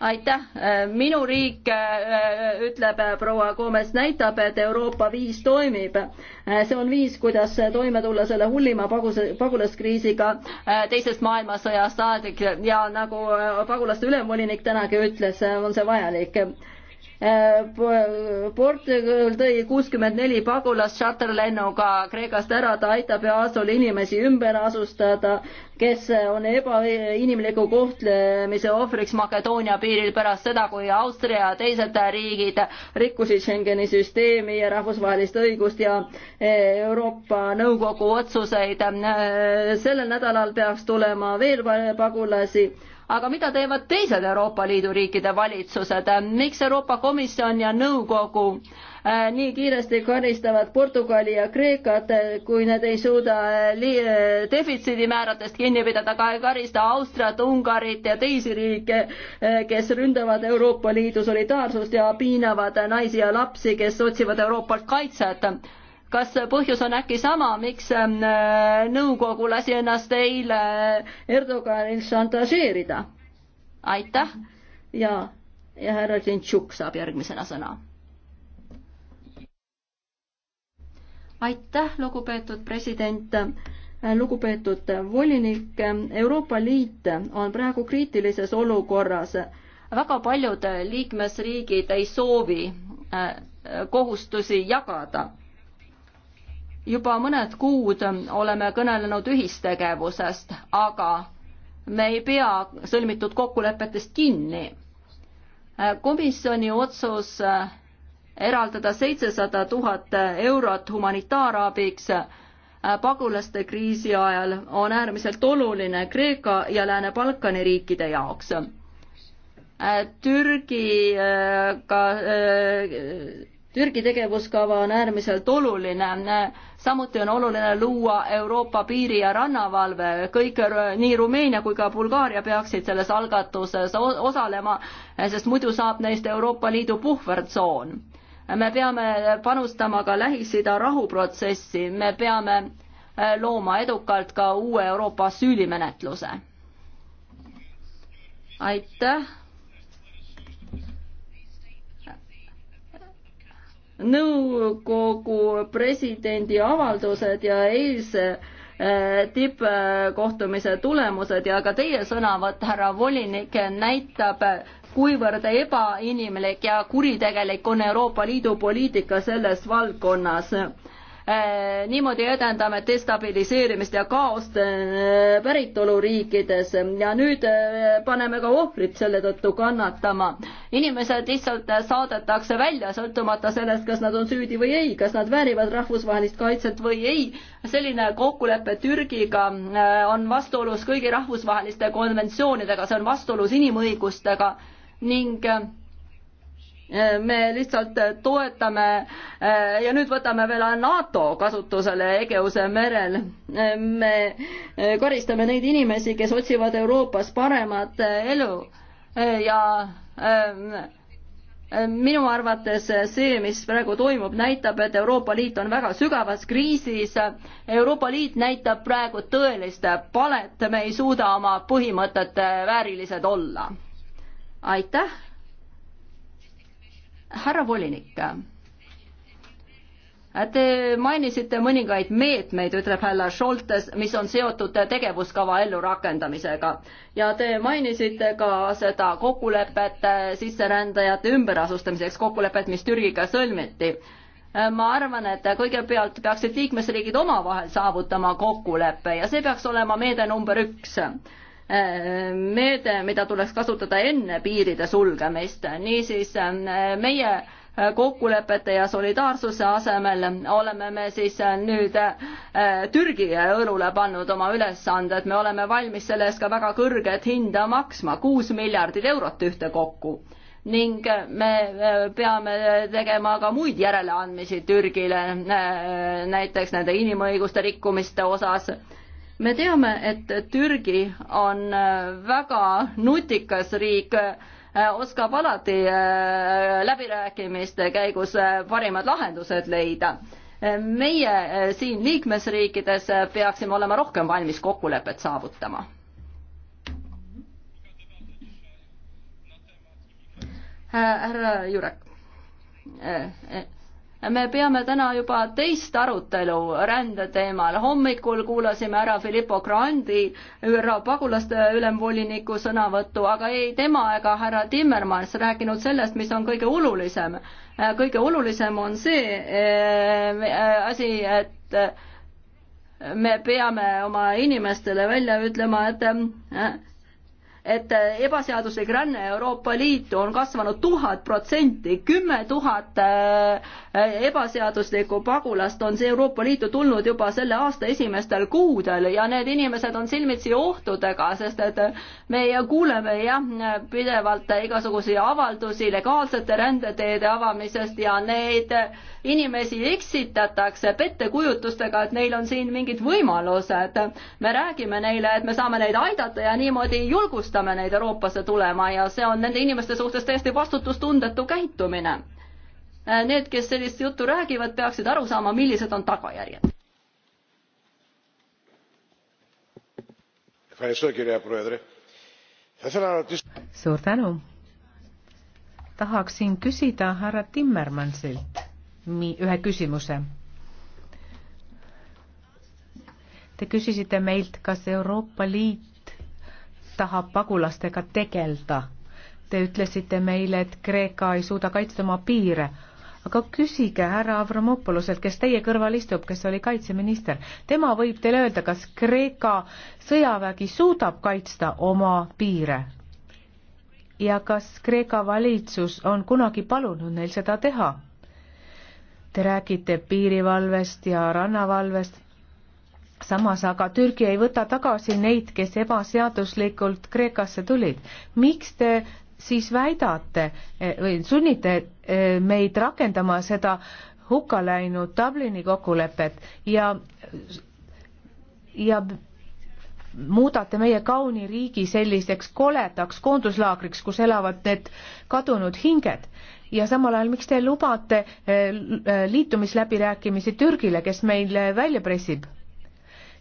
S1: aitäh, äh, minu riik, äh, äh, ütleb proua Gomes, näitab, et Euroopa viis toimib. see on viis, kuidas toime tulla selle hullima paguse, pagulaskriisiga teisest maailmasõjast saadik ja nagu pagulaste ülemvolinik tänagi ütles, on see vajalik Äh, Portugal tõi kuuskümmend neli pagulast tšarterlennuga Kreekast ära, ta aitab EASO-l inimesi ümber asustada, kes on ebainimliku kohtlemise ohvriks Makedoonia piiril pärast seda, kui Austria ja teised riigid rikkusid Schengeni süsteemi ja rahvusvahelist õigust ja eh, Euroopa Nõukogu otsuseid. Äh, sellel nädalal peaks tulema veel pagulasi aga mida teevad teised Euroopa Liidu riikide valitsused, miks Euroopa Komisjon ja nõukogu äh, nii kiiresti karistavad Portugali ja Kreekat, äh, kui nad ei suuda äh, defitsiidimääradest kinni pidada, ka ei karista Austriat, Ungarit ja teisi riike, kes ründavad Euroopa Liidu solidaarsust ja piinavad naisi ja lapsi, kes otsivad Euroopalt kaitset kas põhjus on äkki sama, miks ähm, nõukogu lasi ennast eile äh, Erdoganil šantažeerida? aitäh ja, ja härra Tšentšuk saab järgmisena sõna. aitäh, lugupeetud president lugupeetud volinik, Euroopa Liit on praegu kriitilises olukorras. väga paljud liikmesriigid ei soovi äh, kohustusi jagada juba mõned kuud oleme kõnelenud ühistegevusest, aga me ei pea sõlmitud kokkulepetest kinni. komisjoni otsus eraldada seitsesada tuhat eurot humanitaarabiks pagulaste kriisi ajal on äärmiselt oluline Kreeka ja Lääne-Balkani riikide jaoks. Türgiga Türgi tegevuskava on äärmiselt oluline, samuti on oluline luua Euroopa piiri- ja rannavalve, kõik, nii Rumeenia kui ka Bulgaaria peaksid selles algatuses osalema, sest muidu saab neist Euroopa Liidu puhvertsoon. me peame panustama ka Lähis-Ida rahuprotsessi, me peame eh, looma edukalt ka uue Euroopa süülimenetluse. aitäh nõukogu presidendi avaldused ja eilse äh, tippkohtumise tulemused ja ka teie sõnavõtt, härra volinik, näitab, kuivõrd ebainimlik ja kuritegelik on Euroopa Liidu poliitika selles valdkonnas Äh, niimoodi edendame destabiliseerimist ja kaost äh, päritoluriikides ja nüüd äh, paneme ka ohvrid selle tõttu kannatama. inimesed lihtsalt saadetakse välja, sõltumata sellest, kas nad on süüdi või ei, kas nad väärivad rahvusvahelist kaitset või ei. selline kokkulepe Türgiga on vastuolus kõigi rahvusvaheliste konventsioonidega, see on vastuolus inimõigustega ning Eh, me lihtsalt toetame eh, ja nüüd võtame veel NATO kasutusele Egeuse merel. Eh, me karistame neid inimesi, kes otsivad Euroopas paremat elu ja minu arvates see, mis praegu toimub, näitab, et Euroopa Liit on väga sügavas kriisis. Euroopa Liit näitab praegu tõelist palet, me ei suuda oma põhimõtete väärilised olla. aitäh härra volinik, te mainisite mõningaid meetmeid, ütleb härra Šoltes, mis on seotud tegevuskava ellurakendamisega ja te mainisite ka seda kokkulepet sisserändajate ümberasustamiseks, kokkulepet, mis Türgiga sõlmiti ma arvan, et kõigepealt peaksid liikmesriigid omavahel saavutama kokkuleppe ja see peaks olema meede number üks meede, mida tuleks kasutada enne piiride sulgemist. niisiis meie kokkulepete ja solidaarsuse asemel oleme me siis nüüd äh, Türgi õlule pannud oma ülesanded, me oleme valmis selle eest ka väga kõrget hinda maksma, kuus miljardit eurot ühtekokku ning me äh, peame tegema ka muid järeleandmisi Türgile, äh, näiteks nende inimõiguste rikkumiste osas me teame, et Türgi on äh, väga nutikas riik, äh, oskab alati äh, läbirääkimiste käigus parimad lahendused leida. meie siin liikmesriikides peaksime olema rohkem valmis kokkulepet saavutama härra Jurek me peame täna juba teist arutelu rände teemal. hommikul kuulasime ära Filippo Grandi, ÜRO pagulaste ülemvoliniku sõnavõttu, aga ei tema ega härra Timmermans rääkinud sellest, mis on kõige olulisem. kõige olulisem on see äh, asi, et äh, me peame oma inimestele välja ütlema, et äh, et äh, ebaseaduslik ränne Euroopa Liitu on kasvanud tuhat protsenti, kümme tuhat äh, äh, ebaseaduslikku pagulast on see Euroopa Liitu tulnud juba selle aasta esimestel kuudel ja need inimesed on silmitsi ohtudega, sest et me kuuleme jah, pidevalt igasuguseid avaldusi legaalsete rändeteede avamisest ja neid inimesi eksitatakse pettekujutustega, et neil on siin mingid võimalused. me räägime neile, et me saame neid aidata ja niimoodi julgustame neid Euroopasse tulema ja see on nende inimeste suhtes täiesti vastutustundetu käitumine. Äh, need, kes sellist juttu räägivad, peaksid aru saama, millised on tagajärjed.
S4: suur tänu tahaksin küsida härra Timmermansilt ühe kysymyksen. Te küsisite meilt, kas Euroopa Liit tahab pagulastega tegelda. Te ütlesite meile, et Kreeka ei suuda kaitsta oma piire. aga küsige härra Avramopoloselt, kes teie kõrval istub, kes oli kaitseminister, tema võib teile öelda, kas Kreeka sõjavägi suudab kaitsta oma piire ja kas Kreeka valitsus on kunagi palunud neil seda teha Te räägite piirivalvest ja rannavalvest. samas aga Türgi ei võta tagasi neid, kes ebaseaduslikult Kreekasse tulid. miks te siis väidate eh, või sunnite eh, meid rakendama seda hukka läinud Dublini kokkulepet ja, ja muudate meie kauni riigi selliseks koledaks koonduslaagriks, kus elavad need kadunud hinged ja samal ajal, miks te lubate eh, liitumisläbirääkimisi Türgile, kes meil välja pressib?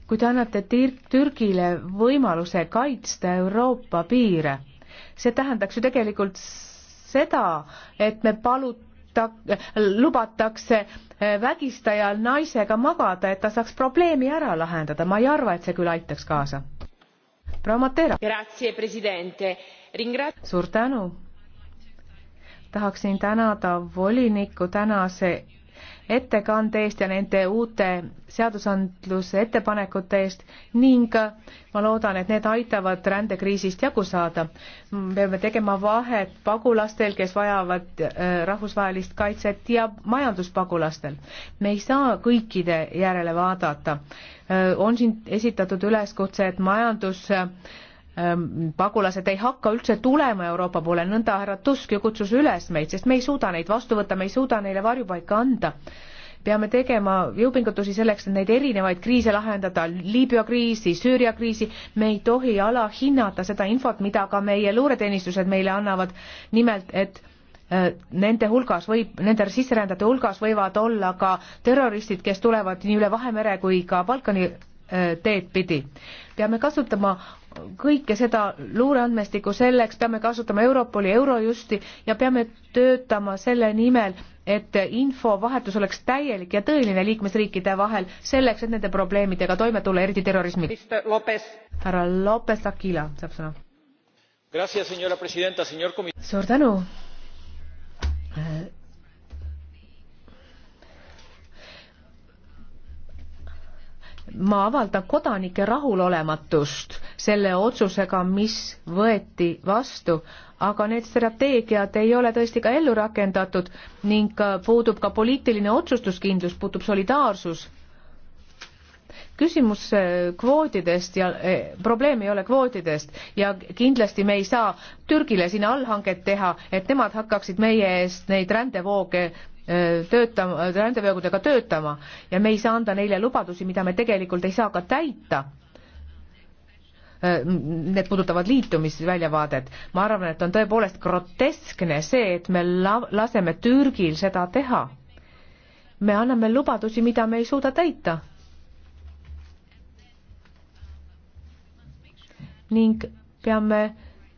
S4: kui te annate Türgile võimaluse kaitsta Euroopa piire, see tähendaks ju tegelikult seda, et me paluta-, lubatakse eh, vägistajal naisega magada, et ta saaks probleemi ära lahendada, ma ei arva, et see küll aitaks kaasa. proua Matera. suur tänu tahaksin tänada volinikku tänase ettekande eest ja nende uute seadusandluse ettepanekute eest ning ma loodan, et need aitavad rändekriisist jagu saada. me peame tegema vahet pagulastel, kes vajavad äh, rahvusvahelist kaitset ja majanduspagulastel. me ei saa kõikide järele vaadata. Äh, on siin esitatud üleskutse, et majandus äh, Ähm, pagulased ei hakka üldse tulema Euroopa poole, nõnda härra Tusk ju kutsus üles meid, sest me ei suuda neid vastu võtta, me ei suuda neile varjupaika anda. peame tegema jõupingutusi selleks, et neid erinevaid kriise lahendada, Liibüa kriisi, Süüria kriisi, me ei tohi alahinnata seda infot, mida ka meie luureteenistused meile annavad, nimelt et äh, nende hulgas võib, nende sisserändajate hulgas võivad olla ka terroristid, kes tulevad nii üle Vahemere kui ka Balkani äh, teed pidi. peame kasutama kõike seda luureandmestikku, selleks peame kasutama Europoli, Eurojusti ja peame töötama selle nimel, et infovahetus oleks täielik ja tõeline liikmesriikide vahel, selleks et nende probleemidega toime tulla, eriti terrorismi. härra Lopez Aquila saab sõna. suur tänu ma avaldan kodanike rahulolematust selle otsusega, mis võeti vastu, aga need strateegiad ei ole tõesti ka ellu rakendatud ning puudub ka poliitiline otsustuskindlus, puudub solidaarsus. küsimus äh, kvoodidest ja eh, probleem ei ole kvoodidest ja kindlasti me ei saa Türgile siin allhanget teha, et nemad hakkaksid meie eest neid rändevooge Äh, töötama, rändeveogudega töötama ja me ei saa anda neile lubadusi, mida me tegelikult ei saa ka täita. Äh, need puudutavad liitumisväljavaadet. ma arvan, et on tõepoolest groteskne see, et me la-, laseme Türgil seda teha. me anname lubadusi, mida me ei suuda täita. ning peame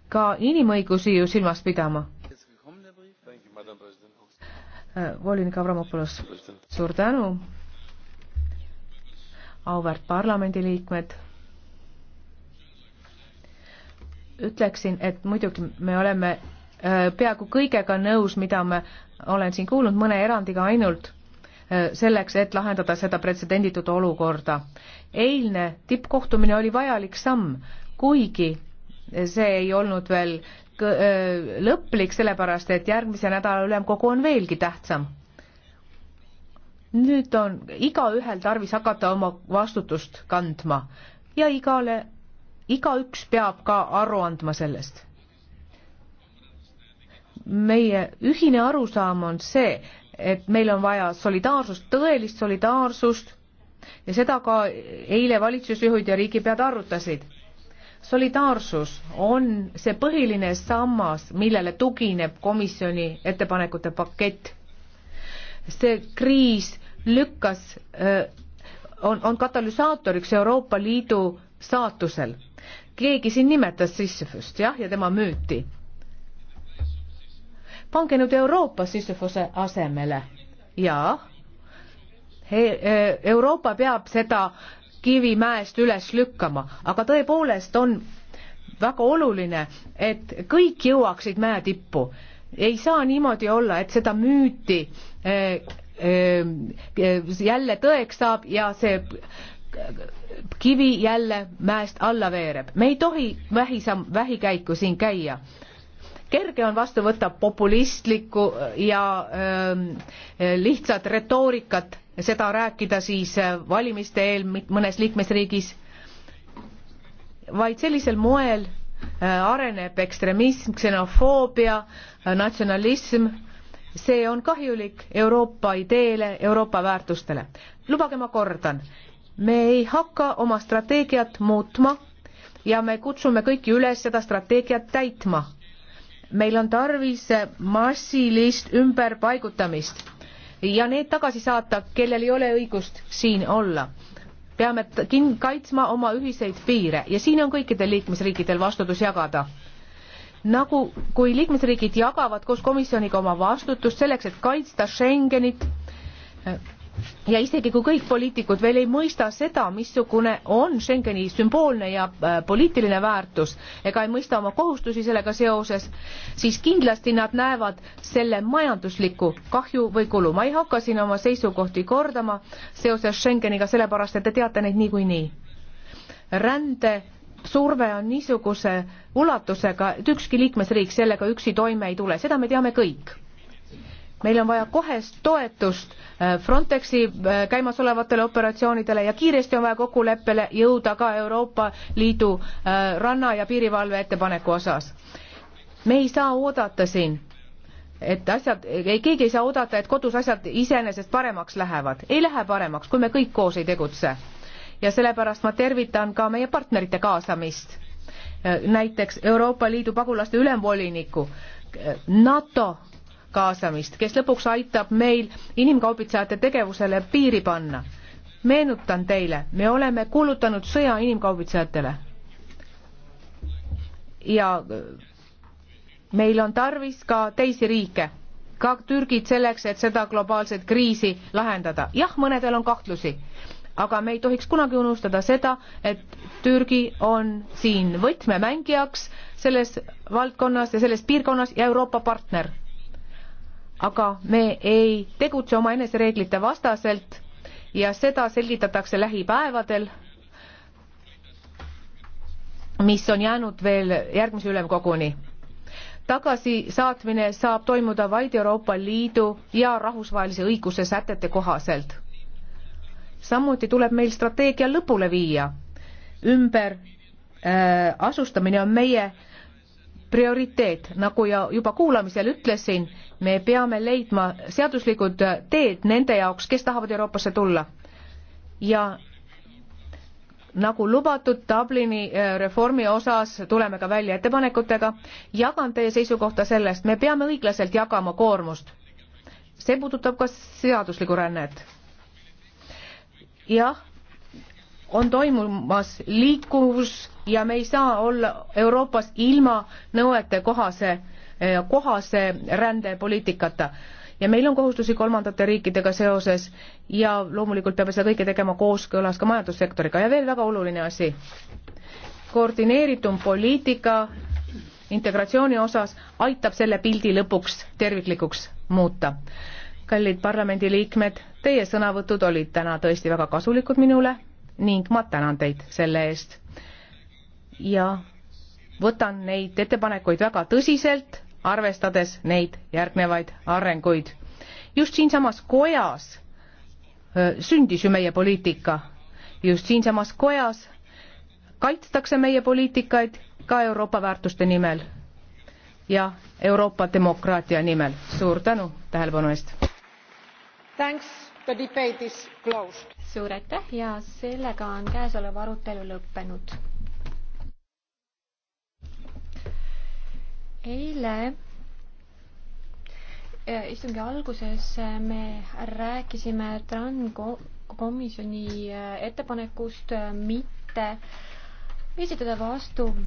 S4: ka inimõigusi ju silmas pidama Äh, volinik Avramopoulos, suur tänu, auväärt parlamendiliikmed ütleksin, et muidugi me oleme äh, peaaegu kõigega nõus, mida me olen siin kuulnud, mõne erandiga ainult, äh, selleks, et lahendada seda pretsedenditut olukorda. eilne tippkohtumine oli vajalik samm, kuigi see ei olnud veel lõplik, sellepärast et järgmise nädala ülemkogu on veelgi tähtsam. nüüd on igaühel tarvis hakata oma vastutust kandma ja igale, igaüks peab ka aru andma sellest. meie ühine arusaam on see, et meil on vaja solidaarsust, tõelist solidaarsust ja seda ka eile valitsusjuhid ja riigipead arutasid solidaarsus on see põhiline sammas, millele tugineb komisjoni ettepanekute pakett. see kriis lükkas, on, on katalüsaatoriks Euroopa Liidu saatusel. keegi siin nimetas Sisyphust, jah, ja tema müüti. pange nüüd Euroopa Sisyphuse asemele. jaa, Euroopa peab seda kivimäest üles lükkama, aga tõepoolest on väga oluline, et kõik jõuaksid mäe tippu. ei saa niimoodi olla, et seda müüti eh, eh, jälle tõeks saab ja see kivi jälle mäest alla veereb. me ei tohi vähisam, vähikäiku siin käia kerge on vastu võtta populistlikku ja öö, ehm, lihtsat retoorikat seda rääkida siis äh, valimiste eel mõnes liikmesriigis, vaid sellisel moel äh, areneb ekstremism, ksenofoobia, äh, natsionalism, see on kahjulik Euroopa ideele, Euroopa väärtustele. lubage, ma kordan, me ei hakka oma strateegiat muutma ja me kutsume kõiki üles seda strateegiat täitma. meil on tarvis massilist ümberpaigutamist ja need tagasi saata, kellel ei ole õigust siin olla. peame kin-, kaitsma oma ühiseid piire ja siin on kõikidel liikmesriikidel vastutus jagada nagu, kui liikmesriigid jagavad koos komisjoniga oma vastutust selleks, et kaitsta Schengenit, ja isegi kui kõik poliitikud veel ei mõista seda, missugune on Schengeni sümboolne ja äh, poliitiline väärtus ega ei mõista oma kohustusi sellega seoses, siis kindlasti nad näevad selle majanduslikku kahju või kulu. ma ei hakka siin oma seisukohti kordama seoses Schengeniga, sellepärast et te teate neid niikuinii. rände surve on niisuguse ulatusega, et ükski liikmesriik sellega üksi toime ei tule, seda me teame kõik meil on vaja kohest toetust äh, Frontexi äh, käimasolevatele operatsioonidele ja kiiresti on vaja kokkuleppele jõuda ka Euroopa Liidu äh, ranna- ja piirivalve ettepaneku osas. me ei saa oodata siin et asjad, ei keegi ei saa oodata, et kodus asjad iseenesest paremaks lähevad. ei lähe paremaks, kui me kõik koos ei tegutse. ja sellepärast ma tervitan ka meie partnerite kaasamist. näiteks Euroopa Liidu pagulaste ülemvoliniku, NATO kaasamist, kes lõpuks aitab meil inimkaubitsejate tegevusele piiri panna. meenutan teile, me oleme kuulutanud sõja inimkaubitsejatele. ja meil on tarvis ka teisi riike, ka Türgit selleks, et seda globaalset kriisi lahendada. jah, mõnedel on kahtlusi, aga me ei tohiks kunagi unustada seda, et Türgi on siin võtmemängijaks selles valdkonnas ja selles piirkonnas ja Euroopa partner aga me ei tegutse oma enesereeglite vastaselt ja seda selgitatakse lähipäevadel, mis on jäänud veel järgmise ülemkoguni. tagasisaatmine saab toimuda vaid Euroopa Liidu ja rahvusvahelise õiguse sätete kohaselt. samuti tuleb meil strateegia lõpule viia. ümber äh, asustamine on meie äh, prioriteet, nagu ja juba kuulamisel ütlesin, me peame leidma seaduslikud teed nende jaoks, kes tahavad Euroopasse tulla. ja nagu lubatud Dublini äh, reformi osas tuleme ka välja ettepanekutega, jagan teie seisukohta sellest, me peame õiglaselt jagama koormust. see puudutab ka seaduslikku rännet. jah, on toimumas liikuvus ja me ei saa olla Euroopas ilma nõuete kohase, eh, kohase rändepoliitikata. ja meil on kohustusi kolmandate riikidega seoses ja loomulikult peame seda kõike tegema kooskõlas ka majandussektoriga ja veel väga oluline asi. koordineeritum poliitika integratsiooni osas aitab selle pildi lõpuks terviklikuks muuta. kallid parlamendiliikmed, teie sõnavõtud olid täna tõesti väga kasulikud minule ning ma tänan teid selle eest ja võtan neid ettepanekuid väga tõsiselt, arvestades neid järgnevaid arenguid. just siinsamas kojas sündis ju meie poliitika, just siinsamas kojas kaitstakse meie poliitikaid ka Euroopa väärtuste nimel ja Euroopa demokraatia nimel. suur tänu tähelepanu eest!
S3: suur aitäh ja sellega on käesolev arutelu lõppenud. eile äh, istungi alguses äh, me rääkisime TRAN komisjoni äh, ettepanekust mitte esitada vastu